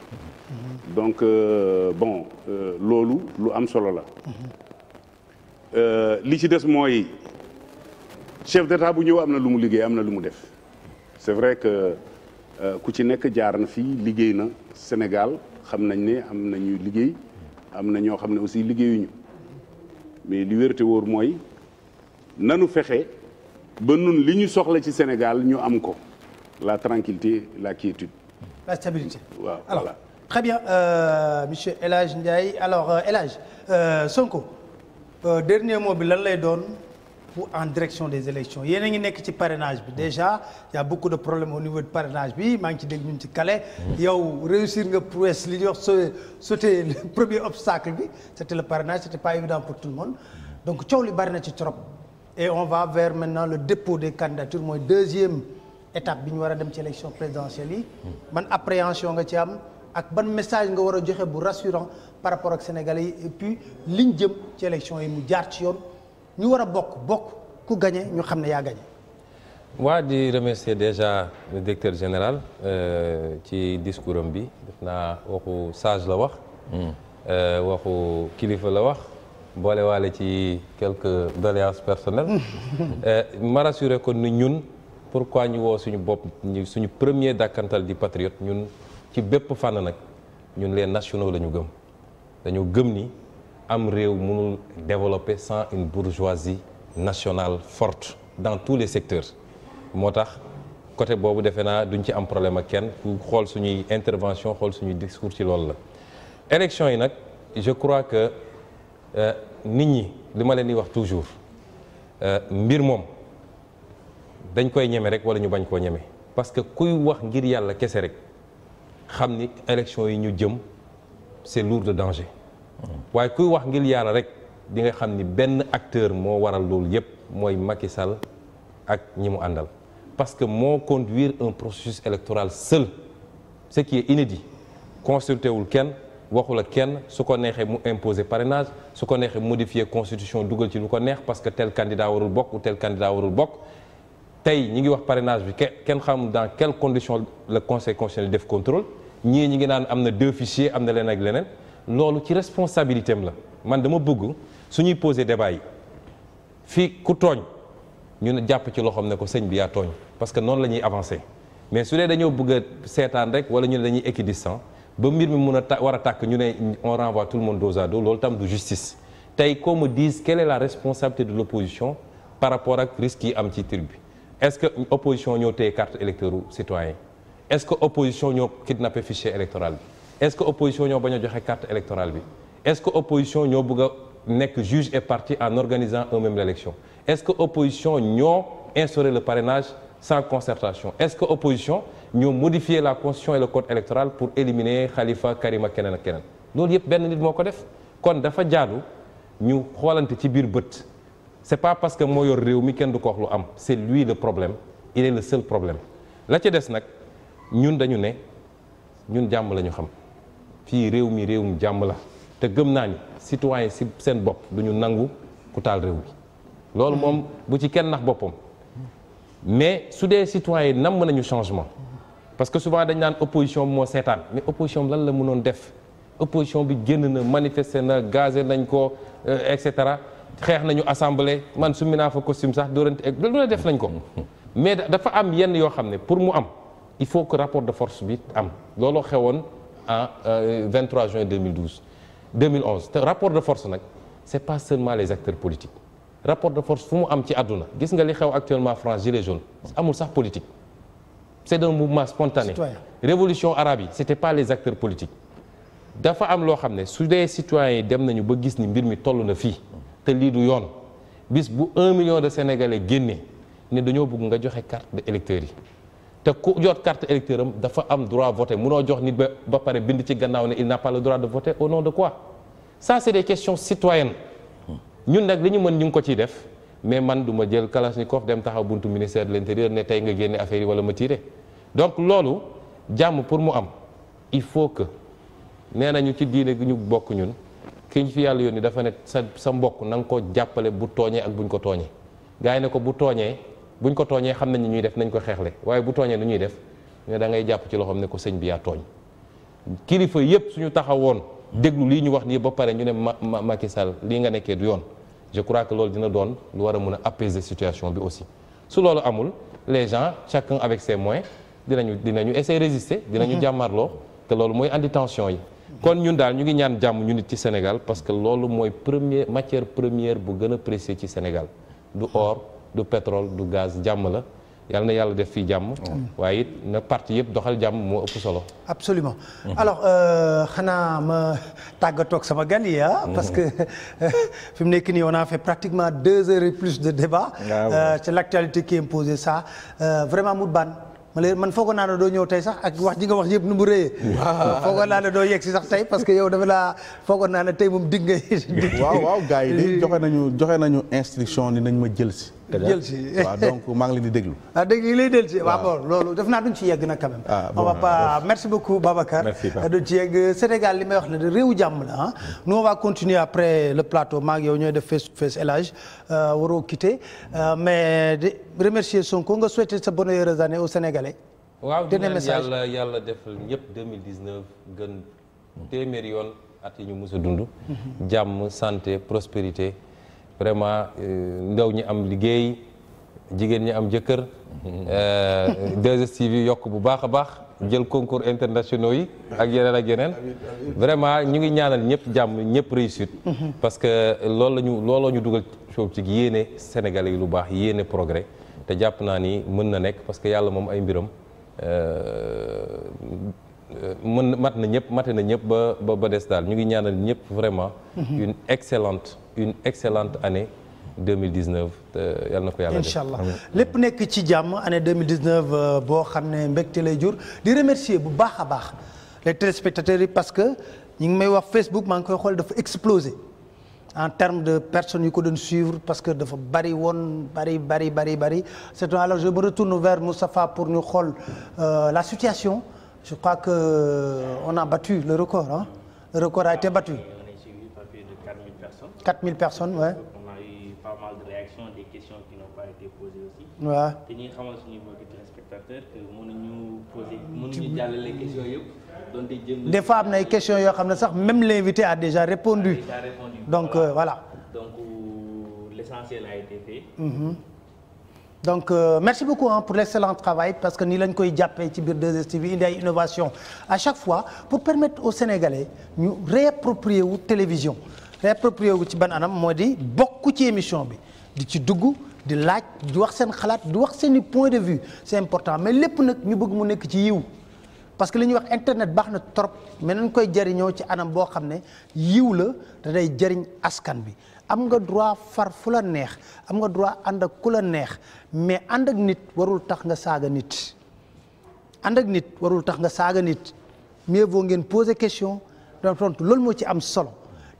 donc euh, bon euh, loolu lu am solo la euh, li ci des mooy chef d'état bu ñëw am na lu mu liggéey am na lu mu def c'est vrai que euh, ku ci nekk jaar na fii liggéey na Sénégal xam nañ ne am na ñuy liggéey am na ñoo xam ne aussi liggéeyuñu mais li wérte wóor mooy nanu fexe ba nun li ñu soxla ci Sénégal ñu am ko la tranquillité la quiétude. la stabilité waaw alors voilà. très bien euh, monsieur élage Hadj Ndiaye alors euh, El Hadj euh, Sonko euh, dernier mot bi lan lay doon pour en direction des élections yéen a ngi nekk ci parrainage bi déjà ya a beaucoup de problèmes au niveau de parrainage bi maa ngi ci dégg ñu ci Calais. yow réussir nga prouesse li ñuy wax sauter le premier obstacle bi c'était le parrainage c'était pas évident pour tout le monde donc coow li bari na ci trop. et on va vers maintenant le dépôt des candidatures mooy deuxième. étape bi ñu war a dem ci élection présidentielle yi. man appréhension nga ci am ak ban message nga war a joxe bu rassurant par rapport ak Sénégalais yi et puis liñ jëm ci élection yi mu jaar ci yoon ñu war a bokk bokk ku gagné ñu xam ne yaa gagné. waa di remercier déjà le directeur général euh, ci discours bi def naa waxu sage la wax. Hmm. Euh, waxu kilifa la wax. boolewaale ci quelque doléances personnelles. Euh, ma rassuré ko ni ñun. pourquoi ñu woo suñu bopp suñu premier dàkkantal di patriote ñun ci bépp fànn nag ñun leen nationaux lañu gëm dañoo gëm ni am réew mënul développer sans une bourgeoisie nationale forte dans tous les secteurs moo tax côté boobu defe naa duñ ci am problème ak kenn ku xool suñuy intervention xool suñuy discours ci loolu la élection yi nag je crois que euh, nit ñi li ma leen di wax toujours euh, mbir moom dañ koy ñeme rek wala ñu bañ koo ñeme parce que kuy wax ngir yàlla kese rek xam ni élection yi ñu jëm c'est lourd de danger waaye kuy wax ngir yàlla rek di nga xam ni benn acteur moo waral loolu yépp mooy Macky Sall ak ñi mu àndal parce que moo conduire un processus électoral seul ce qui est inédit consulté wul kenn waxula kenn su ko neexee mu imposer parrainage su ko neexee modifier constitution dugal ci lu ko neex parce que tel candidat warul bokk ou tel candidat warul bokk tey ñi ngi wax parrainage bi kenn xamul dans quelles conditions le conseil constitutionnel def contrôle ñii ñi ngi naan am na deux am na leneen ak leneen loolu ci responsabilité am la man dama bëgg suñuy poser débat yi fii ku tooñ ñu ne jàpp ci loxoom ne ko sëñ bi yaa tooñ parce que noonu la ñuy avancer mais su dee dañoo bëgg seetaan rek wala ñu ne dañuy équidistant ba mbir mi mun a ta war a tàkk ñu ne on renvoie tout le monde dos à loolu tam du justice tey qu'on me dise quelle est la responsabilité par rapport ak risque yi am ci tribune est-ce que opposition ñoo téye carte électeur u citoyen est-ce que opposition ñoo kidnappé fichier électoral bi est-ce que opposition ñoo bañ a bi est-ce que opposition ñoo bëgg a nekk juge et partie en organisant eux-mêmes l'élection est-ce que opposition ñoo instaurer le parrainage sans concertation est-ce que opposition ñoo modifier la constitution et le code électoral pour éliminer Khalifa Karima keneen ak keneen loolu yëpp benn nit moo ko def kon dafa jaadu ñu xoolante ci biir bët c'est pas parce que moo yor réew mi kenn du ko wax lu am c'est lui le problème il est le seul problème la ca des nag ñun dañu ne ñun jàmm la ñu xam fii réew mi réewum jàmm la te gëm naa ni citoyen si seen bopp du ñu nangu ku taal réew mi loolu moom bu ci kenn nax boppam mais su dee citoyen yi namm nañu changement parce que souvent dañ naan opposition moo seetaan mais opposition lan la mënoon def opposition bi génn na manifester na gaze nañ ko euh, et cetera xeex nañu assemblée man su summi naa fa costume sax dóorante ak lu ne def nañ ko mais dafa am yenn yoo xam ne pour mu am il faut que rapport de force bi am looloo xewoon en 23 euh, juin 2012 2011 te rapport de force nag c'est pas seulement les acteurs politiques rapport de force fu mu am ci àdduna gis nga li xew actuellement France gilet jaune amul sax politique c'est un mouvement spontané révolution arabe yi c'était pas les acteurs politiques dafa am loo xam ne su dee citoyens yi dem nañu ba gis ni mbir mi toll na fii te lii du yoon bis bu un million de sénégalais génnee ne dañoo bëgg nga joxe carte d'électeur yi te ku jot carte électeur am dafa am droit voter munoo jox nit ba ba pare bind ci gannaaw ne il n'a pas le droit de voter au nom de quoi ça c'est des questions citoyennes ñun nag li ñu mën ñu ngi ko ciy def mais man duma ma jël kalachnikov dem taxaw buntu ministère de l'intérieur ne tey nga génne affaire yi wala ma tiire donc loolu jàmm pour mu am il faut que nee nañu ci diine gi ñu bokk ñun ki fi yàlla yónni dafa ne sa sa mbokk na nga ko jàppale bu tooñee ak buñ ko tooñee gars yi ne ko bu tooñee buñ ko tooñee xam nañ ni ñuy def nañ ko xeexle waaye bu tooñee nu ñuy def ne da ngay jàpp ci loxoom ne ko sëñ bi yaa tooñ kilifa yépp suñu taxawoon déglu lii ñu wax nii ba pare ñu ne ma Macky Sall lii nga nekkee du yoon je crois que loolu dina doon lu war a mën a apaiser situation bi aussi su loolu amul les gens chacun avec ses moyens dinañu dinañu essayer résister dinañu mhm. jàmmarloo te loolu mooy andi tension yi kon ñun daal ñu ngi ñaan jàmm ñu nit ci Sénégal parce que loolu mooy première matière première bu gën a précieux ci Sénégal du or du pétrole du gaz jàmm la yàlla na yàlla def fii jàmm. waaye it na parti yëpp doxal jàmm moo ëpp solo. absolument mhm. alors euh, xanaa ma tàggatoog sama gan ah, mhm. parce que fi mu nekk nii on a fait pratiquement deux heures plus de débat. waaw ah ouais. euh, qui impose ça euh, vraiment Mout Bane. ma man foogoon naa ne doo ñëw tey sax ak wax ji nga wax yëpp nu mu rëyee. waaw foogoon naa doo yegg si sax tey parce que yow dafa laa foogoon naa tey moom dig nga. waaw waaw gars yi de joxe nañu joxe nañu instruction ni nañ ma jël si. jël si donc maa ngi leen déglu. ah dégg nga lay def naa duñ ci yegg na quand même. ah on va pas merci beaucoup Babacar. merci duñ ci yegg Sénégal li may wax la réewu jàmm la ah. nous on va continuer après le plateau maa ngi yow ñooy def face face élage euh, waroo quitter euh, mais de remercier Sonko nga souhaiter sa bonne heureuse année aux Sénégalais. waaw di naan yàlla yàlla defal ñëpp 2019 gën téeméeri yoon at yi ñu mës a dund. Mm-hmm. jàmm santé prospérité. vraiment euh, ndaw ñi am liggéey jigéen ñi am jëkkër 2STV euh, yokk bu baax a baax jël concours internationaux yi ak yeneen ak yeneen vraiment ñu ngi ñaanal ñëpp jàmm ñëpp réussite mhm. parce que loolu la ñu looloo ñu dugal coob ci yéene sénégal yi lu baax yéene progrès te jàpp naa ni mën na nekk parce que yàlla moom ay mbiram euh, mën mat na ñëpp mate na ñëpp ba ba des daal ñu ngi ñaanal ñëpp vraiment mhm. une excellente une excellente année 2019 yal na ko yàlla allah lépp nekk ci jàmm année 2019 euh, boo xam ne mbégte lay jur di remercier bu baax a baax les téléspectateurs yi parce que ñu ngi may wax Facebook maa ngi koy xool dafa explosé en terme de personnes yu ko doon suivre parce que dafa bari woon bari bari bari bari c'est alors je me retourne vers Moustapha pour ñu xool euh, la situation je crois que euh, on a battu le le record a été battu. 4000 personnes ouais. on a eu des questions qui n'ont pas été posées aussi. waaw te ñuy xamal suñu mbokki téléspectateurs que mënuñu donc di jëm des fois am na ay questions yoo xam ne sax même l'invité a déjà répondu. A déjà répondu. donc voilà. Euh, voilà. donc euh, l'essentiel a été fait. Mm-hmm. Euh, merci beaucoup pour l'excellent travail parce que nii lañ koy jàppee ci biir 2STV indi ay innovation à chaque fois pour permettre au Sénégalais ñu réapproprier wu télévision. réapproprié wu ci ban moo di bokk ci émission bi di ci dugg di laaj di wax seen xalaat di wax seen i point de vue c'est important mais lépp nag ñu bëgg mu nekk ci yiw parce que li ñuy wax internet baax na trop mais nañ koy jariñoo ci anam boo xam ne yiw la da day jariñ askan bi am nga droit far fu la neex am nga droit ànd ak ku la neex mais ànd ak nit warul tax nga saaga nit ànd ak nit warul tax nga saaga nit mieux vaut ngeen poser question donc tontu loolu moo ci am solo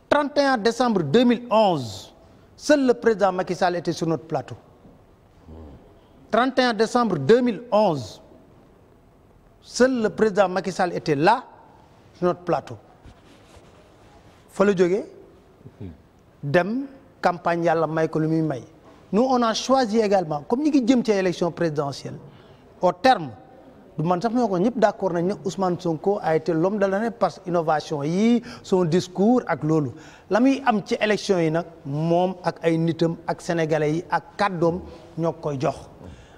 31 décembre 2011 seul le président Macky Sall était sur notre plateau 31 décembre 2011 seul le président Macky Sall était là sur notre plateau fa la dem campagne yàlla may ko lu muy may nous on a choisi également comme ñu ngi jëm ci élection présidentielle au terme du man sax ñoo ko ñëpp d'accord nañ ne Ousmane Sonko a été l'homme de l'année parce que innovation yi son discours ak loolu la am ci élection yi nag moom ak ay nitam ak sénégalais yi ak kàddoom ñoo koy jox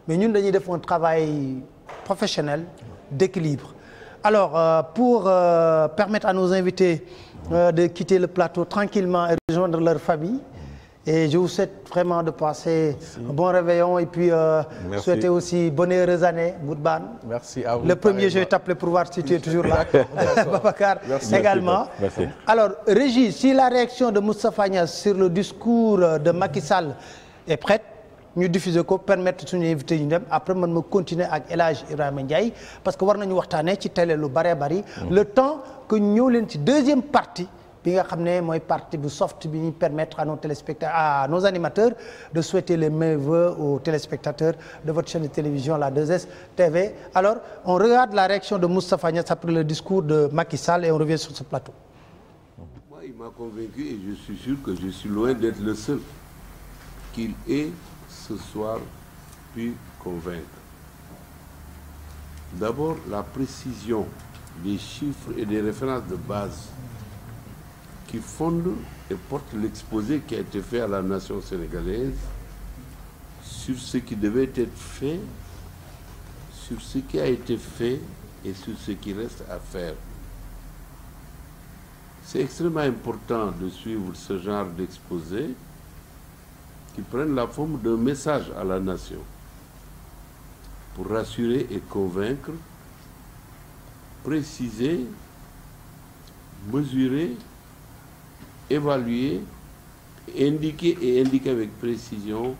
mais ñun dañuy def un travail professionnel d'équilibre alors euh, pour euh, permettre à nos invités euh, de quitter le plateau tranquillement et rejoindre leur famille Et je vous souhaite vraiment de passer Merci. un bon réveillon et puis euh, souhaiter aussi bonne et heureuse année, Boudban. Merci à Le premier, je vais t'appeler pour voir si tu es toujours là. Babacar également. Merci. Alors, régi si la réaction de Moustapha Niasse sur le discours de Macky Sall est prête, ñu diffuser ko permettre suñu invité ñu dem après man ma continuer ak El Hadj Ibrahima Ndiaye parce que war nañu waxtaanee ci télé lu bare bari. Mm. le temps que ñëw leen ci deuxième partie. bi nga xam ne mooy parti bu soft bi ñu permettre à nos téléspectateurs à nos animateurs de souhaiter les meilleurs vœux aux téléspectateurs de votre chaîne de télévision la 2S TV alors on regarde la réaction de Moustapha Niasse après le discours de Macky Sall et on revient sur ce plateau. Moi, je suis sûr que je d'être le seul qu'il ait ce soir pu convaincre. D'abord, la précision des chiffres et des références de base qui fonde et porte l'exposé qui a été fait à la nation sénégalaise sur ce qui devait être fait, sur ce qui a été fait et sur ce qui reste à faire. C'est extrêmement important de suivre ce genre d'exposé qui prennent la forme d'un message à la nation pour rassurer et convaincre, préciser, mesurer évaluer, indiquer et indiquer avec précision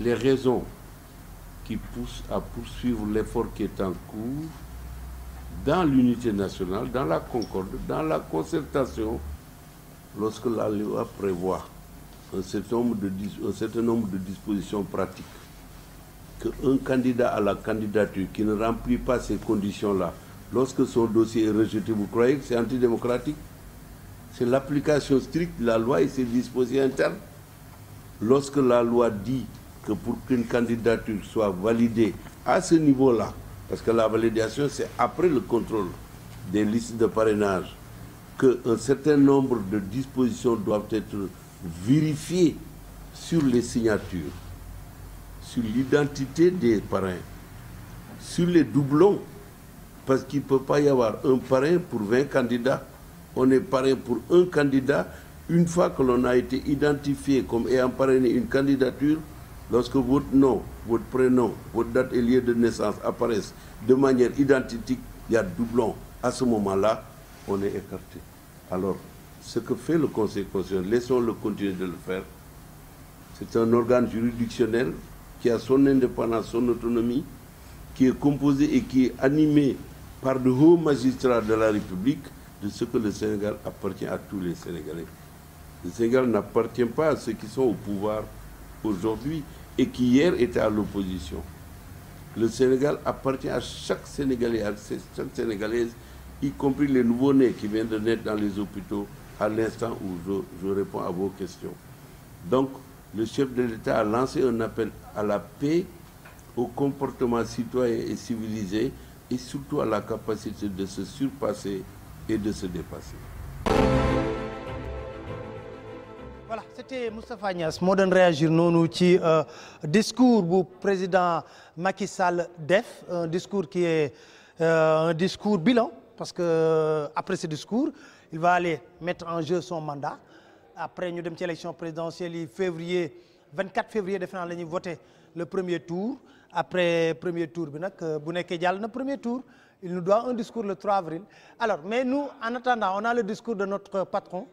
les raisons qui poussent à poursuivre l'effort qui est en cours dans l'unité nationale, dans la concorde, dans la concertation, lorsque la loi prévoit un certain nombre de, un certain nombre de dispositions pratiques, qu'un candidat à la candidature qui ne remplit pas ces conditions-là, lorsque son dossier est rejeté, vous croyez que c'est antidémocratique c'est l'application stricte la loi et ses dispositions internes. Lorsque la loi dit que pour qu'une candidature soit validée à ce niveau-là, parce que la validation, c'est après le contrôle des listes de parrainage, qu'un certain nombre de dispositions doivent être vérifiées sur les signatures, sur l'identité des parrains, sur les doublons, parce qu'il ne peut pas y avoir un parrain pour 20 candidats. on est parrain pour un candidat. Une fois que l'on a été identifié comme ayant parrainé une candidature, lorsque votre nom, votre prénom, votre date et lieu de naissance apparaissent de manière identitique y a doublon. À ce moment-là, on est écarté. Alors, ce que fait le Conseil constitutionnel, laissons-le continuer de le faire. C'est un organe juridictionnel qui a son indépendance, son autonomie, qui est composé et qui est animé par de hauts magistrats de la République de ce que le Sénégal appartient à tous les Sénégalais. Le Sénégal n'appartient pas à ceux qui sont au pouvoir aujourd'hui et qui hier étaient à l'opposition. Le Sénégal appartient à chaque Sénégalais, chaque Sénégalaise, y compris les nouveaux-nés qui viennent de naître dans les hôpitaux à l'instant où je, je réponds à vos questions. Donc, le chef de l'État a lancé un appel à la paix, au comportement citoyen et civilisé, et surtout à la capacité de se surpasser et de se moo doon réagir noonu ci euh, discours bu président Macky Sall def un discours qui est euh, un discours bilan parce que euh, après ce discours il va aller mettre son mandat après ñu dem ci élection présidentielle yi février 24 février defe naa la ñuy voté le premier tour après premier tour bi euh, bu nekkee jàll na premier tour. Il nous doit un discours le 3 avril. Alors, mais nous, en attendant, on a le discours de notre patron,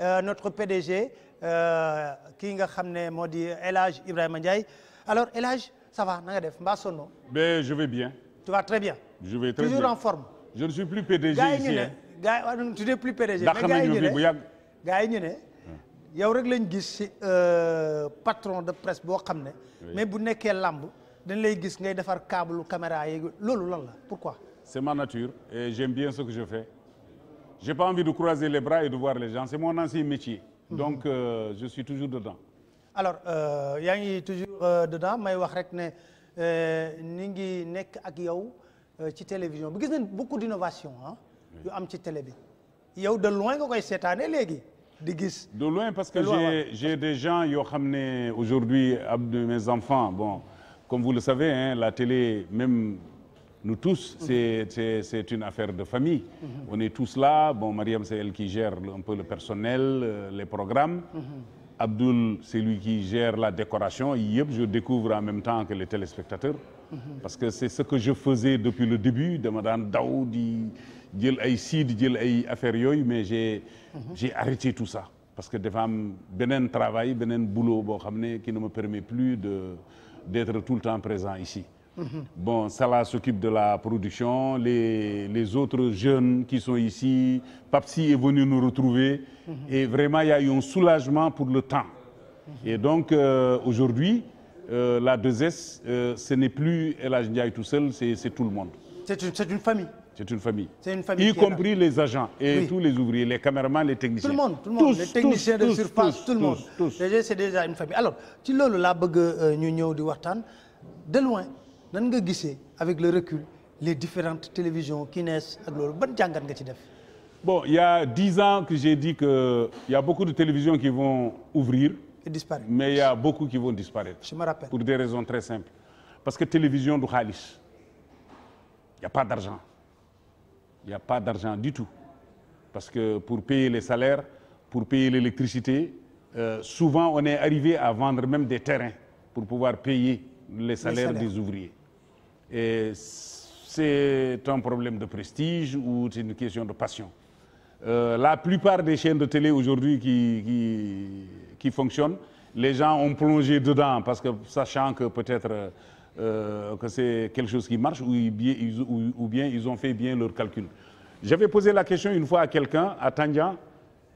euh, notre PDG, euh, ki nga xam ne moo di El Hadj Ibrahima Ndiaye. Alors, lage Hadj, ça na nga def mbaa sonno Mais je vais bien. Tu vas très Je vais bien. Toujours en forme. Je ne suis plus PDG ici. Gars yi ñu ne gars yi tu gars yi ñu ne yow rek lañ gis ci euh, patron de presse boo xam ne. mais bu nekkee làmb dañ lay gis ngay defar câble caméra yeeg loolu lan la pourquoi. c'est ma nature et j'aime bien ce que je fais. J'ai pas envie de croiser les bras et de voir les gens, c'est mon ancien métier. Mhm. Donc euh, je suis toujours dedans. Alors euh, yaa ngi toujours euh, dedans may wax rek ne euh, ni ngi nekk ak yow ci télévision bi gis nañ beaucoup d'innovation ah am ci télé bi yow de loin nga koy seetaane léegi di gis. de loin parce que j'ai des gens yoo xam ne aujourd'hui ab de mes enfants bon comme vous le savez la télé même nous tous, c'est une affaire de famille. On est tous là. Bon, Mariam, c'est elle qui gère un peu le personnel, euh, les programmes. Abdul, c'est lui qui gère la décoration. Yep, je découvre en même temps que les téléspectateurs. Parce que c'est ce que je faisais depuis le début, de Madame Daoudi, Djel Aïsid, Djel Aï mais j'ai arrêté tout ça. Parce que des femmes, benen travail, benen boulot, qui ne me permet plus d'être tout le temps présent ici. bon Salah s'occupe de la production les les autres jeunes qui sont ici Papsi est venu nous retrouver et vraiment il y a eu un soulagement pour le temps et donc euh, aujourd'hui euh, la 2S euh, ce n'est plus El Hadj Ndiaye tout seul c'est c'est tout le monde c'est une c'est une famille c'est une famille c'est une famille y les agents et oui. tous les ouvriers les caméramans les techniciens tout le monde tout le monde tous, les techniciens tous, de surface tous, le monde déjà c'est déjà une famille alors ci loolu laa bëgg euh, ñu ñëw di waxtaan de nan nga gisee avec le recul les différentes télévisions qui naissent ak loolu ban jàngat nga ci def. bon il y a dix ans que j'ai dit que il y beaucoup de télévisions qui vont ouvrir. et mais il y a beaucoup qui vont disparaître. je me pour des raisons très simples parce que télévision du xaalis il y a pas d'argent il y a pas d'argent du tout parce que pour payer les salaires pour payer l'électricité euh, souvent on est arrivé à vendre même des terrains pour pouvoir payer les salaires, les salaires. des ouvriers c'est un problème de prestige ou c'est une question de passion. Euh, la plupart des chaînes de télé aujourd'hui qui, qui, qui, fonctionnent, les gens ont plongé dedans parce que sachant que peut-être euh, que c'est quelque chose qui marche ou bien, ils, ou, ou bien ils ont fait bien leurs calculs. J'avais posé la question une fois à quelqu'un, à Tangian,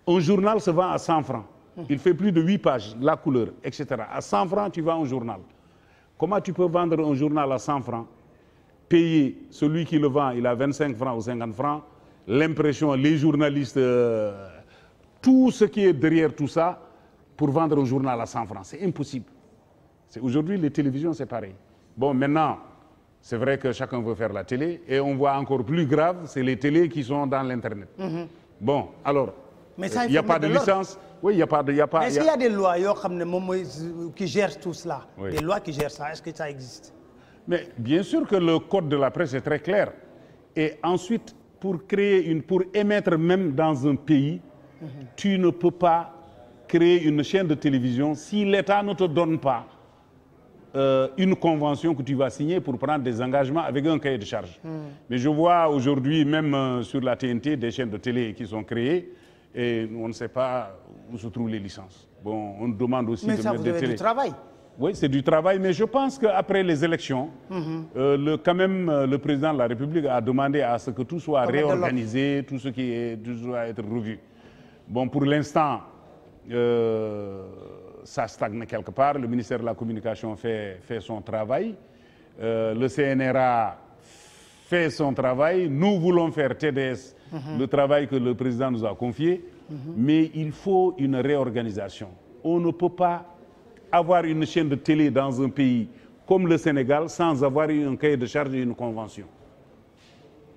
un journal se vend à 100 francs. Il fait plus de 8 pages, la couleur, etc. À 100 francs, tu vends un journal. Comment tu peux vendre un journal à 100 francs payer celui qui le vend, il a 25 francs ou 50 francs, l'impression, les journalistes, euh, tout ce qui est derrière tout ça, pour vendre un journal à francs. C'est impossible. Aujourd'hui, les télévisions, c'est maintenant, c'est vrai que chacun veut faire la télé, et on voit encore plus grave, c'est les télés qui sont dans l'Internet. Mhm. Euh, il n'y a pas de, de licence. Oui, il n'y a pas de... a lois euh, qui gèrent tout cela Des lois qui gèrent ça, est-ce que ça existe Mais bien sûr que le code de la presse est très clair. Et ensuite, pour créer une, pour émettre même dans un pays, mmh. tu ne peux pas créer une chaîne de télévision si l'État ne te donne pas euh, une convention que tu vas signer pour prendre des engagements avec un cahier de charge. Mmh. Mais je vois aujourd'hui même euh, sur la TNT des chaînes de télé qui sont créées et on ne sait pas où se trouvent les licences. Bon, on demande aussi Mais de ça, mettre vous des avez télé. du travail. Oui, c'est du travail, mais je pense qu'après les élections, mm -hmm. euh, le, quand même, euh, le président de la République a demandé à ce que tout soit Comment réorganisé, tout ce qui est, tout doit être revu. Bon, pour l'instant, euh, ça stagne quelque part. Le ministère de la Communication fait, fait son travail. Euh, le CNRA fait son travail. Nous voulons faire TDS, mm -hmm. le travail que le président nous a confié. Mm -hmm. Mais il faut une réorganisation. On ne peut pas avoir une chaîne de télé dans un pays comme le Sénégal sans avoir eu un cahier de charge et une convention.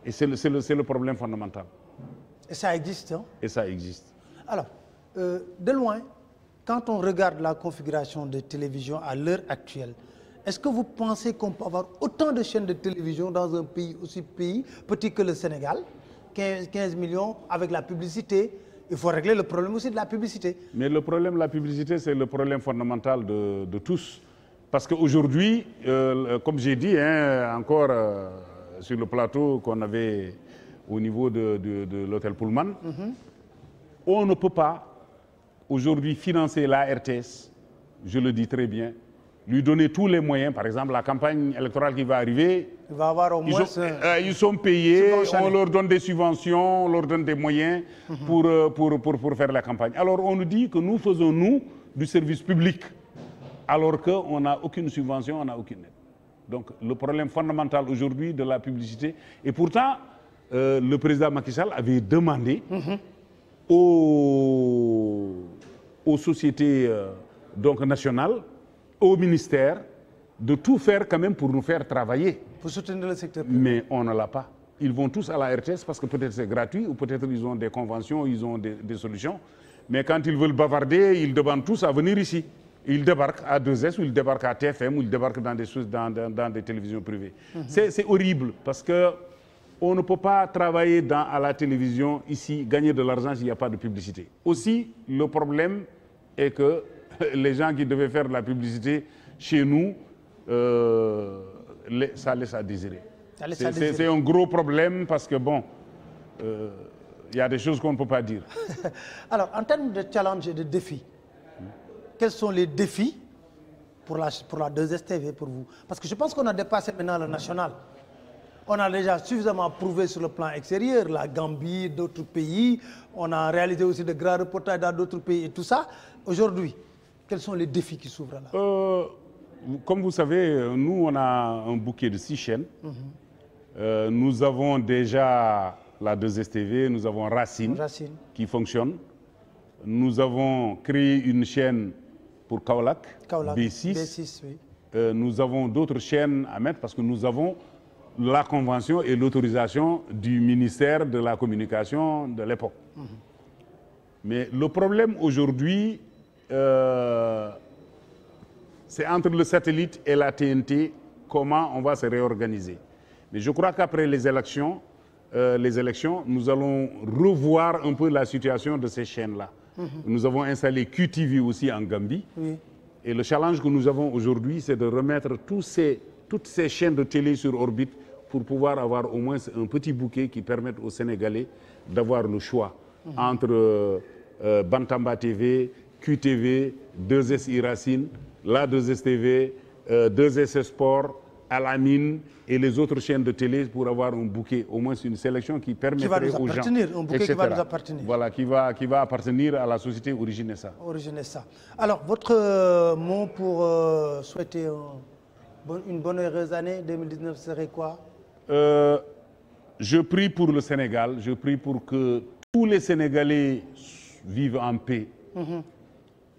Et c'est le, le, le, problème fondamental. Et ça existe, hein Et ça existe. Alors, euh, de loin, quand on regarde la configuration de télévision à l'heure actuelle, est-ce que vous pensez qu'on peut avoir autant de chaînes de télévision dans un pays aussi pays petit que le Sénégal 15, 15 millions avec la publicité, il faut régler le problème aussi de la publicité. Mais le problème de la publicité, c'est le problème fondamental de, de tous. Parce qu'aujourd'hui, euh, comme j'ai dit hein, encore euh, sur le plateau qu'on avait au niveau de, de, de l'hôtel Pullman, mm -hmm. on ne peut pas aujourd'hui financer la RTS, je le dis très bien, lui donner tous les moyens. Par exemple, la campagne électorale qui va arriver, euh, ils, sont payés, on leur donne des subventions, on leur donne des moyens mhm. pour, euh, pour, pour, pour, faire la campagne. Alors on nous dit que nous faisons, nous, du service public, alors qu'on n'a aucune subvention, on n'a aucune aide. Donc le problème fondamental aujourd'hui de la publicité, et pourtant, euh, le président Macky Sall avait demandé mm aux, sociétés euh, nationales au ministère de tout faire quand même pour nous faire travailler. Pour soutenir le secteur privé. Mais on ne l'a pas. Ils vont tous à la RTS parce que peut-être c'est gratuit ou peut-être ils ont des conventions, ils ont des, solutions. Mais quand ils veulent bavarder, ils demandent tous à venir Ils débarquent à 2S ou à TFM ou débarquent dans des, télévisions privées. Mhm. C'est horrible parce que on ne peut pas travailler à la télévision ici, gagner de l'argent a pas de publicité. les gens qui devaient faire de la publicité chez nous, euh, ça laisse à désirer. C'est un gros problème parce que, bon, il euh, y a des choses qu'on ne peut pas dire. Alors, en termes de challenge et de défis, hum. quels sont les défis pour la, pour la 2STV pour vous Parce que je pense qu'on a dépassé maintenant le national. On a déjà suffisamment prouvé sur le plan extérieur, la Gambie, d'autres pays. On a réalisé aussi de grands reportages dans d'autres pays et tout ça. Aujourd'hui, Quels sont les défis qui s'ouvrent là euh, Comme vous savez, nous, on a un bouquet de six chaînes. Mm -hmm. euh, nous avons déjà la 2STV, nous avons Racine, Racine, qui fonctionne. Nous avons créé une chaîne pour Kaolak, Kaolak B6. B6 oui. euh, nous avons d'autres chaînes à mettre parce que nous avons la convention et l'autorisation du ministère de la Communication de l'époque. Mm -hmm. Mais le problème aujourd'hui, euh, c'est entre le satellite et la TNT comment on va se réorganiser. Mais je crois qu'après les élections, euh, les élections, nous allons revoir un peu la situation de ces chaînes-là. Mmh. Nous avons installé QTV aussi en Gambie. Oui. Et le challenge que nous avons aujourd'hui, c'est de remettre tous ces, toutes ces chaînes de télé sur orbite pour pouvoir avoir au moins un petit bouquet qui permette aux Sénégalais d'avoir le choix mmh. entre euh, euh, Bantamba TV, QTV 2SI Racine la 2STV euh, 2 à la Alamine et les autres chaînes de télé pour avoir un bouquet au moins une sélection qui permettrait qui aux gens un bouquet qui va nous appartenir voilà qui va qui va appartenir la société Origine SA Origine SA alors votre euh, mot pour euh, souhaiter une bonne heureuse année euh, je prie pour le Sénégal je prie pour que tous les Sénégalais vivent en paix mm-hmm.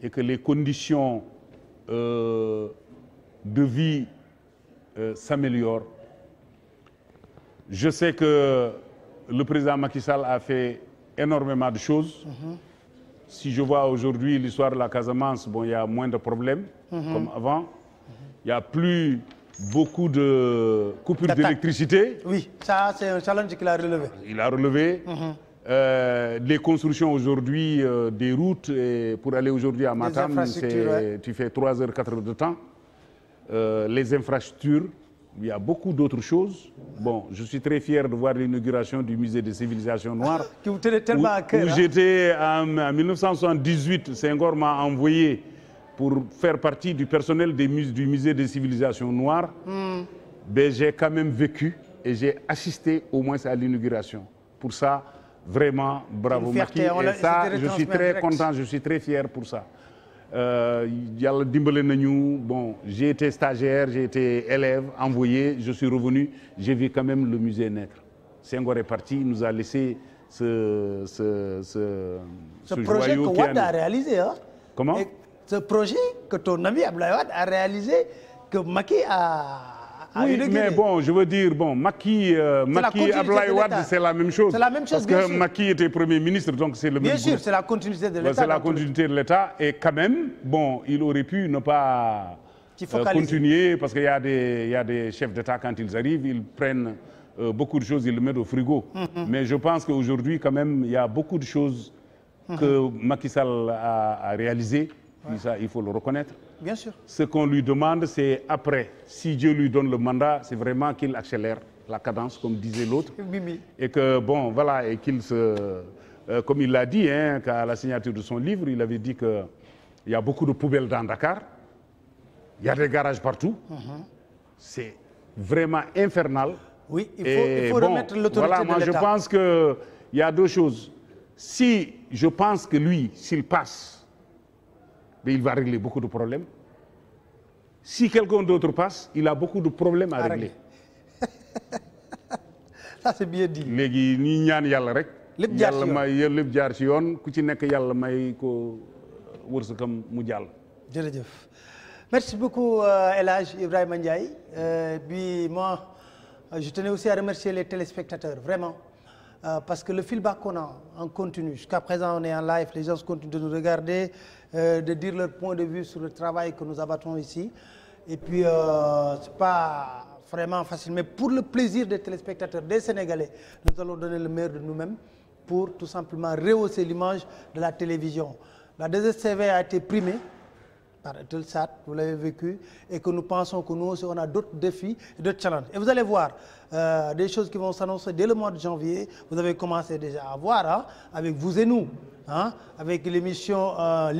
et que les conditions euh, de vie euh, s'améliorent. Je sais que le président Macky Sall a fait énormément de choses. Mm -hmm. Si je vois aujourd'hui l'histoire de la Casamance, bon, il y a moins de problèmes mm -hmm. comme avant. Mm-hmm. Il mm n'y -hmm. a plus beaucoup de coupures d'électricité. Oui, ça c'est un challenge qu'il a relevé. Il a relevé. Mm-hmm. Euh, les constructions aujourd'hui euh, des pour aller aujourd'hui à Matam, ouais. tu fais 3 heures, 4 heures de euh, les infrastructures, il y a beaucoup d'autres choses. Bon, je suis très fier de voir l'inauguration du musée des civilisations noires. Qui vous tenait tellement pour faire partie du des mus du musée des civilisations noires. Mm. Ben, au moins à l'inauguration. vraiment bravo Macky et ça très content je suis très fier pour ça euh, yàlla dimbale nañu bon j'ai été stagiaire j'ai été élève envoyé je suis revenu j'ai vu quand même le musée naître Senghor est parti il nous a laissé ce ce ce ce projet a réalisé comment ce projet que ton ami Abdoulaye Wade a réalisé que Macky a Ah, oui, mais bon, bon, Macky, euh, Macky Abdoulaye Wade, c'est la même chose. C'est la même chose, Parce que Macky était Premier ministre, donc c'est le la continuité de l'État. et quand même, il aurait pu ne pas euh, continuer, parce qu'il y, a des, y chefs d'État, quand ils arrivent, ils prennent euh, de choses, ils le mettent au frigo. Mm-hmm. a beaucoup de mm-hmm. que mm -hmm. Macky Sall a, il faut le reconnaître. Bien sûr. Ce qu'on lui demande, c'est après, si Dieu lui donne le mandat, c'est vraiment qu'il accélère la cadence, comme disait l'autre. Et que, bon, voilà, et qu'il se... Euh, comme il l'a dit, hein, à la signature de son livre, il avait dit qu'il y a beaucoup de poubelles dans Dakar, il y a des garages partout. Uh mhm. -huh. C'est vraiment infernal. Oui, il faut, et il faut bon, remettre l'autorité Voilà, moi de je pense qu'il y a deux choses. Si je pense que lui, s'il passe, mais il va régler beaucoup de problèmes. Si quelqu'un d'autre passe, il a beaucoup de problèmes à, régler. ça c'est ñaan yàlla rek. lépp jaar ci may lépp jaar ci yoon ku ci nekk yàlla may ko wërsëgam mu jàll. jërëjëf merci beaucoup euh, El Hadj Ibrahima Ndiaye. puis euh, moi je tenais aussi à remercier les téléspectateurs vraiment. euh, parce que le feedback qu'on a en continu, jusqu'à présent on est en live, les gens continuent de nous regarder, euh, de dire leur point de vue sur le travail que nous abattons ici. Et puis, euh, c'est pas vraiment facile, mais pour le plaisir des téléspectateurs, des Sénégalais, nous allons donner le meilleur de nous-mêmes pour tout simplement rehausser l'image de la télévision. La 2STV a été primée par Eutelsat, vous l'avez vécu, et nous pensons que nous aussi, a d'autres défis, d'autres challenges. Et vous allez voir euh, des choses qui vont dès le mois de janvier. Vous avez commencé déjà à voir, hein, avec vous et nous, avec l'émission euh,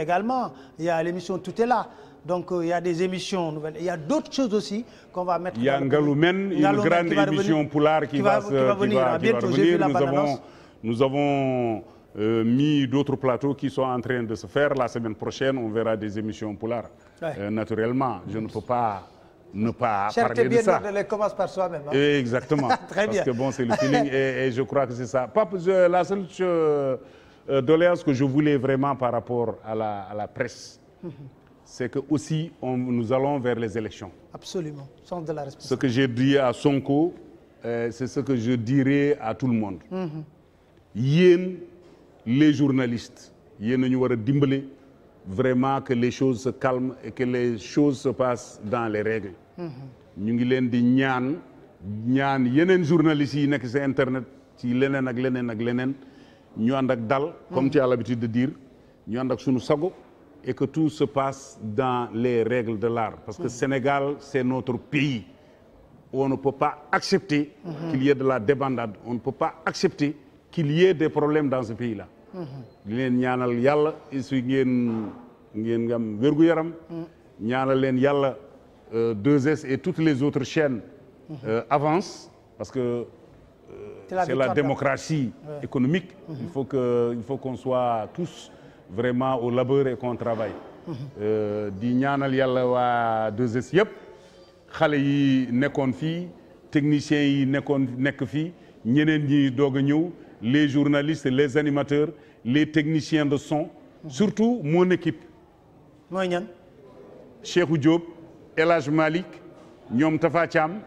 également. Il y a Tout est là. Donc euh, il d'autres choses aussi qu'on va mettre. Il y a Ngaloumen, une grande émission Poulard qui, qui, va, venir qui va, nous avons Euh, mis d'autres plateaux qui sont en train de se faire. La semaine prochaine, on verra des émissions Poulard. Ouais. Euh, naturellement, je ne peux pas ne pas Cher parler bien de ça. Le commence par soi-même. Hein? Exactement. Très bien. Parce que bon, c'est le feeling et, et, je crois que c'est ça. Pas, je, la seule euh, doléance que je voulais vraiment par rapport à la, à la presse, mm -hmm c'est que aussi on, nous allons vers les élections. Absolument, sans de la responsabilité. Ce que j'ai dit à Sonko, euh, c'est ce que je dirai à tout le monde. Mm -hmm. Yen, les journalistes yéen a ñu war a dimbali vraiment que les choses se calment et que les choses se passent dans les règles. ñu ngi leen di ñaan ñaan yeneen journalistes yi nekk ci internet ci leneen ak leneen ak leneen ñu ànd ak dal. comme tu as l'habitude de dire ñu ànd sunu sago. et que tout se passe dans les règles de l'art parce que Sénégal c'est notre pays. on ne peut pas accepter. Mhm. qu'il y de la débandade on ne peut pas accepter qu'il des problèmes dans ce pays la di leen ñaanal yàlla su ngeen ngeen am wérgu yaram ñaanal leen yàlla 2S euh, et toutes les autres chaînes euh, avance parce que euh, c'est la démocratie économique mm-hmm. il faut que il soit tous vraiment au labeur et qu'on travaille mm-hmm. di ñaanal yàlla waa 2S yëpp xale yi nekkoon fii techniciens yi nekkoon nekk fii ñeneen ñi doog a ñëw les journalistes les animateurs les techniciens de son. surtout mon équipe. mooy ñan. Cheikhou Diop El ñoom Tafa Thiam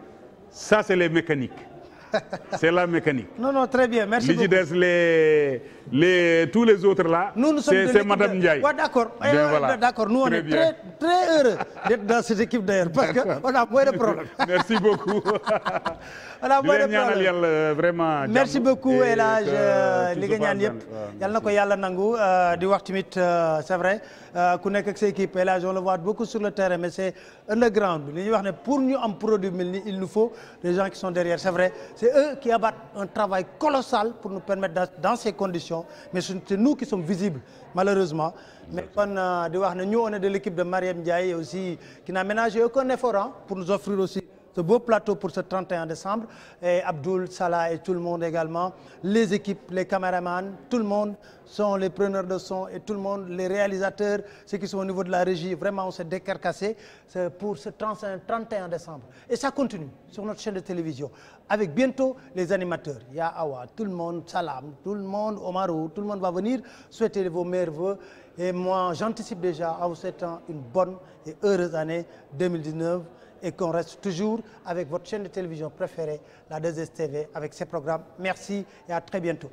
ça c'est les mécaniques. c'est la mécanique. non non très bien merci beaucoup li les les tous les autres là. nous nous sommes de c'est madame Ndiaye. voilà d'accord nous on parce que on a de problèmes. Euh, merci beaucoup. on a de problèmes di leen ñaanal yàlla vraiment. merci beaucoup El euh, li nga ñaan yëpp. ko yàlla nangu euh, di wax tamit c'est vrai. Euh, ku nekk ak sa équipe et a on le voit beaucoup sur le terrain mais c'est underground bi li ñuy wax ne pour ñu am produit ni il nous faut des gens qui sont derrière c'est vrai c'est eux qui abattent un travail colossal pour nous permettre dans ces conditions mais c'est nous qui sommes visibles malheureusement mais kon euh, de l'équipe de Mariam Ndiaye aussi qui n'a ménagé aucun effort pour nous offrir aussi ce beau plateau pour ce 31 décembre. Et Abdoul, Salah et tout le monde également, les les caméramans, tout le monde sont les preneurs de son et tout le les réalisateurs, ceux qui sont au niveau de la régie. Vraiment, on s'est décarcassé euh, pour ce 31 décembre. Et de télévision avec bientôt les animateurs. Il y a Awa, le monde, Salam, tout le monde, Omarou, tout le monde va venir souhaiter vos meilleurs voeux. Et moi, j'anticipe déjà et qu'on reste toujours avec votre chaîne de télévision préférée, la 2STV, avec ses programmes. Merci et à très bientôt.